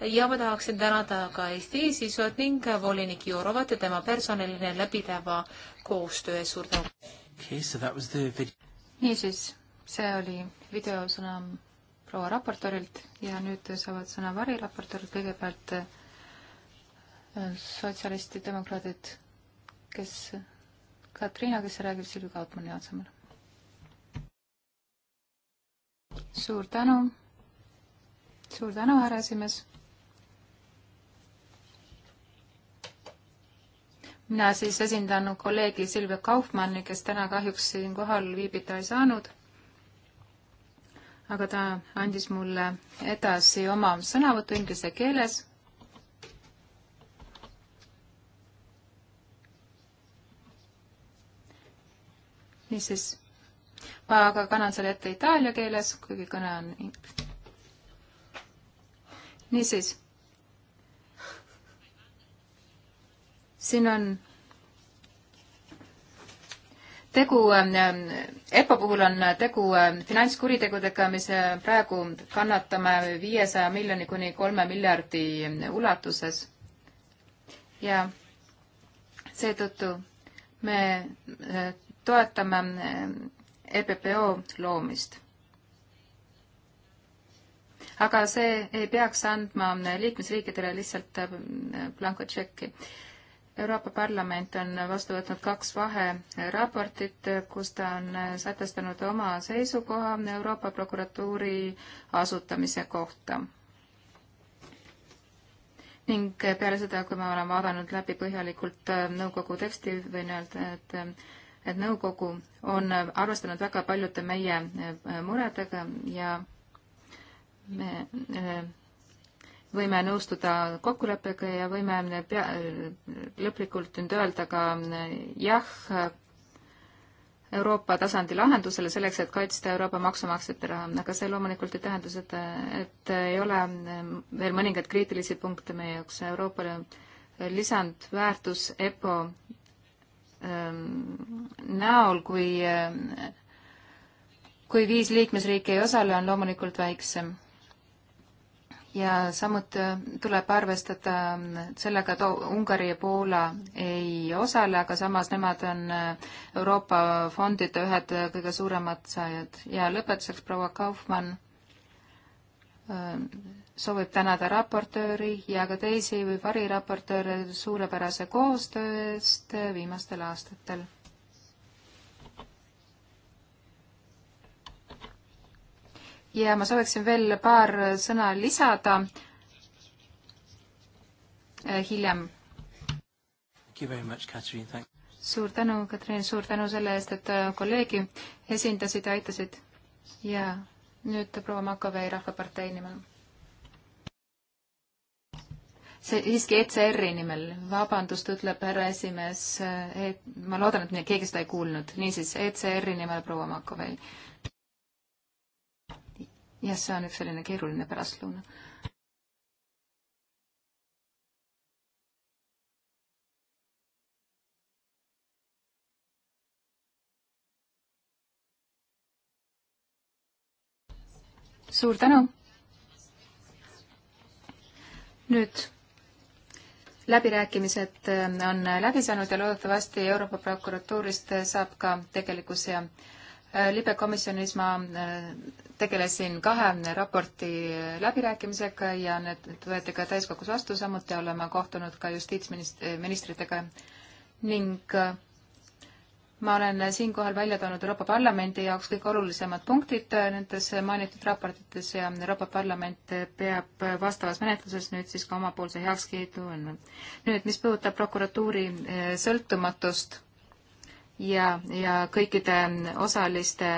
ja ma tahaksin tänada ka Eesti eesistujat ning volinik Jurovat ja tema personaline läbideva koostöö eest. suur tänu okay,! niisiis, see oli videosõna proua raportöörilt ja nüüd saavad sõna variraportöörid kõigepealt sotsialistid, demokraadid, kes, Katriina, kes räägib Silvi Kautmanni asemel. suur tänu, suur tänu, härra esimees. mina siis esindan kolleegi Silvia Kaufmanni, kes täna kahjuks siin kohal viibida ei saanud. aga ta andis mulle edasi oma sõnavõtu inglise keeles niisiis, ma aga kannan selle ette itaalia keeles, kuigi kõne on inglise. niisiis. siin on tegu, ähm, EPPO puhul on tegu ähm, finantskuritegudega, mis äh, praegu kannatame viiesaja miljoni kuni kolme miljardi ähm, ulatuses. ja seetõttu me äh, toetame EPPO eh, e loomist. aga see ei peaks andma liikmesriikidele lihtsalt eh, blankotšekki. Euroopa Parlament on vastu võtnud kaks vaheraportit, kus ta on eh, sätestanud oma seisukoha Euroopa prokuratuuri asutamise kohta. ning peale seda, kui ma olen vaadanud läbi põhjalikult nõukogu teksti, võin öelda, et et nõukogu on arvestanud väga paljude meie äh, muredega ja me äh, võime nõustuda kokkuleppega ja võime pea, lõplikult nüüd öelda ka äh, jah Euroopa tasandi lahendusele selleks, et kaitsta Euroopa maksumaksjate raha, aga see loomulikult ei tähenda seda, et ei ole veel mõningaid kriitilisi punkte meie jaoks. Euroopale lisandväärtus EPO Ähm, näol, kui, ähm, kui viis liikmesriiki ei osale, on loomulikult väiksem. ja samuti äh, tuleb arvestada ähm, sellega, et Ungari ja Poola ei osale, aga samas nemad on äh, Euroopa fondide ühed äh, kõige suuremad saajad. ja lõpetuseks proua Kaufmann soovib tänada raportööri ja ka teisi või variraportööre suurepärase koostöö eest viimastel aastatel. ja ma sooviksin veel paar sõna lisada eh, hiljem. suur tänu, Katrin, suur tänu selle eest, et eh, kolleegi esindasid ja aitasid ja nüüd proua Makovei Rahvapartei nimel see siiski ECR-i nimel, vabandust, ütleb härra esimees, eh, ma loodan, et keegi seda ei kuulnud, niisiis ECR-i nimel proua Makovei. jah, see on üks selline keeruline pärastlõuna. suur tänu. nüüd läbirääkimised äh, on läbi saanud ja loodetavasti Euroopa prokuratuurist äh, saab ka tegelikkus ja äh, libekomisjonis ma tegelesin kahe raporti läbirääkimisega ja need võeti ka täiskogus vastu, samuti oleme kohtunud ka justiitsministritega ning ma olen siinkohal välja toonud Euroopa Parlamendi jaoks kõige olulisemad punktid äh, nendes mainitud raportites ja Euroopa Parlament äh, peab äh, vastavas menetluses nüüd siis ka omapoolse heakskiidu andma. nüüd, mis puudutab prokuratuuri sõltumatust ja, ja kõikide osaliste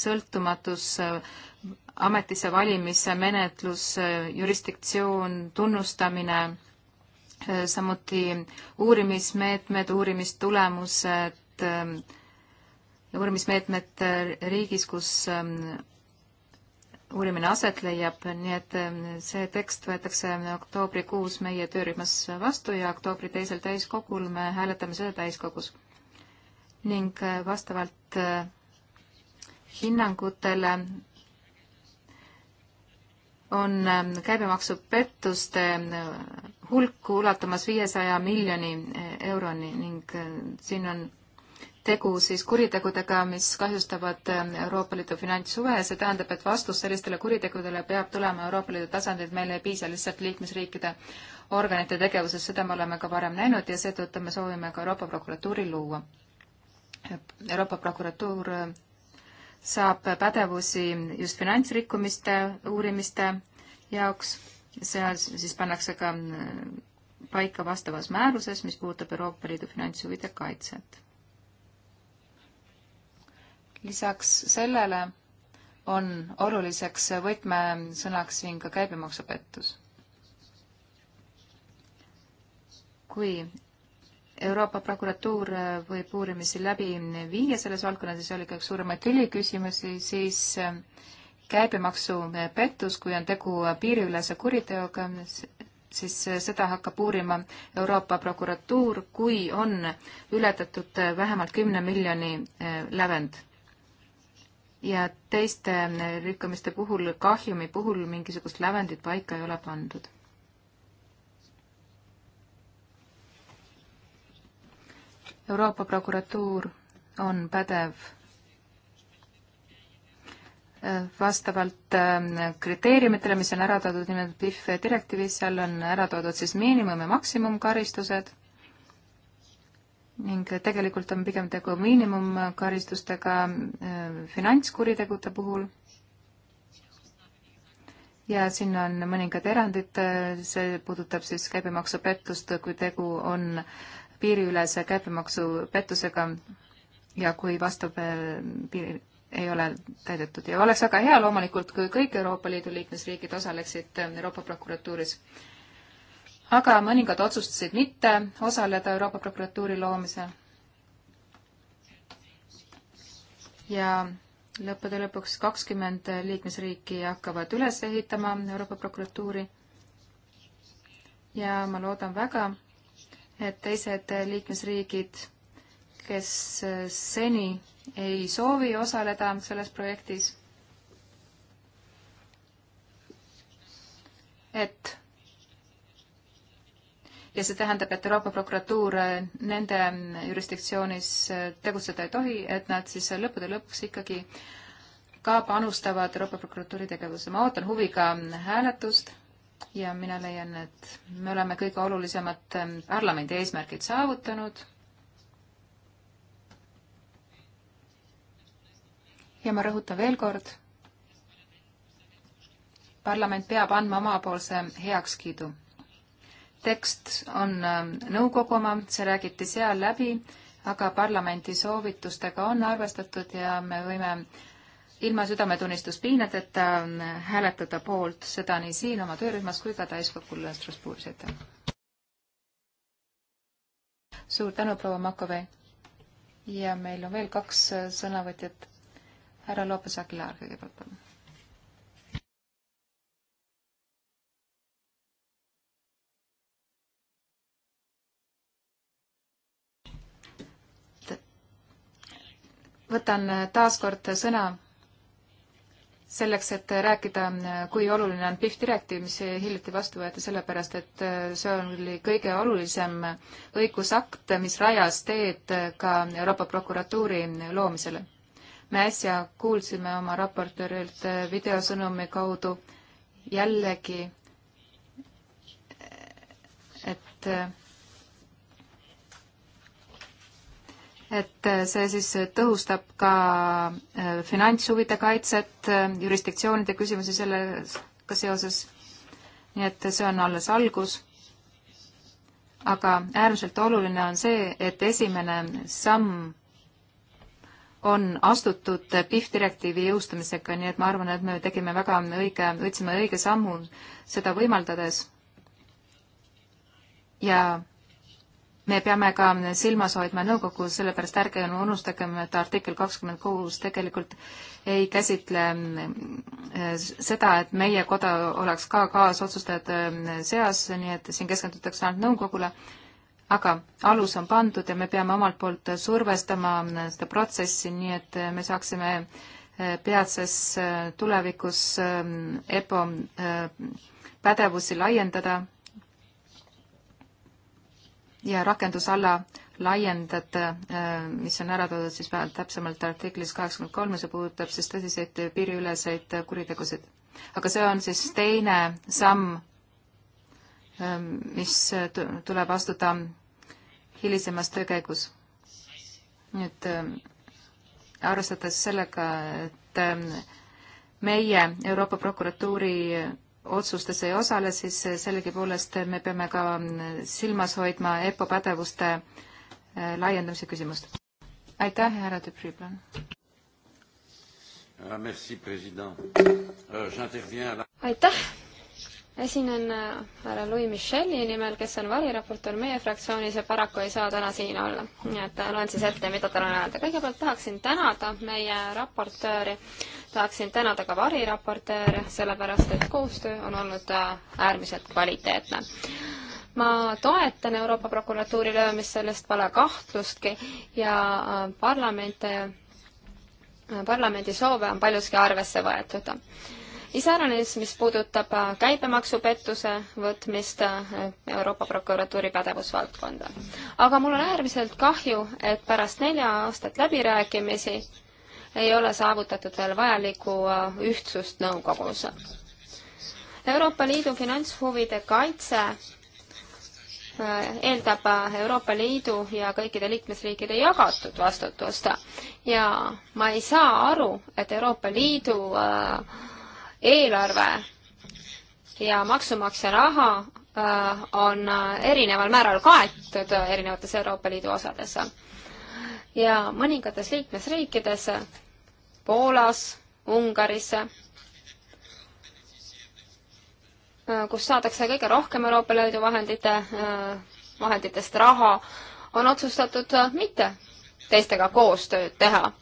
sõltumatus, ametisse valimise menetlus, jurisdiktsioon, tunnustamine, samuti uurimismeetmed, uurimistulemused, meetmed, ähm, uurimismeetmed äh, riigis, kus ähm, uurimine aset leiab, nii et ähm, see tekst võetakse oktoobrikuus meie töörühmas vastu ja oktoobri teisel täiskogul me hääletame seda täiskogus. ning äh, vastavalt äh, hinnangutele on käibemaksupettuste hulk ulatumas viiesaja miljoni euroni ning siin on tegu siis kuritegudega, mis kahjustavad ähm, Euroopa Liidu finantshuve, see tähendab, et vastus sellistele kuritegudele peab tulema Euroopa Liidu tasandilt, meil ei piisa lihtsalt liikmesriikide organite tegevuses, seda me oleme ka varem näinud ja seetõttu me soovime ka Euroopa prokuratuuri luua. Euroopa prokuratuur äh, saab pädevusi just finantsrikkumiste uurimiste jaoks, seal siis pannakse ka äh, paika vastavas määruses, mis puudutab Euroopa Liidu finantshuvide kaitset lisaks sellele on oluliseks võtmesõnaks siin ka käibemaksupettus. kui Euroopa prokuratuur võib uurimisi läbi viia selles valdkonnas ja see oli ka üks suuremaid tüliküsimusi, siis käibemaksupettus, kui on tegu piiriülese kuriteoga, siis seda hakkab uurima Euroopa prokuratuur, kui on ületatud vähemalt kümne miljoni lävend ja teiste äh, rikkumiste puhul, kahjumi puhul mingisugust lävendit paika ei ole pandud. Euroopa prokuratuur on pädev äh, vastavalt äh, kriteeriumitele, mis on ära toodud nimelt PIF direktiivis, seal on ära toodud siis miinimum- ja maksimumkaristused ning tegelikult on pigem tegu miinimumkaristustega äh, finantskuritegude puhul. ja siin on mõningad erandid, see puudutab siis käibemaksupettust, kui tegu on piiriülese käibemaksupettusega ja kui vastav äh, piir ei ole täidetud ja oleks väga hea loomulikult, kui kõik Euroopa Liidu liikmesriigid osaleksid Euroopa prokuratuuris aga mõningad otsustasid mitte osaleda Euroopa prokuratuuri loomisel. ja lõppude lõpuks kakskümmend liikmesriiki hakkavad üles ehitama Euroopa prokuratuuri ja ma loodan väga, et teised liikmesriigid, kes seni ei soovi osaleda selles projektis, et ja see tähendab, et Euroopa prokuratuur eh, nende mm, jurisdiktsioonis eh, tegutseda ei tohi, et nad siis lõppude lõpuks ikkagi ka panustavad Euroopa prokuratuuri tegevusse. ma ootan huviga mm, hääletust ja mina leian, et me oleme kõige olulisemad mm, parlamendi eesmärgid saavutanud. ja ma rõhutan veel kord, parlament peab andma omapoolse heakskiidu tekst on ähm, nõukogu oma, see räägiti seal läbi, aga parlamendi soovitustega on arvestatud ja me võime ilma südametunnistuspiinadeta ähm, hääletada poolt, seda nii siin oma töörühmas kui ka täiskogul Strasbourgis, aitäh! suur tänu, proua Makovei! ja meil on veel kaks äh, sõnavõtjat. härra Lopes Aguilar kõigepealt, palun! võtan taas kord sõna selleks, et rääkida, kui oluline on PIF direktiiv, mis hiljuti vastu võeti, sellepärast et see oli kõige olulisem õigusakt, mis rajas teed ka Euroopa prokuratuuri loomisele. me äsja kuulsime oma raportöörilt videosõnumi kaudu jällegi, et et äh, see siis tõhustab ka äh, finantshuvide kaitset, äh, jurisdiktsioonide küsimusi sellega seoses. nii et see on alles algus. aga äärmiselt oluline on see, et esimene samm on astutud PIF direktiivi jõustumisega, nii et ma arvan, et me tegime väga õige, võtsime õige sammu seda võimaldades. ja me peame ka silmas hoidma nõukogu, sellepärast ärge unustagem, et artikkel kakskümmend kuus tegelikult ei käsitle äh, seda, et meie koda oleks ka kaasotsustajate äh, seas, nii et siin keskendutakse ainult nõukogule, aga alus on pandud ja me peame omalt poolt survestama äh, seda protsessi, nii et me saaksime peatses tulevikus EPO pädevusi laiendada ja rakendusala laiendada, äh, mis on ära toodud siis vähemalt täpsemalt artiklis kaheksakümmend kolm ja see puudutab siis tõsiseid piiriüleseid kuritegusid. aga see on siis teine samm, äh, mis tuleb astuda hilisemas töö käigus. nüüd äh, arvestades sellega, et meie Euroopa Prokuratuuri otsustes ei osale, siis sellegipoolest me peame ka silmas hoidma EPPO pädevuste äh, laiendamise küsimust. aitäh, härra Tüpriplan. Ah, euh, aitäh esinen äh, härra Louis Michel'i nimel, kes on variraportöör meie fraktsioonis ja paraku ei saa täna siin olla. nii et äh, loen siis ette, mida tal on öelda. kõigepealt tahaksin tänada meie raportööri, tahaksin tänada ka variraportööre, sellepärast et koostöö on olnud äh, äärmiselt kvaliteetne ma toetan Euroopa prokuratuuri löömist, sellest pole kahtlustki ja parlament, parlamendi soove on paljuski arvesse võetud iseäranis, mis puudutab äh, käibemaksupettuse võtmist äh, Euroopa prokuratuuri pädevusvaldkonda. aga mul on äärmiselt kahju, et pärast nelja aastat läbirääkimisi ei ole saavutatud veel vajalikku äh, ühtsust nõukogus. Euroopa Liidu finantshuvide kaitse eeldab Euroopa Liidu ja kõikide liikmesriikide jagatud vastutust ja ma ei saa aru, et Euroopa Liidu äh, eelarve ja maksumaksja raha äh, on äh, erineval määral kaetud äh, erinevates Euroopa Liidu osades. ja mõningates liikmesriikides, Poolas, Ungaris, kus saadakse kõige rohkem Euroopa Liidu vahendite, vahenditest raha, on otsustatud mitte teistega koostööd teha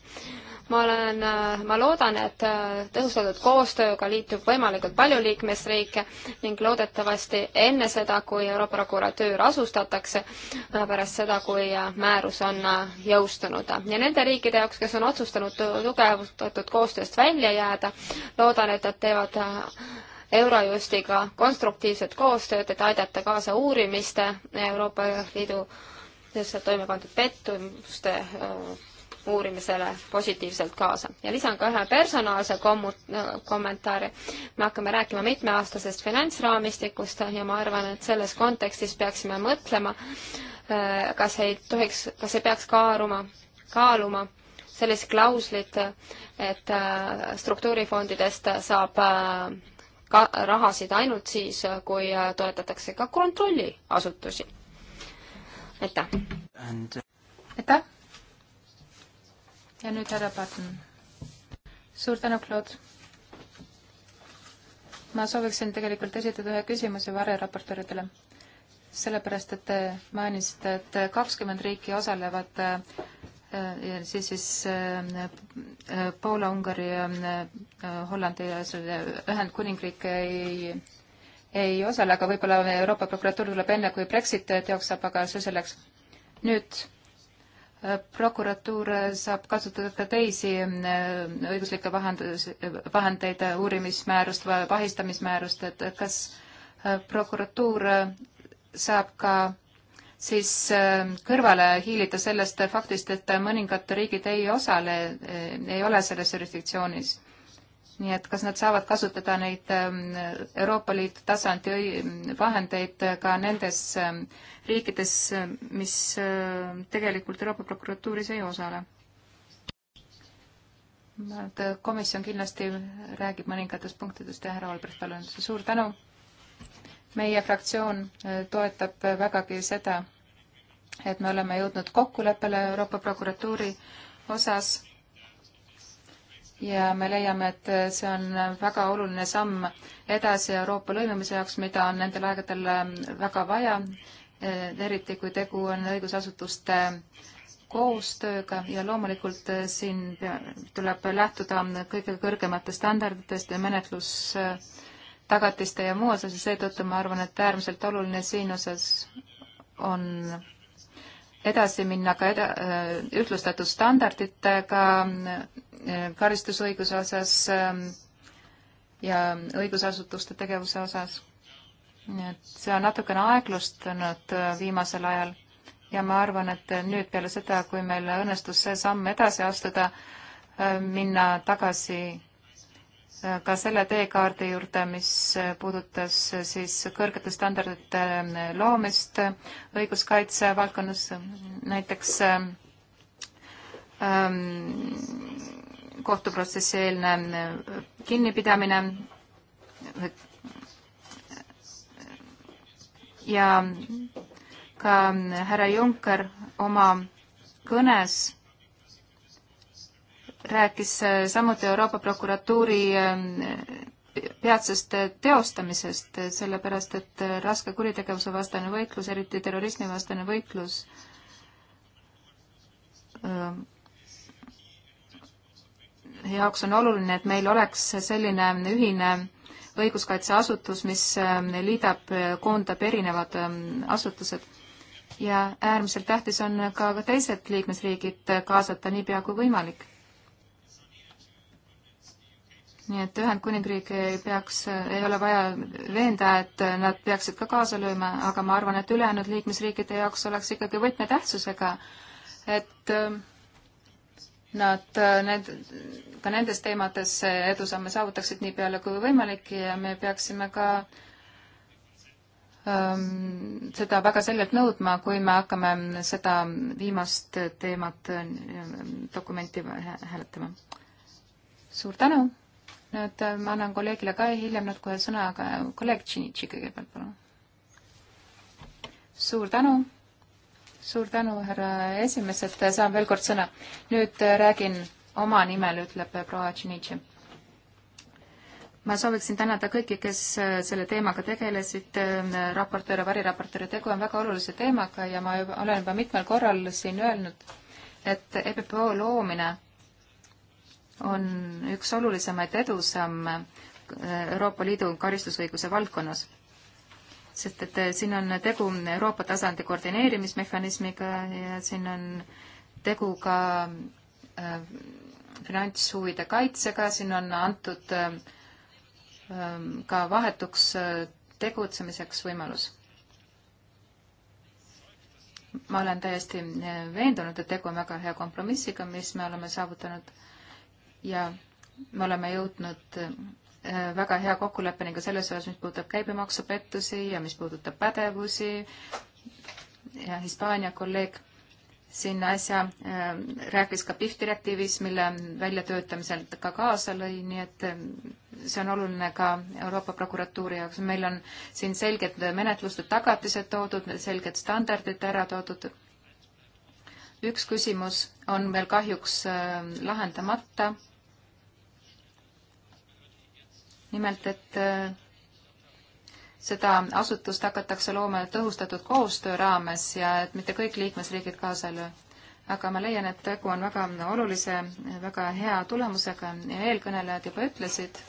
ma olen, äh, ma loodan, et äh, tõhustatud koostööga liitub võimalikult palju liikmesriike ning loodetavasti enne seda, kui Euroopa prokuratuur asustatakse, äh, pärast seda, kui määrus on jõustunud. ja nende riikide jaoks, kes on otsustanud tugevdatud koostööst välja jääda, loodan, et nad teevad Eurojustiga konstruktiivset koostööd, et aidata kaasa uurimiste Euroopa Liidu lihtsalt toime pandud pettumuste uurimisele positiivselt kaasa. ja lisan ka ühe personaalse kommu-, kommentaari. me hakkame rääkima mitmeaastasest finantsraamistikust ja ma arvan, et selles kontekstis peaksime mõtlema, äh, kas ei tohiks, kas ei peaks kaaruma, kaaluma sellist klauslit, et äh, struktuurifondidest saab äh, ka rahasid ainult siis, kui toetatakse ka kontrolliasutusi. aitäh! aitäh! ja nüüd härra Patten. suur tänu, Claude. ma sooviksin tegelikult esitada ühe küsimuse varjeraportööridele, sellepärast et te mainisite, et kakskümmend riiki osalevad äh, Ja siis siis äh, äh, Poola, Ungari, Hollandi ja Ühendkuningriik ei, ei osale, aga võib-olla Euroopa prokuratuur tuleb enne, kui Brexit teoks saab, aga see selleks. nüüd prokuratuur saab kasutada ka teisi äh, õiguslikke vahendus, vahendeid, uurimismäärust või vahistamismäärust, et kas äh, prokuratuur äh, saab ka siis kõrvale hiilida sellest faktist, et mõningad riigid ei osale, ei ole selles jurisdiktsioonis nii et kas nad saavad kasutada neid ähm, Euroopa Liidu tasandi vahendeid ka nendes ähm, riikides, ähm, mis tegelikult Euroopa prokuratuuris ei osale? et äh, komisjon kindlasti räägib mõningatest punktidest ja härra Albrecht, palun, suur tänu! meie fraktsioon äh, toetab äh, vägagi seda, et me oleme jõudnud kokkuleppele Euroopa prokuratuuri osas ja me leiame, et see on väga oluline samm edasi Euroopa lõimumise jaoks, mida on nendel aegadel ähm, väga vaja, e, eriti kui tegu on õigusasutuste koostööga ja loomulikult äh, siin tuleb lähtuda kõige kõrgematest standarditest ja menetlustagatiste äh, ja muu osas ja seetõttu ma arvan, et äärmiselt oluline siin osas on edasi minna ka eda, äh, ühtlustatud standarditega äh, karistusõiguse osas äh, ja õigusasutuste tegevuse osas. nii et see on natukene aeglustanud viimasel ajal ja ma arvan, et nüüd peale seda, kui meil õnnestus see samm edasi astuda, minna tagasi ka selle teekaardi juurde, mis puudutas siis kõrgete standardite loomist õiguskaitse valdkonnas, näiteks ähm, ähm kohtuprotsessi eelne äh, kinnipidamine ja ka härra Juncker oma kõnes rääkis äh, samuti Euroopa prokuratuuri ähm, peatsest äh, teostamisest, äh, sellepärast et raske kuritegevuse vastane võitlus, eriti terrorismi vastane võitlus, jaoks ähm, on oluline, et meil oleks selline ühine õiguskaitseasutus, mis ähm, liidab, koondab erinevad asutused. ja äärmiselt tähtis on ka, ka teised liikmesriigid kaasata niipea kui võimalik nii et Ühendkuningriik ei peaks, ei ole vaja veenda, et nad peaksid ka kaasa lööma, aga ma arvan, et ülejäänud liikmesriikide jaoks oleks ikkagi võtmetähtsusega, et äh, nad äh, need, ka nendes teemades edusamme saavutaksid nii peale kui võimalik ja me peaksime ka ähm, seda väga selgelt nõudma, kui me hakkame seda viimast teemat, äh, dokumenti hääletama. suur tänu! nüüd äh, ma annan kolleegile ka hiljem nüüd kohe sõna, aga äh, kolleeg Tšinitši kõigepealt, palun. suur tänu, suur tänu, härra esimees, et äh, saan veel kord sõna. nüüd räägin oma nimel, ütleb proua Tšinitši. ma sooviksin tänada kõiki, kes selle teemaga tegelesid, raportööre, variraportööre, tegu on väga olulise teemaga ja ma juba, olen juba mitmel korral siin öelnud, et EPPO loomine on üks olulisemaid edusamme Euroopa Liidu karistusõiguse valdkonnas. sest et eh, siin on tegu Euroopa tasandi koordineerimismehhanismiga ja siin on tegu ka äh, finantshuvide kaitsega, siin on antud äh, ka vahetuks tegutsemiseks võimalus. ma olen täiesti veendunud, et tegu on väga hea kompromissiga, mis me oleme saavutanud äh, ja me oleme jõudnud äh, väga hea kokkuleppeni ka selles osas, mis puudutab käibemaksupettusi ja mis puudutab pädevusi ja Hispaania kolleeg siin äsja äh, rääkis ka PIF direktiivis, mille väljatöötamisel ta ka kaasa lõi, nii et äh, see on oluline ka Euroopa prokuratuuri jaoks. meil on siin selged menetluste tagatised toodud, selged standardid ära toodud. üks küsimus on veel kahjuks lahendamata nimelt, et äh, seda asutust hakatakse looma tõhustatud koostöö raames ja et mitte kõik liikmesriigid kaasa ei löö. aga ma leian, et tegu on väga olulise, väga hea tulemusega ja eelkõnelejad juba ütlesid,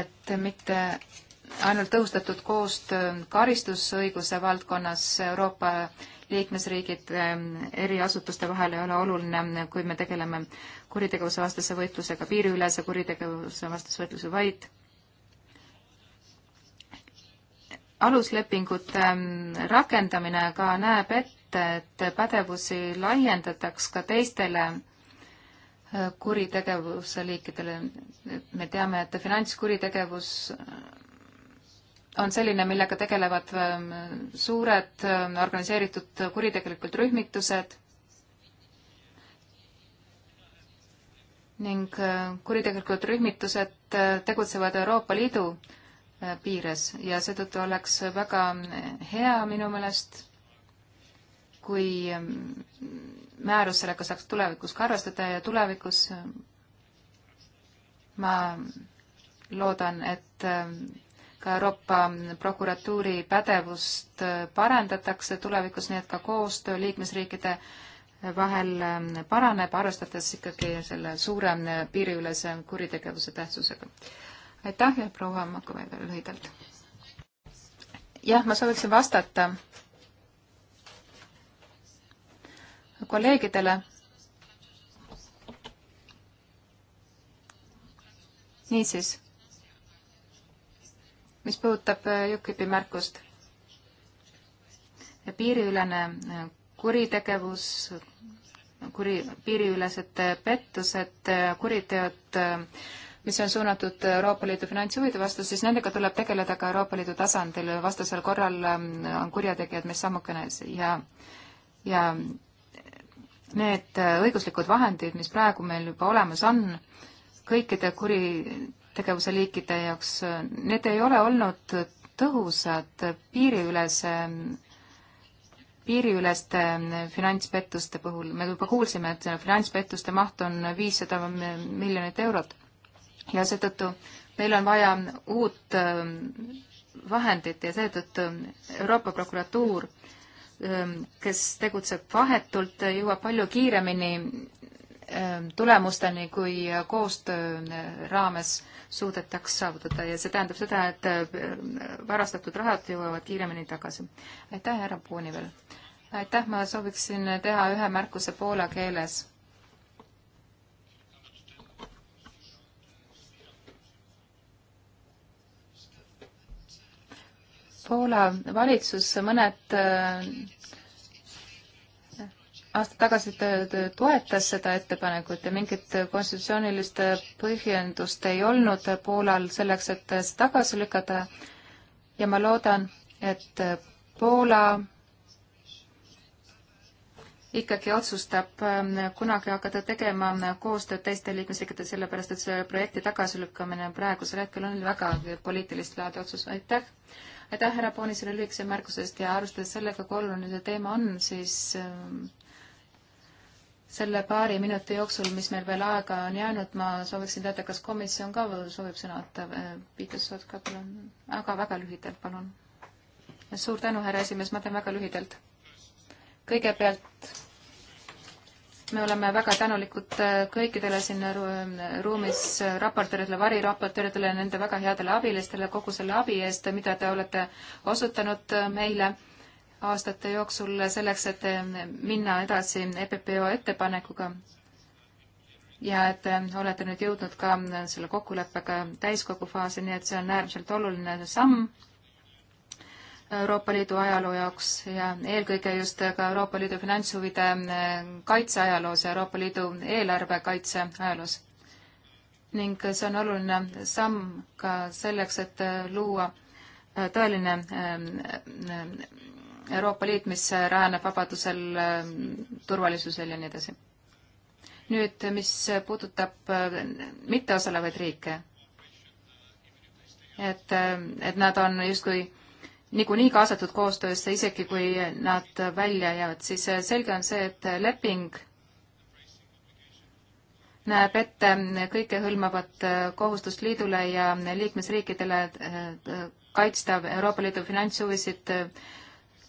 et mitte ainult tõhustatud koostöö karistusõiguse valdkonnas Euroopa liikmesriigid äh, eri asutuste vahel ei ole oluline, kui me tegeleme kuritegevuse vastase võitlusega, piiriülese kuritegevuse vastase võitluse, vaid aluslepingute ähm, rakendamine ka näeb ette, et pädevusi laiendataks ka teistele äh, kuritegevuse liikidele. me teame, et finantskuritegevus äh, on selline, millega tegelevad ähm, suured ähm, organiseeritud kuritegelikud rühmitused ning äh, kuritegelikud rühmitused äh, tegutsevad Euroopa Liidu äh, piires ja seetõttu oleks väga hea minu meelest, kui ähm, määrus sellega saaks tulevikus ka arvestada ja tulevikus ma loodan, et ähm, ka Euroopa prokuratuuri pädevust parendatakse tulevikus, nii et ka koostöö liikmesriikide äh, vahel ähm, paraneb, arvestades ikkagi selle suure äh, piiriülese kuritegevuse tähtsusega. aitäh ja proua Makove lühidalt. jah, ma sooviksin vastata kolleegidele. niisiis, mis puudutab äh, Jukipi märkust, piiriülene äh, kuritegevus, kuri, piiriülesed pettused, kuriteod, mis on suunatud Euroopa Liidu finantshuvide vastu, siis nendega tuleb tegeleda ka Euroopa Liidu tasandil, vastasel korral ähm, on kurjategijad meil sammukõnes ja, ja need äh, õiguslikud vahendid, mis praegu meil juba olemas on, kõikide kuritegevuse liikide jaoks, äh, need ei ole olnud tõhusad piiriülese piiriüleste mm, finantspettuste puhul, me juba kuulsime, et finantspettuste maht on viissada miljonit eurot ja seetõttu meil on vaja uut mm, vahendit ja seetõttu Euroopa prokuratuur, mm, kes tegutseb vahetult, jõuab palju kiiremini Ähm, tulemusteni, kui koostöö äh, raames suudetakse saavutada ja see tähendab seda, et äh, varastatud rahad jõuavad kiiremini tagasi. aitäh, härra Puunivel! aitäh, ma sooviksin teha ühe märkuse poola keeles. Poola valitsus mõned äh, aastat tagasi toetas seda ettepanekut ja mingit konstitutsioonilist põhjendust ei olnud Poolal selleks, et see tagasi lükata. ja ma loodan, et Poola ikkagi otsustab ähm, kunagi hakata tegema koostööd teiste liikmesriikide, sellepärast et see projekti tagasilükkamine praegusel hetkel on väga poliitilist laadi otsus. aitäh! aitäh härra Poonisele lühikese märkuse eest ja arvestades sellega, kui oluline see teema on, siis ähm, selle paari minuti jooksul, mis meil veel aega on jäänud, ma sooviksin teada, kas komisjon ka soovib sõna võtta, Piitus Sotka, palun, aga väga lühidalt, palun. suur tänu, härra esimees, ma teen väga lühidalt. kõigepealt me oleme väga tänulikud äh, kõikidele siin ruumis raportööridele, variraportööridele, nende väga headele abilistele kogu selle abi eest, mida te olete osutanud äh, meile aastate jooksul selleks, et minna edasi EPPO ettepanekuga ja et olete nüüd jõudnud ka selle kokkuleppega täiskogu faasi, nii et see on äärmiselt oluline samm Euroopa Liidu ajaloo jaoks ja eelkõige just ka Euroopa Liidu finantshuvide kaitse ajaloos ja Euroopa Liidu eelarve kaitse ajaloos. ning see on oluline samm ka selleks, et luua tõeline Euroopa Liit, mis rajaneb vabadusel, turvalisusel ja nii edasi. nüüd, mis puudutab äh, mitteosalevaid riike, et, et nad on justkui niikuinii kaasatud koostöösse, isegi kui nad välja jäävad, siis selge on see, et leping näeb ette kõikehõlmavat kohustust liidule ja liikmesriikidele äh, kaitsta Euroopa Liidu finantshuvisid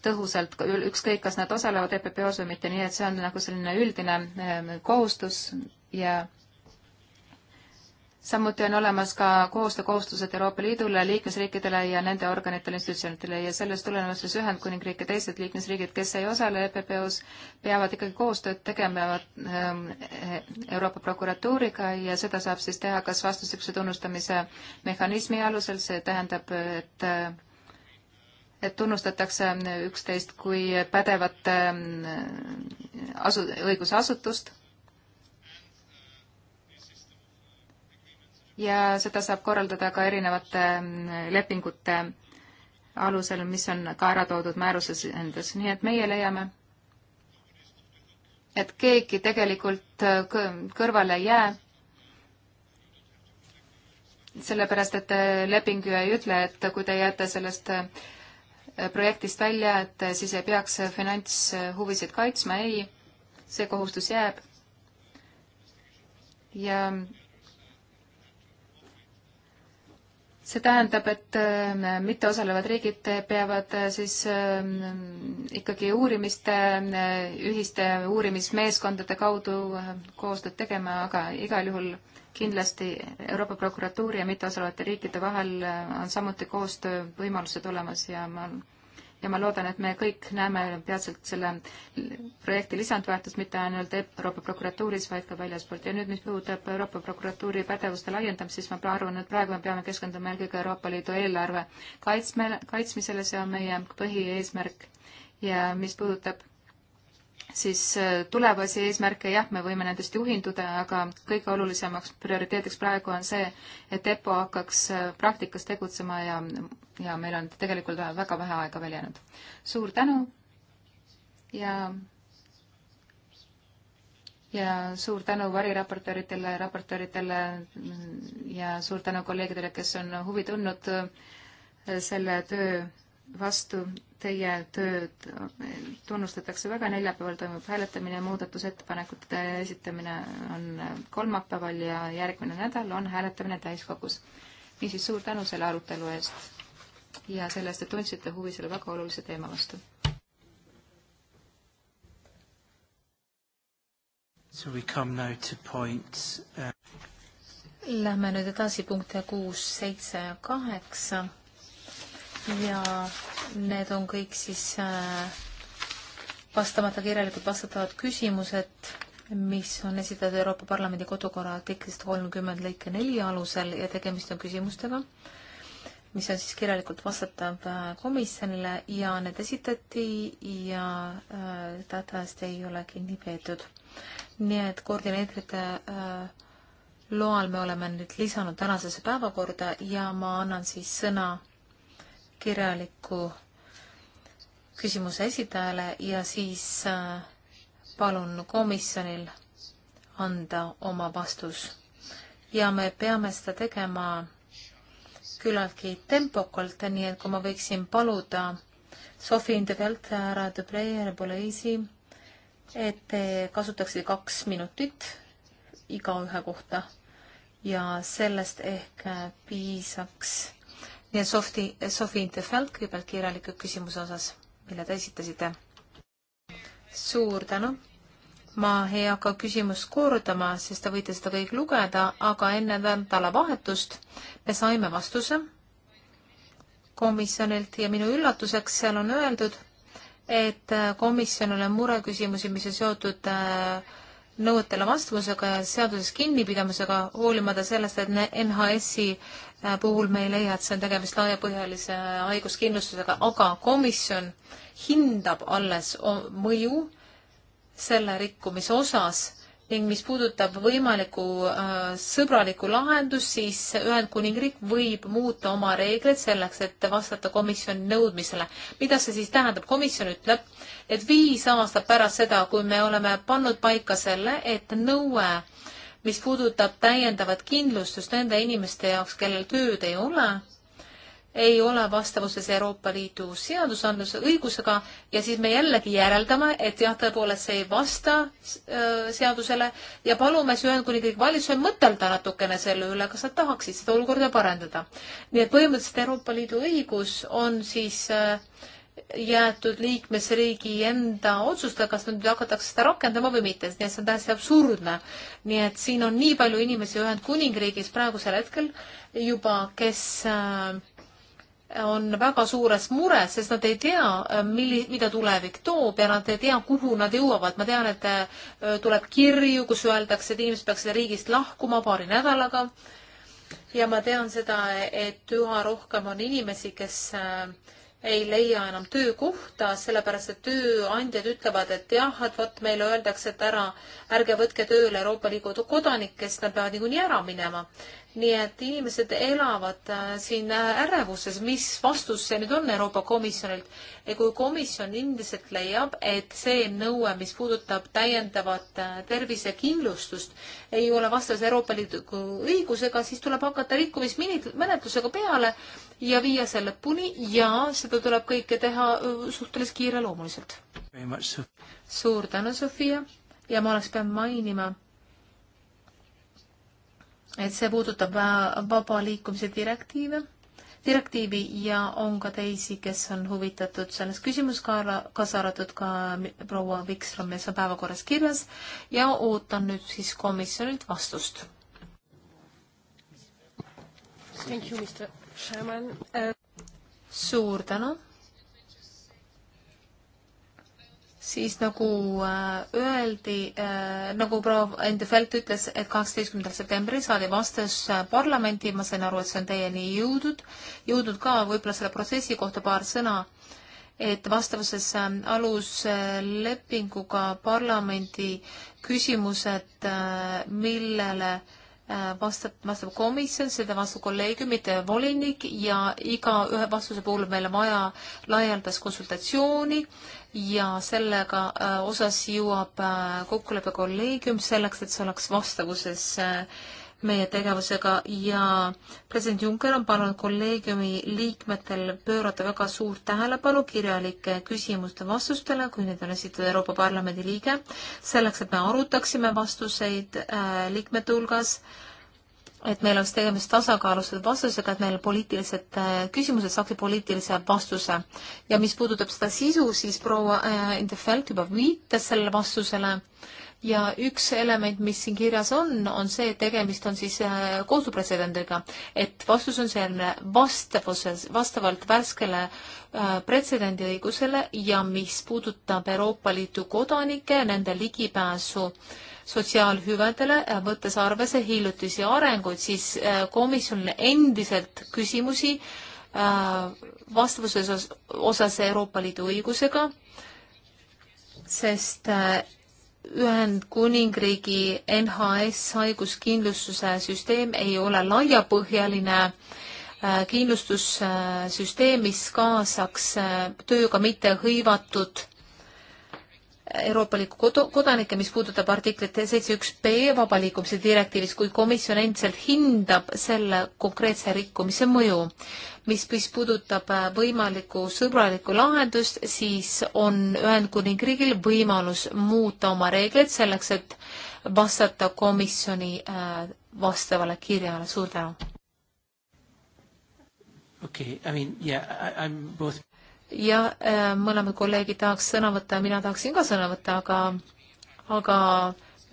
tõhusalt, ükskõik, kas nad osalevad EPPO-s või mitte, nii et see on nagu selline üldine ähm, kohustus ja samuti on olemas ka koostöökohustused Euroopa Liidule, liikmesriikidele ja nende organitele, institutsioonidele ja sellest tulenevalt siis Ühendkuningriik ja teised liikmesriigid, kes ei osale EPPO-s, peavad ikkagi koostööd tegema ähm, Euroopa prokuratuuriga ja seda saab siis teha kas vastastikuse tunnustamise mehhanismi alusel, see tähendab, et äh, et tunnustatakse üksteist kui pädevat äh, asu-, õigusasutust ja seda saab korraldada ka erinevate äh, lepingute alusel, mis on ka ära toodud määruses endas, nii et meie leiame, et keegi tegelikult äh, kõrvale ei jää sellepärast, et leping ju ei ütle, et kui te jääte sellest projektist välja, et siis ei peaks finantshuvisid kaitsma, ei, see kohustus jääb. ja see tähendab, et äh, mitteosalevad riigid peavad äh, siis äh, ikkagi uurimiste, ühiste uurimismeeskondade kaudu koostööd tegema, aga igal juhul kindlasti Euroopa prokuratuuri ja mitteosalevate riikide vahel äh, on samuti koostöövõimalused olemas ja ma, ja ma loodan, et me kõik näeme peatselt selle projekti lisandväärtust mitte ainult Euroopa prokuratuuris, vaid ka väljaspoolt. ja nüüd, mis puudutab Euroopa prokuratuuri pädevuste laiendamist, siis ma arvan, et praegu me peame keskenduma eelkõige Euroopa Liidu eelarve kaitsme, kaitsmisele, see on meie põhieesmärk. ja mis puudutab siis äh, tulevasi eesmärke jah, me võime nendest juhinduda, aga kõige olulisemaks prioriteediks praegu on see, et EPPO hakkaks äh, praktikas tegutsema ja, ja meil on tegelikult väga vähe aega veel jäänud. suur tänu ja ja suur tänu variraportööritele, raportööritele ja suur tänu kolleegidele, kes on huvi tundnud äh, selle töö vastu, teie tööd tunnustatakse väga, neljapäeval toimub hääletamine, muudatusettepanekute esitamine on kolmapäeval ja järgmine nädal on hääletamine täiskogus. niisiis, suur tänu selle arutelu eest ja selle eest, et tundsite huvi selle väga olulise teema vastu. So we come now to points uh.... Lähme nüüd edasi punkte kuus, seitse ja kaheksa ja need on kõik siis äh, vastamata kirjalikult vastatavad küsimused, mis on esitatud Euroopa Parlamendi kodukorra artiklist kolmkümmend lõike neli alusel ja tegemist on küsimustega, mis on siis kirjalikult vastatav äh, komisjonile ja need esitati ja äh, tähtajast ei ole kinni peetud. nii et koordineetrite loal me oleme nüüd lisanud tänasesse päevakorda ja ma annan siis sõna kirjaliku küsimuse esitajale ja siis äh, palun komisjonil anda oma vastus. ja me peame seda tegema küllaltki tempokalt, nii et kui ma võiksin paluda Sofi Indevelt, härra Dubrei, härra Poliisi, et te kasutaksite kaks minutit igaühe kohta ja sellest ehk äh, piisaks nii et Softi, Sofi Intefeld kõigepealt kirjaliku küsimuse osas, mille te esitasite. suur tänu. ma ei hakka küsimust kordama, sest te võite seda kõik lugeda, aga enne nädalavahetust me saime vastuse komisjonilt ja minu üllatuseks seal on öeldud, et komisjonil on mureküsimusi, mis on seotud äh, nõuetele vastavusega ja seaduses kinnipidamisega, hoolimata sellest, et NHS-i Äh, puhul me ei leia, et see on tegemist laiapõhjalise haiguskindlustusega, aga komisjon hindab alles mõju selle rikkumise osas ning mis puudutab võimalikku äh, sõbralikku lahendust, siis Ühendkuningriik võib muuta oma reegleid selleks, et vastata komisjoni nõudmisele. mida see siis tähendab? komisjon ütleb, et viis aastat pärast seda, kui me oleme pannud paika selle, et nõue äh, mis puudutab täiendavat kindlustust nende inimeste jaoks, kellel tööd ei ole, ei ole vastavuses Euroopa Liidu seadusandluse õigusega ja siis me jällegi järeldame, et jah, tõepoolest see ei vasta äh, seadusele ja palume siis Ühendkuningriigi valitsusel mõtelda natukene selle üle, kas nad tahaksid seda olukorda parandada. nii et põhimõtteliselt Euroopa Liidu õigus on siis äh, jäetud liikmesriigi enda otsustada, kas nüüd hakatakse seda rakendama või mitte, nii et see on täiesti absurdne. nii et siin on nii palju inimesi Ühendkuningriigis praegusel hetkel juba, kes äh, on väga suures mures, sest nad ei tea, äh, milli-, mida tulevik toob ja nad ei tea, kuhu nad jõuavad. ma tean, et äh, tuleb kirju, kus öeldakse, et inimesed peaksid riigist lahkuma paari nädalaga ja ma tean seda, et üha rohkem on inimesi, kes äh, ei leia enam töökohta, sellepärast et tööandjad ütlevad, et jah, et vot meile öeldakse, et ära, ärge võtke tööle Euroopa Liidu kodanikke, sest nad peavad niikuinii ära minema nii et inimesed elavad äh, siin äh, ärevuses, mis vastus see nüüd on Euroopa Komisjonilt ja kui komisjon endiselt leiab, et see nõue, mis puudutab täiendavat äh, tervisekindlustust, ei ole vastas Euroopa Liidu õigusega, siis tuleb hakata rikkumismenetlusega peale ja viia see lõpuni ja seda tuleb kõike teha suhteliselt kiireloomuliselt. suur tänu, Sofia, ja ma oleks pidanud mainima et see puudutab vaba liikumise direktiive, direktiivi ja on ka teisi, kes on huvitatud sellest küsimus, kaasa arvatud ka proua Vikström, mis on päevakorras kirjas ja ootan nüüd siis komisjonilt vastust. Uh, suur tänu siis nagu äh, öeldi, äh, nagu proua Endefelt ütles, et kaheksateistkümnendal septembril saadi vastus äh, parlamenti, ma sain aru, et see on teieni jõudnud, jõudnud ka võib-olla selle protsessi kohta paar sõna, et vastavuses aluslepinguga parlamendi küsimused, millele äh, vastab, vastab komisjon, seda vastab kolleegium, mitte volinik ja iga ühe vastuse puhul meil on vaja laialdas konsultatsiooni ja sellega äh, osas jõuab äh, kokkulepe kolleegium selleks, et see oleks vastavuses äh, meie tegevusega ja president Juncker on palunud kolleegiumi liikmetel pöörata väga suurt tähelepanu kirjalike küsimuste vastustele, kui need on esitatud Euroopa Parlamendi liige, selleks, et me arutaksime vastuseid äh, liikmete hulgas, et meil oleks tegemist tasakaalustatud vastusega, et meil poliitilised äh, küsimused saaksid poliitilise vastuse. ja mis puudutab seda sisu, siis proua äh, Indefeld juba viitas sellele vastusele äh, ja üks element, mis siin kirjas on, on see, et tegemist on siis äh, kohtupretsedendiga, et vastus on selline vastavuses, vastavalt värskele äh, pretsedendiõigusele ja mis puudutab Euroopa Liidu kodanikke, nende ligipääsu sotsiaalhüvedele, äh, võttes arvesse hiljutisi arenguid, siis komisjonil endiselt küsimusi vastavuses osas Euroopa Liidu õigusega, sest Ühendkuningriigi NHS haiguskindlustuse süsteem ei ole laiapõhjaline äh, kindlustussüsteem, mis kaasaks äh, tööga mitte hõivatud Euroopa Liidu kodu, kodanikke, mis puudutab artiklit seitse üks B vaba liikumise direktiivis, kui komisjon endiselt hindab selle konkreetse rikkumise mõju. mis, mis puudutab äh, võimalikku sõbralikku lahendust, siis on Ühendkuningriigil võimalus muuta oma reegleid selleks, et vastata komisjoni äh, vastavale kirjale. suur tänu! Okay, I mean, yeah, I, I'm both ja äh, mõlemad kolleegid tahaks sõna võtta ja mina tahaksin ka sõna võtta, aga, aga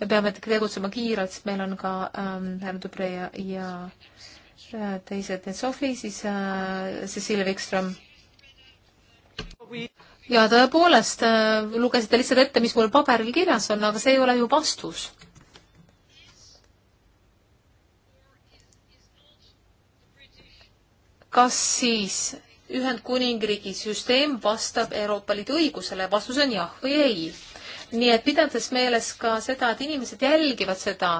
me peame tegutsema kiirelt, sest meil on ka ähm, härra Dubre ja, ja äh, teised, need Sofi, siis äh, Cecilia Wikström. ja tõepoolest äh,, lugesite lihtsalt ette, mis mul paberil kirjas on, aga see ei ole ju vastus kas siis Ühendkuningriigi süsteem vastab Euroopa Liidu õigusele, vastus on jah või ei. nii et pidades meeles ka seda, et inimesed jälgivad seda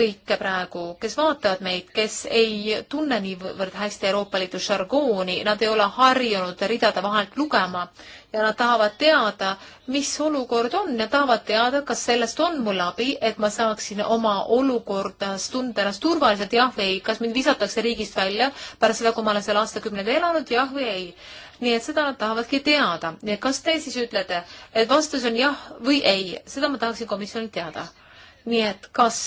kõike praegu, kes vaatavad meid, kes ei tunne niivõrd hästi Euroopa Liidu žargooni, nad ei ole harjunud ridade vahelt lugema ja nad tahavad teada, mis olukord on ja tahavad teada, kas sellest on mul abi, et ma saaksin oma olukordas tunda ennast turvaliselt, jah või ei, kas mind visatakse riigist välja pärast seda, kui ma olen seal aastakümneid elanud, jah või ei. nii et seda nad tahavadki teada. nii et kas te siis ütlete, et vastus on jah või ei, seda ma tahaksin komisjonilt teada. nii et kas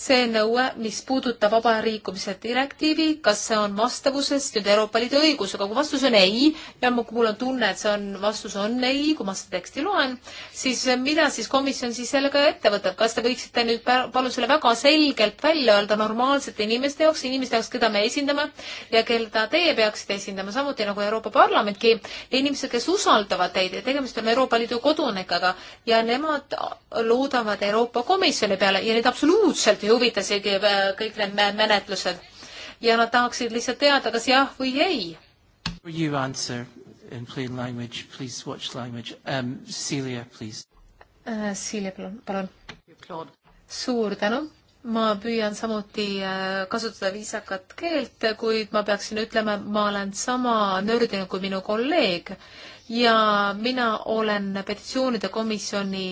see nõue, mis puudutab vaba liikumise direktiivi, kas see on vastavuses nüüd Euroopa Liidu õigusega, kui vastus on ei ja mul on tunne, et see on, vastus on ei, kui ma seda teksti loen, siis mida siis komisjon siis sellega ette võtab, kas te võiksite nüüd palun selle väga selgelt välja öelda normaalsete inimeste jaoks, inimeste jaoks, keda me esindame ja keda teie peaksite esindama, samuti nagu Euroopa Parlamentki, inimesed, kes usaldavad teid ja tegemist on Euroopa Liidu kodanikega ja nemad loodavad Euroopa Komisjoni peale ja neid absoluutselt ei ei huvita isegi äh, kõik need menetlused. ja nad tahaksid lihtsalt teada, kas jah või ei. You answer in plain language, please watch language um,. Celia, please uh,. Celia, palun, palun. suur tänu ma püüan samuti äh, kasutada viisakat keelt, kuid ma peaksin ütlema, et ma olen sama nördinud kui minu kolleeg ja mina olen petitsioonide komisjoni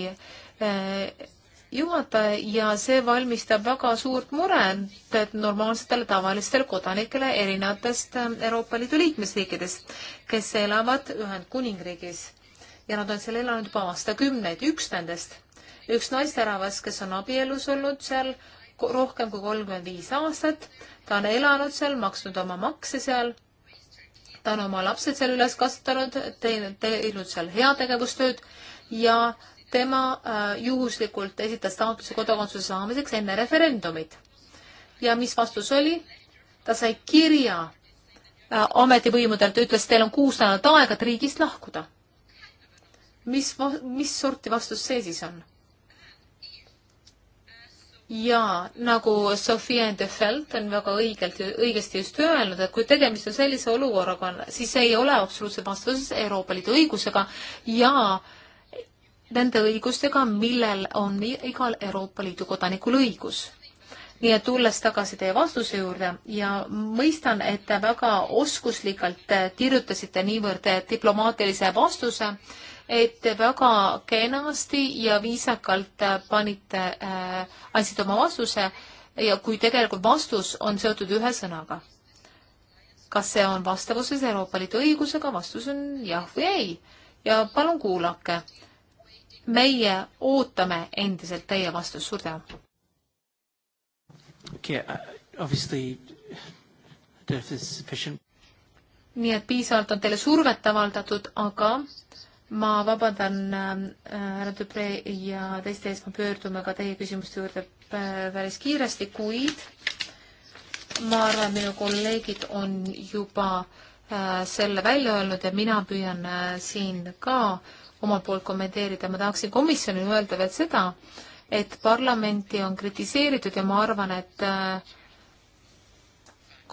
juhataja ja see valmistab väga suurt muret normaalsetele tavalistele kodanikele erinevatest ähm, Euroopa Liidu liikmesriikidest, kes elavad Ühendkuningriigis ja nad on seal elanud juba aastakümneid, üks nendest, üks naisterahvas, kes on abielus olnud seal rohkem kui kolmkümmend viis aastat, ta on elanud seal, maksnud oma makse seal ta on oma lapsed seal üles kasvatanud, teinud, teinud seal heategevustööd ja tema äh, juhuslikult esitas taotluse kodakondsuse saamiseks enne referendumit. ja mis vastus oli? ta sai kirja äh, ametivõimudelt, ütles, teil on kuus nädalat aega, et riigist lahkuda. mis, mis sorti vastus see siis on? jaa, nagu Sophia de Felt on väga õigelt, õigesti just öelnud, et kui tegemist on sellise olukorraga, siis ei ole absoluutselt vastuses Euroopa Liidu õigusega ja äh, nende õigustega, millel on igal Euroopa Liidu kodanikul õigus. nii et tulles tagasi teie vastuse juurde ja mõistan, et te väga oskuslikult kirjutasite niivõrd diplomaatilise vastuse, et väga kenasti ja viisakalt panite äh,, andsite oma vastuse ja kui tegelikult vastus on seotud ühe sõnaga. kas see on vastavuses Euroopa Liidu õigusega, vastus on jah või ei. ja palun kuulake äh, meie ootame endiselt teie vastust, suur tänu. okei okay,, uh, obviously death is sufficient. nii et piisavalt on teile survet avaldatud, aga ma vabandan ähm, äh, härra äh, Dubre ja teiste ees, me pöördume ka teie küsimuste juurde äh, päris kiiresti, kuid ma arvan, minu kolleegid on juba äh, selle välja öelnud ja mina püüan äh, siin ka äh, omalt poolt kommenteerida, ma tahaksin komisjonile öelda veel seda, et parlamenti on kritiseeritud ja ma arvan, et äh,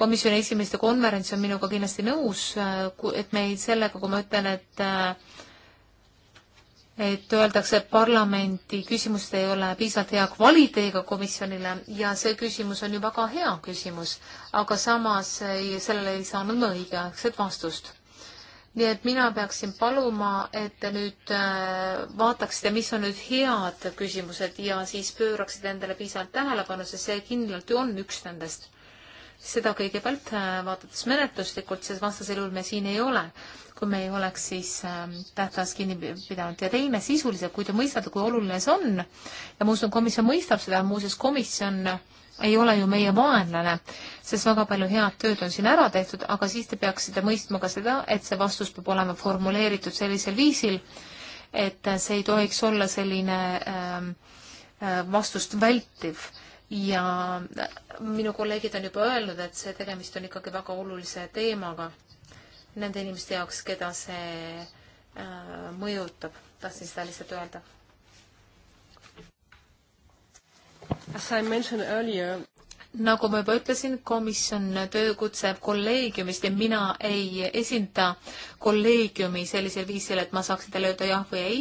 komisjoni esimeeste konverents on minuga kindlasti nõus, äh, et me ei, sellega, kui ma ütlen, et äh, et öeldakse, et parlamenti küsimust ei ole piisavalt hea kvaliteediga komisjonile ja see küsimus on ju väga hea küsimus, aga samas ei, sellele ei saanud ma õigeaegset vastust nii et mina peaksin paluma, et te nüüd äh, vaataksite, mis on nüüd head küsimused ja siis pööraksite endale piisavalt tähelepanu, sest see kindlalt ju on üks nendest. seda kõigepealt äh, vaadates menetluslikult, sest vastasel juhul me siin ei ole, kui me ei oleks siis ähm, tähtajas kinni pidanud ja teine sisuliselt, kui te mõistate, kui oluline see on ja ma usun, komisjon mõistab seda, muuseas komisjon äh, ei ole ju meie vaenlane, sest väga palju head tööd on siin ära tehtud, aga siis te peaksite mõistma ka seda, et see vastus peab olema formuleeritud sellisel viisil, et see ei tohiks olla selline ähm, äh, vastust vältiv ja minu kolleegid on juba öelnud, et see tegemist on ikkagi väga olulise teemaga nende inimeste jaoks, keda see äh, mõjutab, tahtsin seda lihtsalt öelda nagu ma juba ütlesin, komisjon töökutseb kolleegiumist ja mina ei esinda kolleegiumi sellisel viisil, et ma saaksin teile öelda jah või ei,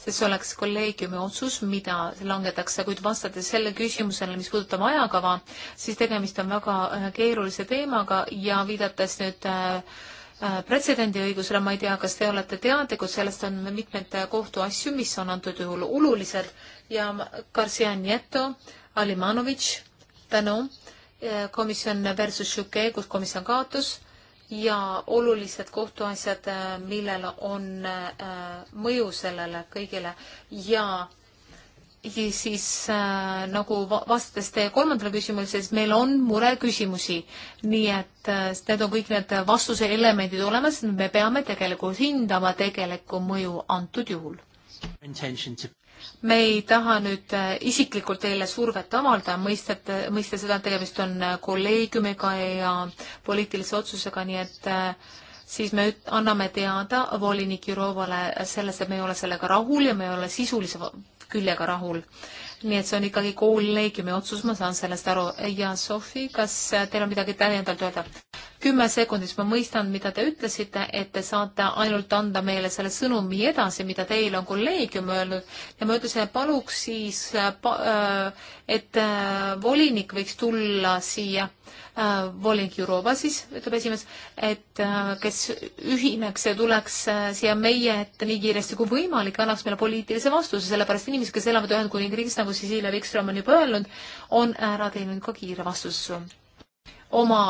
sest see oleks kolleegiumi otsus, mida langetakse, kuid vastates sellele küsimusele, mis puudutab ajakava, siis tegemist on väga äh, keerulise teemaga ja viidates nüüd äh, äh pretsedendiõigusele, ma ei tea, kas te olete teadlikud, sellest on mitmed kohtuasju, mis on antud juhul olulised ja Garcia Nieto Alimanovic tänu komisjon versus UK, kus komisjon kaotas ja olulised kohtuasjad, millel on äh, mõju sellele kõigile ja ja siis äh, nagu vastates teie kolmandale küsimusele, siis meil on mureküsimusi. nii et äh, need on kõik need vastuse elemendid olemas, me peame tegelikult hindama tegelikku mõju antud juhul. To me ei taha nüüd äh, isiklikult teile survet avaldada, mõistate, mõista seda, et tegemist on äh, kolleegiumiga ja poliitilise otsusega, nii et äh, siis me anname teada volinik Jurovale sellest, et me ei ole sellega rahul ja me ei ole sisulise küljega rahul. nii et see on ikkagi kolleegiumi otsus, ma saan sellest aru. ja Sofi, kas teil on midagi täiendavalt öelda? kümme sekundit, ma mõistan, mida te ütlesite, et te saate ainult anda meile selle sõnumi edasi, mida teile on kolleegium öelnud ja ma ütlesin, et paluks siis, äh, äh, et äh, volinik võiks tulla siia, volinik Jurova siis, ütleb esimees, et kes ühineks ja tuleks siia meie ette nii kiiresti kui võimalik, annaks meile poliitilise vastuse, sellepärast inimesed, kes elavad Ühendkuningriigis, nagu Cecilia Wikström on juba öelnud, on ära teinud ka kiire vastuse oma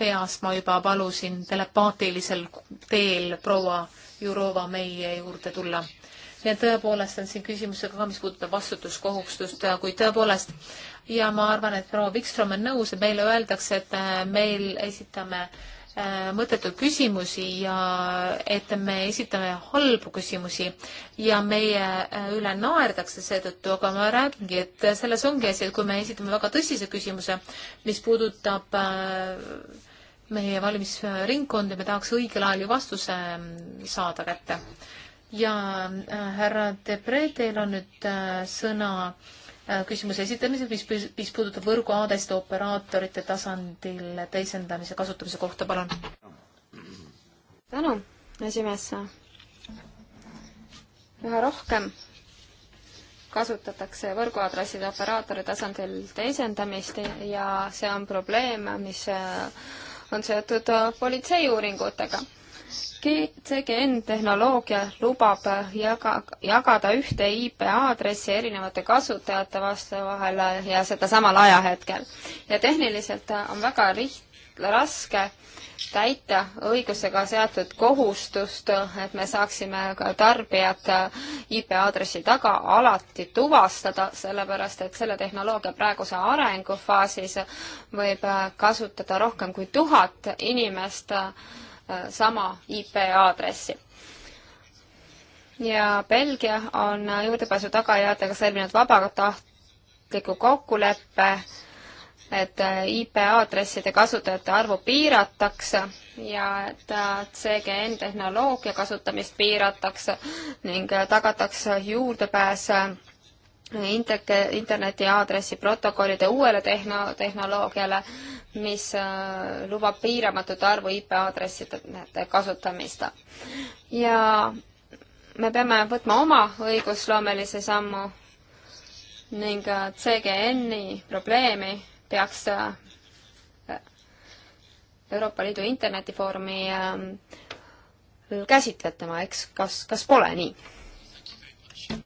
peas ma juba palusin telepaatilisel teel proua Jurova meie juurde tulla. nii et tõepoolest on siin küsimus ka, mis puudutab vastutuskohustust, kuid tõepoolest ja ma arvan, et proua Vikström on nõus, et meile öeldakse, et äh, meil esitame äh, mõttetuid küsimusi ja et me esitame halbu küsimusi ja meie äh, üle naerdakse seetõttu, aga ma räägingi, et selles ongi asi, et kui me esitame väga tõsise küsimuse, mis puudutab äh, meie valimisringkondi, me tahaks õigel ajal ju vastuse mm, saada kätte. ja äh, härra Debre, teil on nüüd äh, sõna äh, küsimuse esitamiseks, mis, mis puudutab võrguaadeste operaatorite tasandil teisendamise kasutamise kohta, palun. tänu, esimees. üha rohkem kasutatakse võrguaadresside operaatori tasandil teisendamist ja see on probleem, mis on seotud äh, politseiuuringutega. GCGN tehnoloogia lubab jaga, jagada ühte IP aadressi erinevate kasutajate vastu vahel ja seda samal ajahetkel. ja tehniliselt äh, on väga liht-, raske täita õigusega seatud kohustust, et me saaksime ka tarbijad IP aadressi taga alati tuvastada, sellepärast et selle tehnoloogia praeguse arengufaasis võib kasutada rohkem kui tuhat inimest äh, sama IP aadressi ja Belgia on juurdepääsu tagajärjadega sõlminud vabatahtliku kokkuleppe et äh, IP aadresside kasutajate arvu piiratakse ja et äh, CGN tehnoloogia kasutamist piiratakse ning äh, tagatakse juurdepääs interneti aadressi protokollide uuele tehno-, tehnoloogiale, mis lubab piiramatut arvu IP aadresside kasutamist. ja me peame võtma oma õigusloomelise sammu ning CGN-i probleemi peaks äh, Euroopa Liidu internetifoorumi äh, käsitletama, eks, kas, kas pole nii?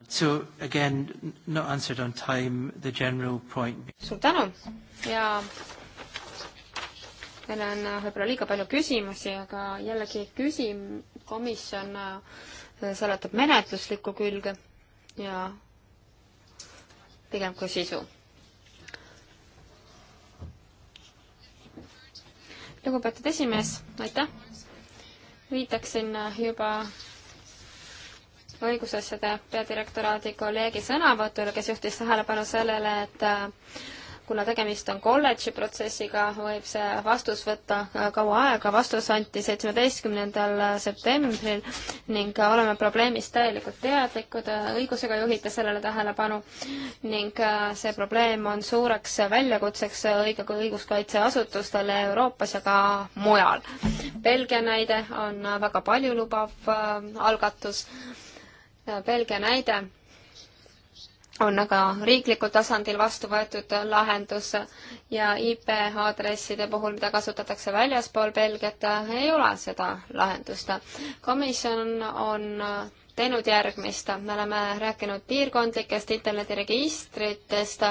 So again, not answered on time, the general point. suur tänu ja meil on äh, võib-olla liiga palju küsimusi, aga jällegi küsim-, komisjon seletab menetluslikku külge ja pigem kui sisu lugupeetud esimees, aitäh! viitaksin juba õigusasjade peadirektoraadi kolleegi sõnavõtule, kes juhtis tähelepanu sellele, et kuna tegemist on kolledži protsessiga, võib see vastus võtta äh, kaua aega, vastus anti seitsmeteistkümnendal septembril ning äh, oleme probleemist täielikult teadlikud, äh, õigusega juhite sellele tähelepanu ning see probleem on suureks väljakutseks õige-, õiguskaitseasutustele Euroopas ja ka mujal. Belgia näide on väga paljulubav algatus, Belgia näide on aga riiklikul tasandil vastu võetud lahendus ja IP-aadresside puhul, mida kasutatakse väljaspool Belgiat, ei ole seda lahendust. komisjon on teinud järgmist, me oleme rääkinud piirkondlikest internetiregistritest,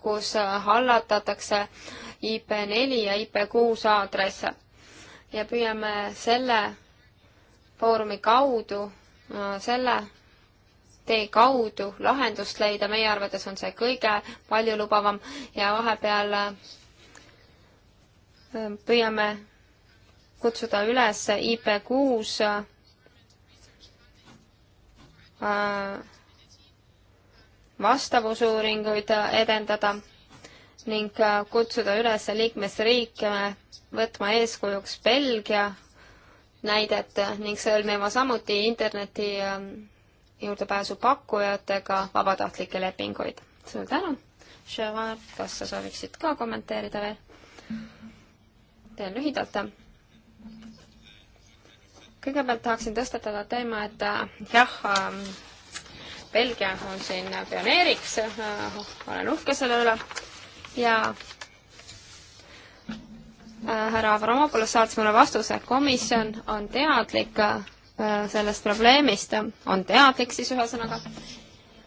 kus hallatatakse IP4 ja IP6 aadresse ja püüame selle foorumi kaudu äh, selle tee kaudu lahendust leida, meie arvates on see kõige paljulubavam ja vahepeal äh, püüame kutsuda üles IP6 äh, vastavusuuringuid edendada ning äh, kutsuda üles liikmesriike võtma eeskujuks Belgia näidet ning sõlmima samuti interneti juurdepääsupakkujatega vabatahtlikke lepinguid. suur tänu! Cheval, kas sa sooviksid ka kommenteerida veel? teen lühidalt. kõigepealt tahaksin tõstatada teema, et äh, jah, ähm, Belgia on siin pioneeriks, äh, olen uhke selle üle ja äh, härra Avramopoulos saatis mulle vastuse, komisjon on teadlik Äh, sellest probleemist, on teadlik siis ühesõnaga.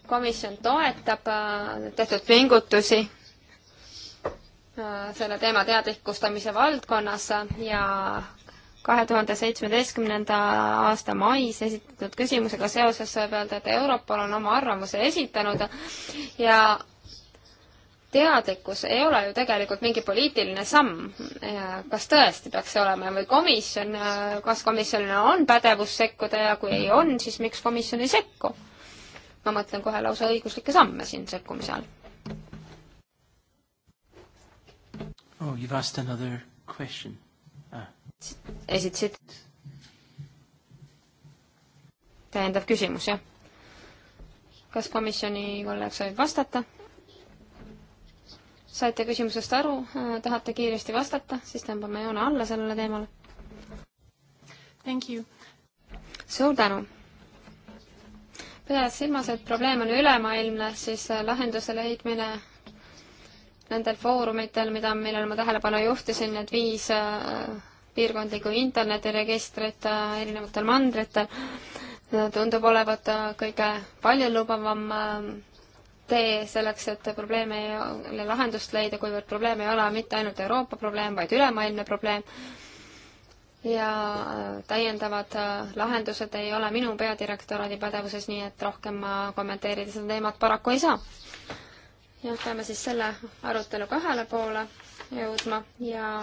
komisjon toetab äh, tehtud pingutusi äh, selle teema teadlikustamise valdkonnas ja kahe tuhande seitsmeteistkümnenda aasta mais esitatud küsimusega seoses võib öelda, et Europol on oma arvamuse esitanud ja teadlikkus ei ole ju tegelikult mingi poliitiline samm. kas tõesti peaks see olema või komisjon, kas komisjonil on pädevus sekkuda ja kui ei on, siis miks komisjon ei sekku? ma mõtlen kohe lausa õiguslikke samme siin sekkumise all. Oh, you've asked another question ah.. esitasid täiendav küsimus, jah? kas komisjoni kolleeg soovib vastata? saite küsimusest aru, äh, tahate kiiresti vastata, siis tõmbame joone alla sellele teemale. suur tänu! pidades silmas, et probleem on ülemaailmne, siis äh, lahenduse leidmine nendel foorumitel, mida, millele ma tähelepanu juhtisin, need viis äh, piirkondlikku internetiregistrit erinevatel mandritel, tundub olevat kõige paljulubavam tee selleks, et probleemile lahendust leida, kuivõrd probleem ei ole mitte ainult Euroopa probleem, vaid ülemaailmne probleem. ja äh, täiendavad äh, lahendused ei ole minu peadirektoraadi pädevuses, nii et rohkem ma kommenteerida seda teemat paraku ei saa. jah, peame siis selle aruteluga ühele poole jõudma ja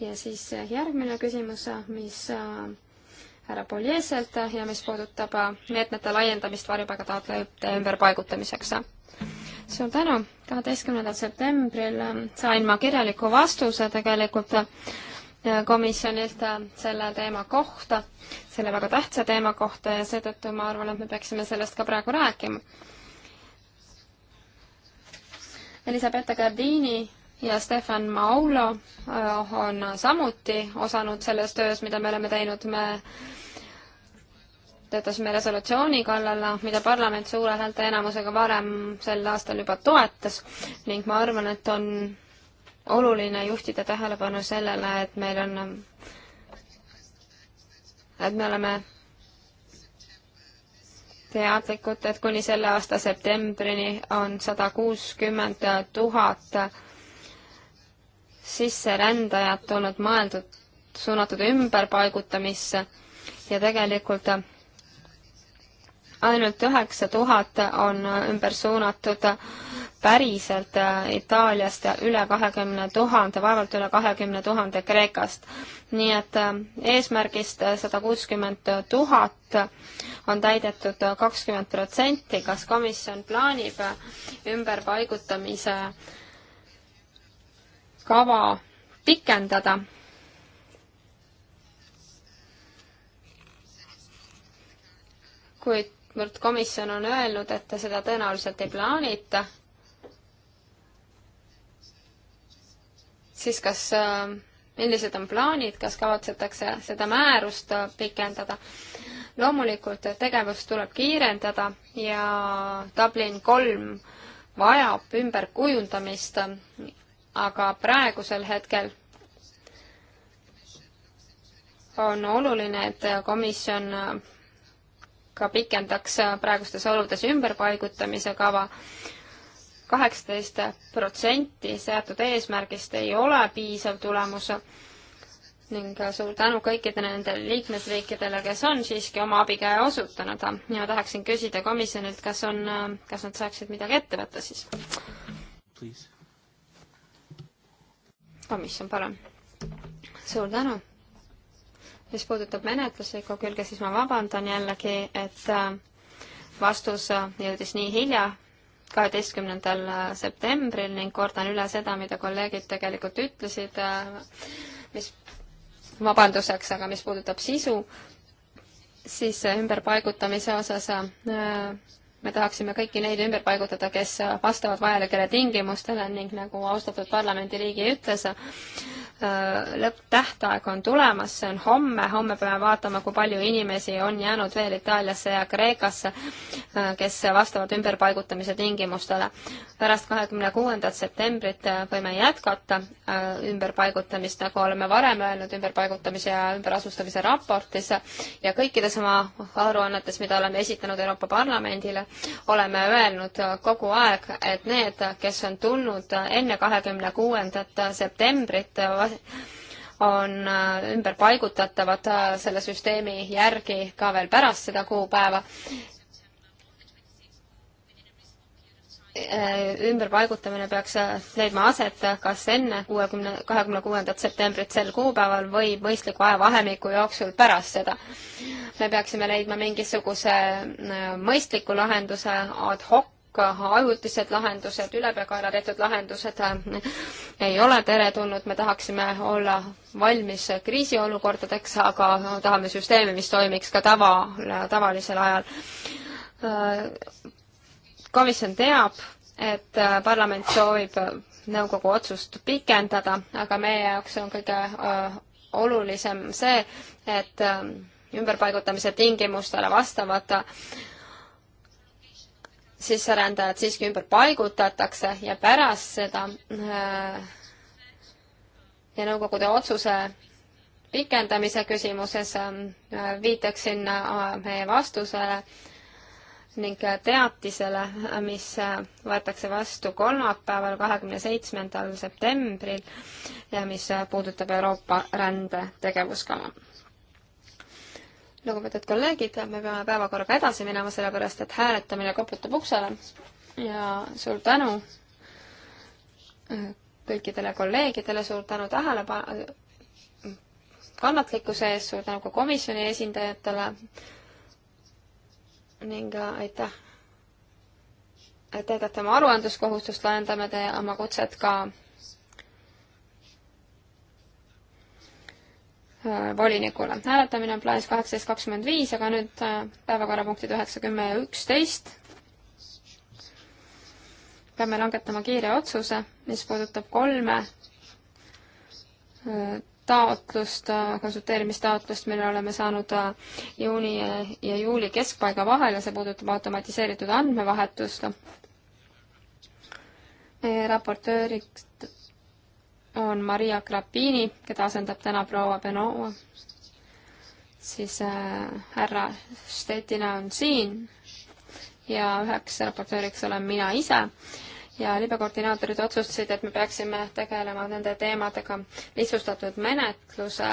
ja siis järgmine küsimus, mis äh, härra Poljeselt ja mis puudutab äh, meetmete laiendamist varjupaigataotlejate ümberpaigutamiseks. suur tänu, kaheteistkümnendal septembril äh, sain ma kirjaliku vastuse tegelikult äh, komisjonilt selle teema kohta, selle väga tähtsa teema kohta ja seetõttu ma arvan, et me peaksime sellest ka praegu rääkima. Elisabetta Gardini ja Stefan Maulo äh, on samuti osanud selles töös, mida me oleme teinud, me töötasime resolutsiooni kallal, mida parlament suure häälteenamusega varem sel aastal juba toetas ning ma arvan, et on oluline juhtida tähelepanu sellele, et meil on, et me oleme teadlikud, et kuni selle aasta septembrini on sada kuuskümmend tuhat sisserändajad olnud mõeldud, suunatud ümberpaigutamisse ja tegelikult ainult üheksa tuhat on ümber suunatud päriselt Itaaliast ja üle kahekümne tuhande, vaevalt üle kahekümne tuhande Kreekast. nii et äh, eesmärgist sada kuuskümmend tuhat on täidetud kakskümmend protsenti, kas komisjon plaanib ümberpaigutamise kava pikendada. kuivõrd komisjon on öelnud, et ta seda tõenäoliselt ei plaanita, siis kas, äh, millised on plaanid, kas kavatsetakse seda määrust äh, pikendada? loomulikult äh, tegevust tuleb kiirendada ja Dublin kolm vajab ümberkujundamist aga praegusel hetkel on oluline, et komisjon ka pikendaks praegustes oludes ümberpaigutamise kava. kaheksateist protsenti seatud eesmärgist ei ole piisav tulemus ning suur tänu kõikidele nendele liikmesriikidele, kes on siiski oma abikäe osutanud ja tahaksin küsida komisjonilt, kas on, kas nad saaksid midagi ette võtta siis? Please komisjon, palun. suur tänu. mis puudutab menetluslikku külge, siis ma vabandan jällegi, et äh, vastus äh, jõudis nii hilja, kaheteistkümnendal äh, septembril ning kordan üle seda, mida kolleegid tegelikult ütlesid, mis, vabanduseks, aga mis puudutab sisu, siis ümberpaigutamise osas me tahaksime kõiki neid ümber paigutada, kes vastavad vajalikele tingimustele ning nagu austatud parlamendiliige ütles, Äh, lõpptähtaeg on tulemas, see on homme, homme peame vaatama, kui palju inimesi on jäänud veel Itaaliasse ja Kreekasse, äh, kes vastavad ümberpaigutamise tingimustele. pärast kahekümne kuuendat septembrit võime jätkata äh, ümberpaigutamist, nagu oleme varem öelnud ümberpaigutamise ja ümberasustamise raportis ja kõikides oma aruannetes, mida oleme esitanud Euroopa Parlamendile, oleme öelnud kogu aeg, et need, kes on tulnud enne kahekümne kuuendat septembrit, on äh, ümberpaigutatavad äh, selle süsteemi järgi ka veel pärast seda kuupäeva äh, ümberpaigutamine peaks leidma aset kas enne kuuekümne, kahekümne kuuendat septembrit sel kuupäeval või mõistliku ajavahemiku jooksul pärast seda. me peaksime leidma mingisuguse mõistliku lahenduse ad hoc ka ajutised lahendused, ülepeakaela tehtud lahendused äh, ei ole teretulnud, me tahaksime olla valmis kriisiolukordadeks, aga tahame süsteemi, mis toimiks ka tava, tavalisel ajal. Äh, komisjon teab, et äh, parlament soovib nõukogu otsust pikendada, aga meie jaoks on kõige olulisem see, et ümberpaigutamise tingimustele vastavate sisserändajad siiski ümber paigutatakse ja pärast seda äh, ja nõukogude otsuse pikendamise küsimuses äh, viitaksin äh, meie vastusele ning teatisele, mis võetakse vastu kolmapäeval, kahekümne seitsmendal septembril ja mis puudutab Euroopa rände tegevuskava lugupeetud kolleegid, me peame päevakorraga edasi minema, sellepärast et hääletamine koputab uksele ja suur tänu kõikidele kolleegidele, suur tänu tähelepanu, kannatlikkuse eest, suur tänu ka komisjoni esindajatele ning aitäh, et täidate oma aruandluskohustust, laiendame te oma kutset ka volinikule. hääletamine on plaanis kaheksateist kakskümmend viis, aga nüüd äh, päevakorrapunktid üheksa, kümme ja üksteist. peame langetama kiire otsuse, mis puudutab kolme äh, taotlust, äh, konsulteerimistaotlust, mille oleme saanud juuni ja juuli keskpaiga vahel ja see puudutab automatiseeritud andmevahetust. meie raportööriks on Maria Krapini, keda asendab täna proua Benova. siis äh, härra Stettina on siin ja üheks raportööriks olen mina ise ja libekoordinaatorid otsustasid, et me peaksime tegelema nende teemadega lihtsustatud menetluse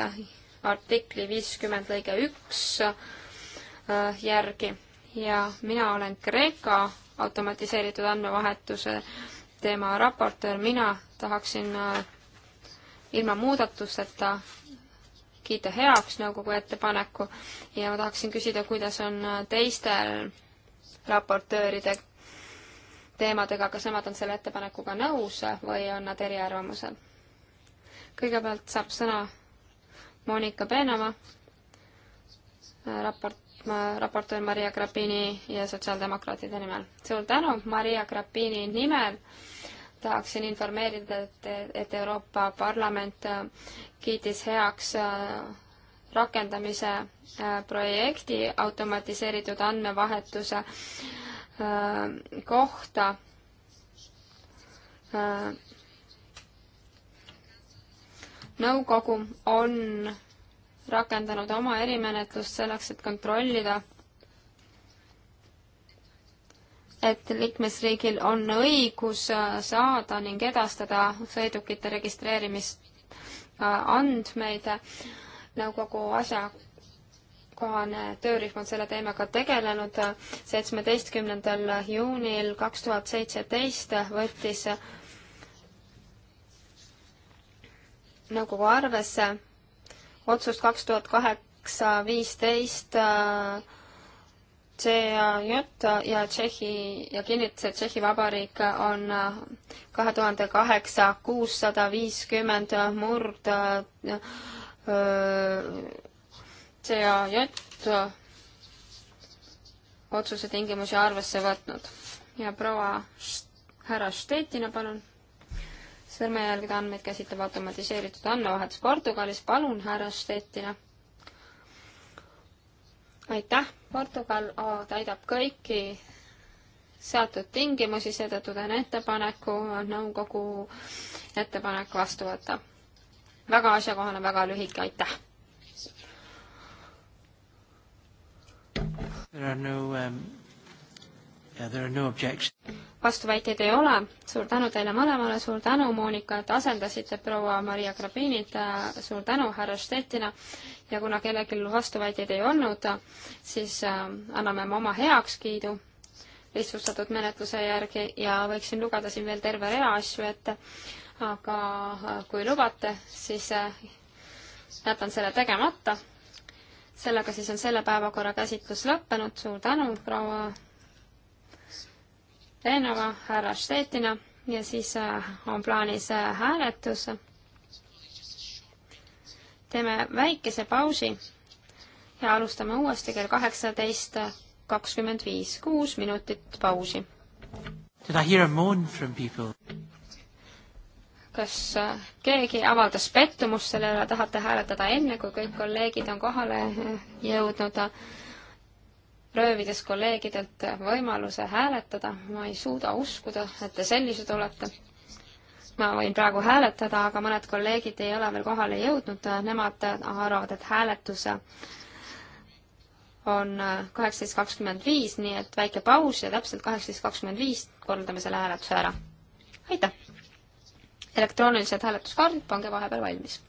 artikli viiskümmend lõige üks äh, järgi ja mina olen Kreeka automatiseeritud andmevahetuse teema raportöör, mina tahaksin äh, ilma muudatusteta kiita heaks nõukogu ettepaneku ja ma tahaksin küsida, kuidas on teistel raportööride teemadega, kas nemad on selle ettepanekuga nõus või on nad eriarvamusel? kõigepealt saab sõna Monika Peenama, raport, raportöör Maria Grapini ja sotsiaaldemokraatide nimel. suur tänu Maria Grapini nimel tahaksin informeerida, et, et Euroopa Parlament äh, kiitis heaks äh, rakendamise äh, projekti automatiseeritud andmevahetuse kohta nõukogu on rakendanud oma erimenetlust selleks, et kontrollida et liikmesriigil on õigus äh, saada ning edastada sõidukite registreerimisandmeid. nõukogu asjakohane töörühm on selle teemaga tegelenud. seitsmeteistkümnendal juunil kaks tuhat seitseteist võttis nõukogu arvesse otsust kaks tuhat kaheksa viisteist äh, CAJ ja Tšehhi ja kinnitas, et Tšehhi Vabariik on äh, kahe tuhande kaheksa kuussada viiskümmend murd äh, CAJ otsuse tingimusi arvesse võtnud. ja proua härra Štetina, palun. sõrmejälgede andmeid käsitleb automatiseeritud andmevahetus Portugalis, palun härra Štetina aitäh, Portugal täidab kõiki seatud tingimusi, seetõttu teen ettepaneku nõukogu ettepanek vastu võtta. väga asjakohane, väga lühike, aitäh. There are no um, No vastuväiteid ei ole, suur tänu teile mõlemale, suur tänu, Monika, et asendasite proua Maria Grabinit, suur tänu, härra Stettina, ja kuna kellelgi vastuväiteid ei olnud, siis äh, anname me oma heakskiidu lihtsustatud menetluse järgi ja võiksin lugeda siin veel terve rea asju ette, aga äh, kui lubate, siis äh, jätan selle tegemata. sellega siis on selle päevakorra käsitlus lõppenud, suur tänu, proua Reinova, härra Štetina ja siis äh, on plaanis äh, hääletus. teeme väikese pausi ja alustame uuesti kell kaheksateist kakskümmend viis, kuus minutit pausi. Did I hear a moan from people? kas äh, keegi avaldas pettumust selle üle, tahate hääletada enne, kui kõik kolleegid on kohale jõudnud? röövides kolleegidelt võimaluse hääletada, ma ei suuda uskuda, et te sellised olete. ma võin praegu hääletada, aga mõned kolleegid ei ole veel kohale jõudnud, nemad arvavad, et hääletus on kaheksateist kakskümmend viis, nii et väike paus ja täpselt kaheksateist kakskümmend viis korraldame selle hääletuse ära. aitäh! elektroonilised hääletuskaardid pange vahepeal valmis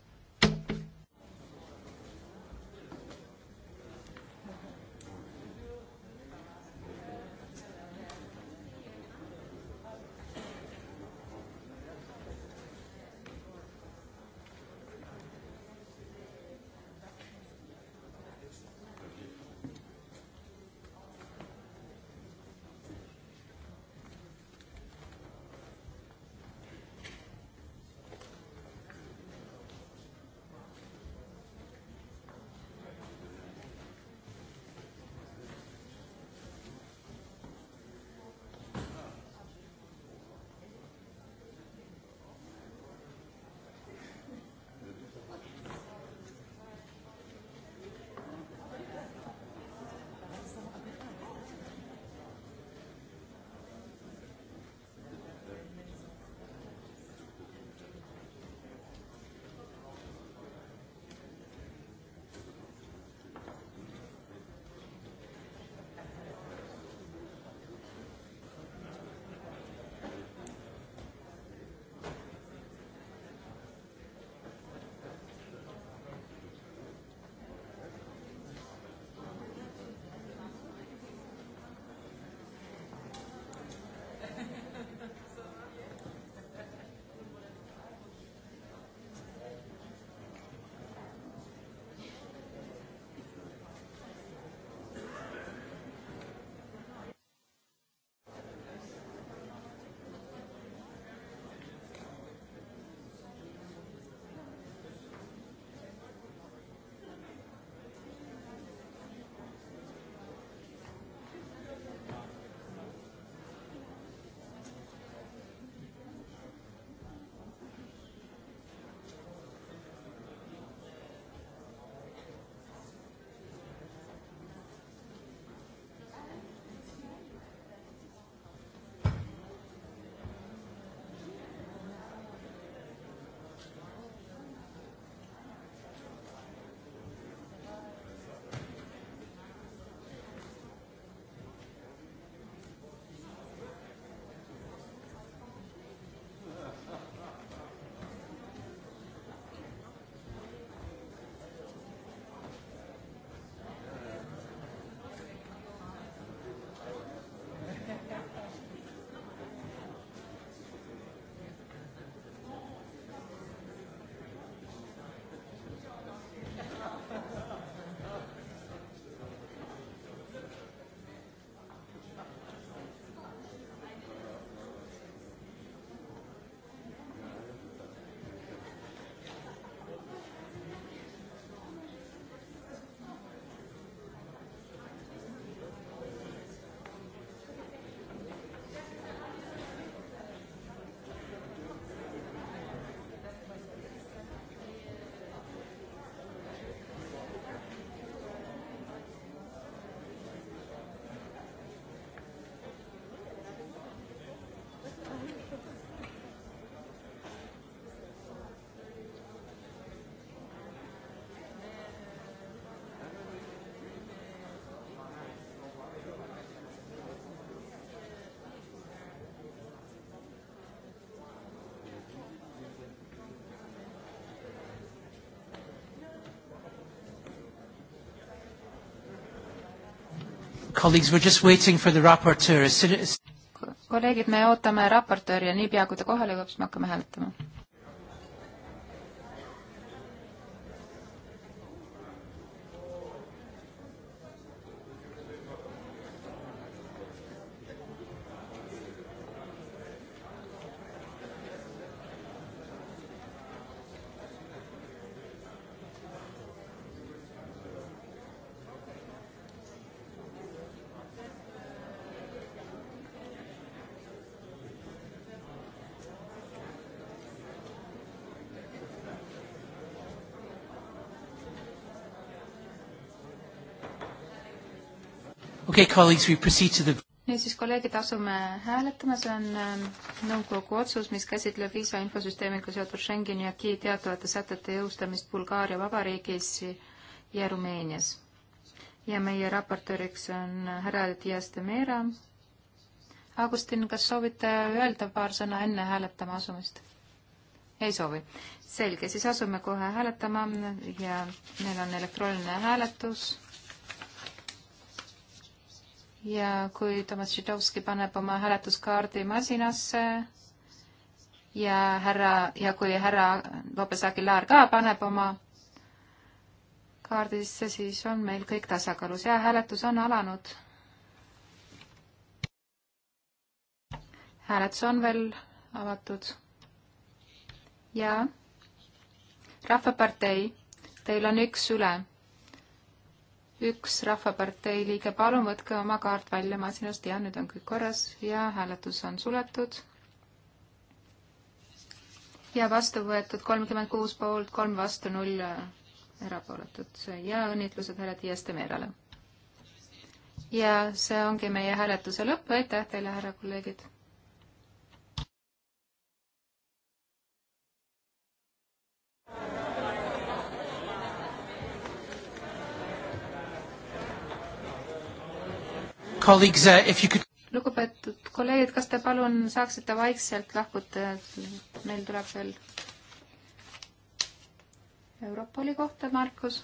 Colleagues, we're just waiting for the raporteur. kolleegid, me ootame raportööri ja niipea, kui ta kohale jõuab, siis me hakkame hääletama. okay, colleagues, we proceed to the nüüd siis kolleegid asume hääletama, see on ähm, nõukogu otsus, mis käsitleb viisa infosüsteemiga seotud Schengeni aki teatavate sätete jõustamist Bulgaaria Vabariigis ja Rumeenias. ja meie raportööriks on härra Dias de Meera. Augustin, kas soovite öelda paar sõna enne hääletama asumist? ei soovi. selge, siis asume kohe hääletama ja meil on elektrooniline hääletus ja kui Tomas Židovski paneb oma hääletuskaardi masinasse ja härra, ja kui härra Lopes Aguilar ka paneb oma kaardi sisse, siis on meil kõik tasakaalus ja hääletus on alanud. hääletus on veel avatud. ja Rahvapartei, teil on üks üle üks Rahvapartei liige, palun võtke oma kaart välja masinast ja nüüd on kõik korras ja hääletus on suletud. ja vastu võetud kolmkümmend kuus poolt, kolm vastu, null erapooletut ja õnnitlused härra Dias de Merale. ja see ongi meie hääletuse lõpp, aitäh teile, härra kolleegid! Colleagues, uh, if you could lugupeetud kolleegid, kas te palun saaksite vaikselt lahkuda, et meil tuleb veel Europoli kohta, Markus?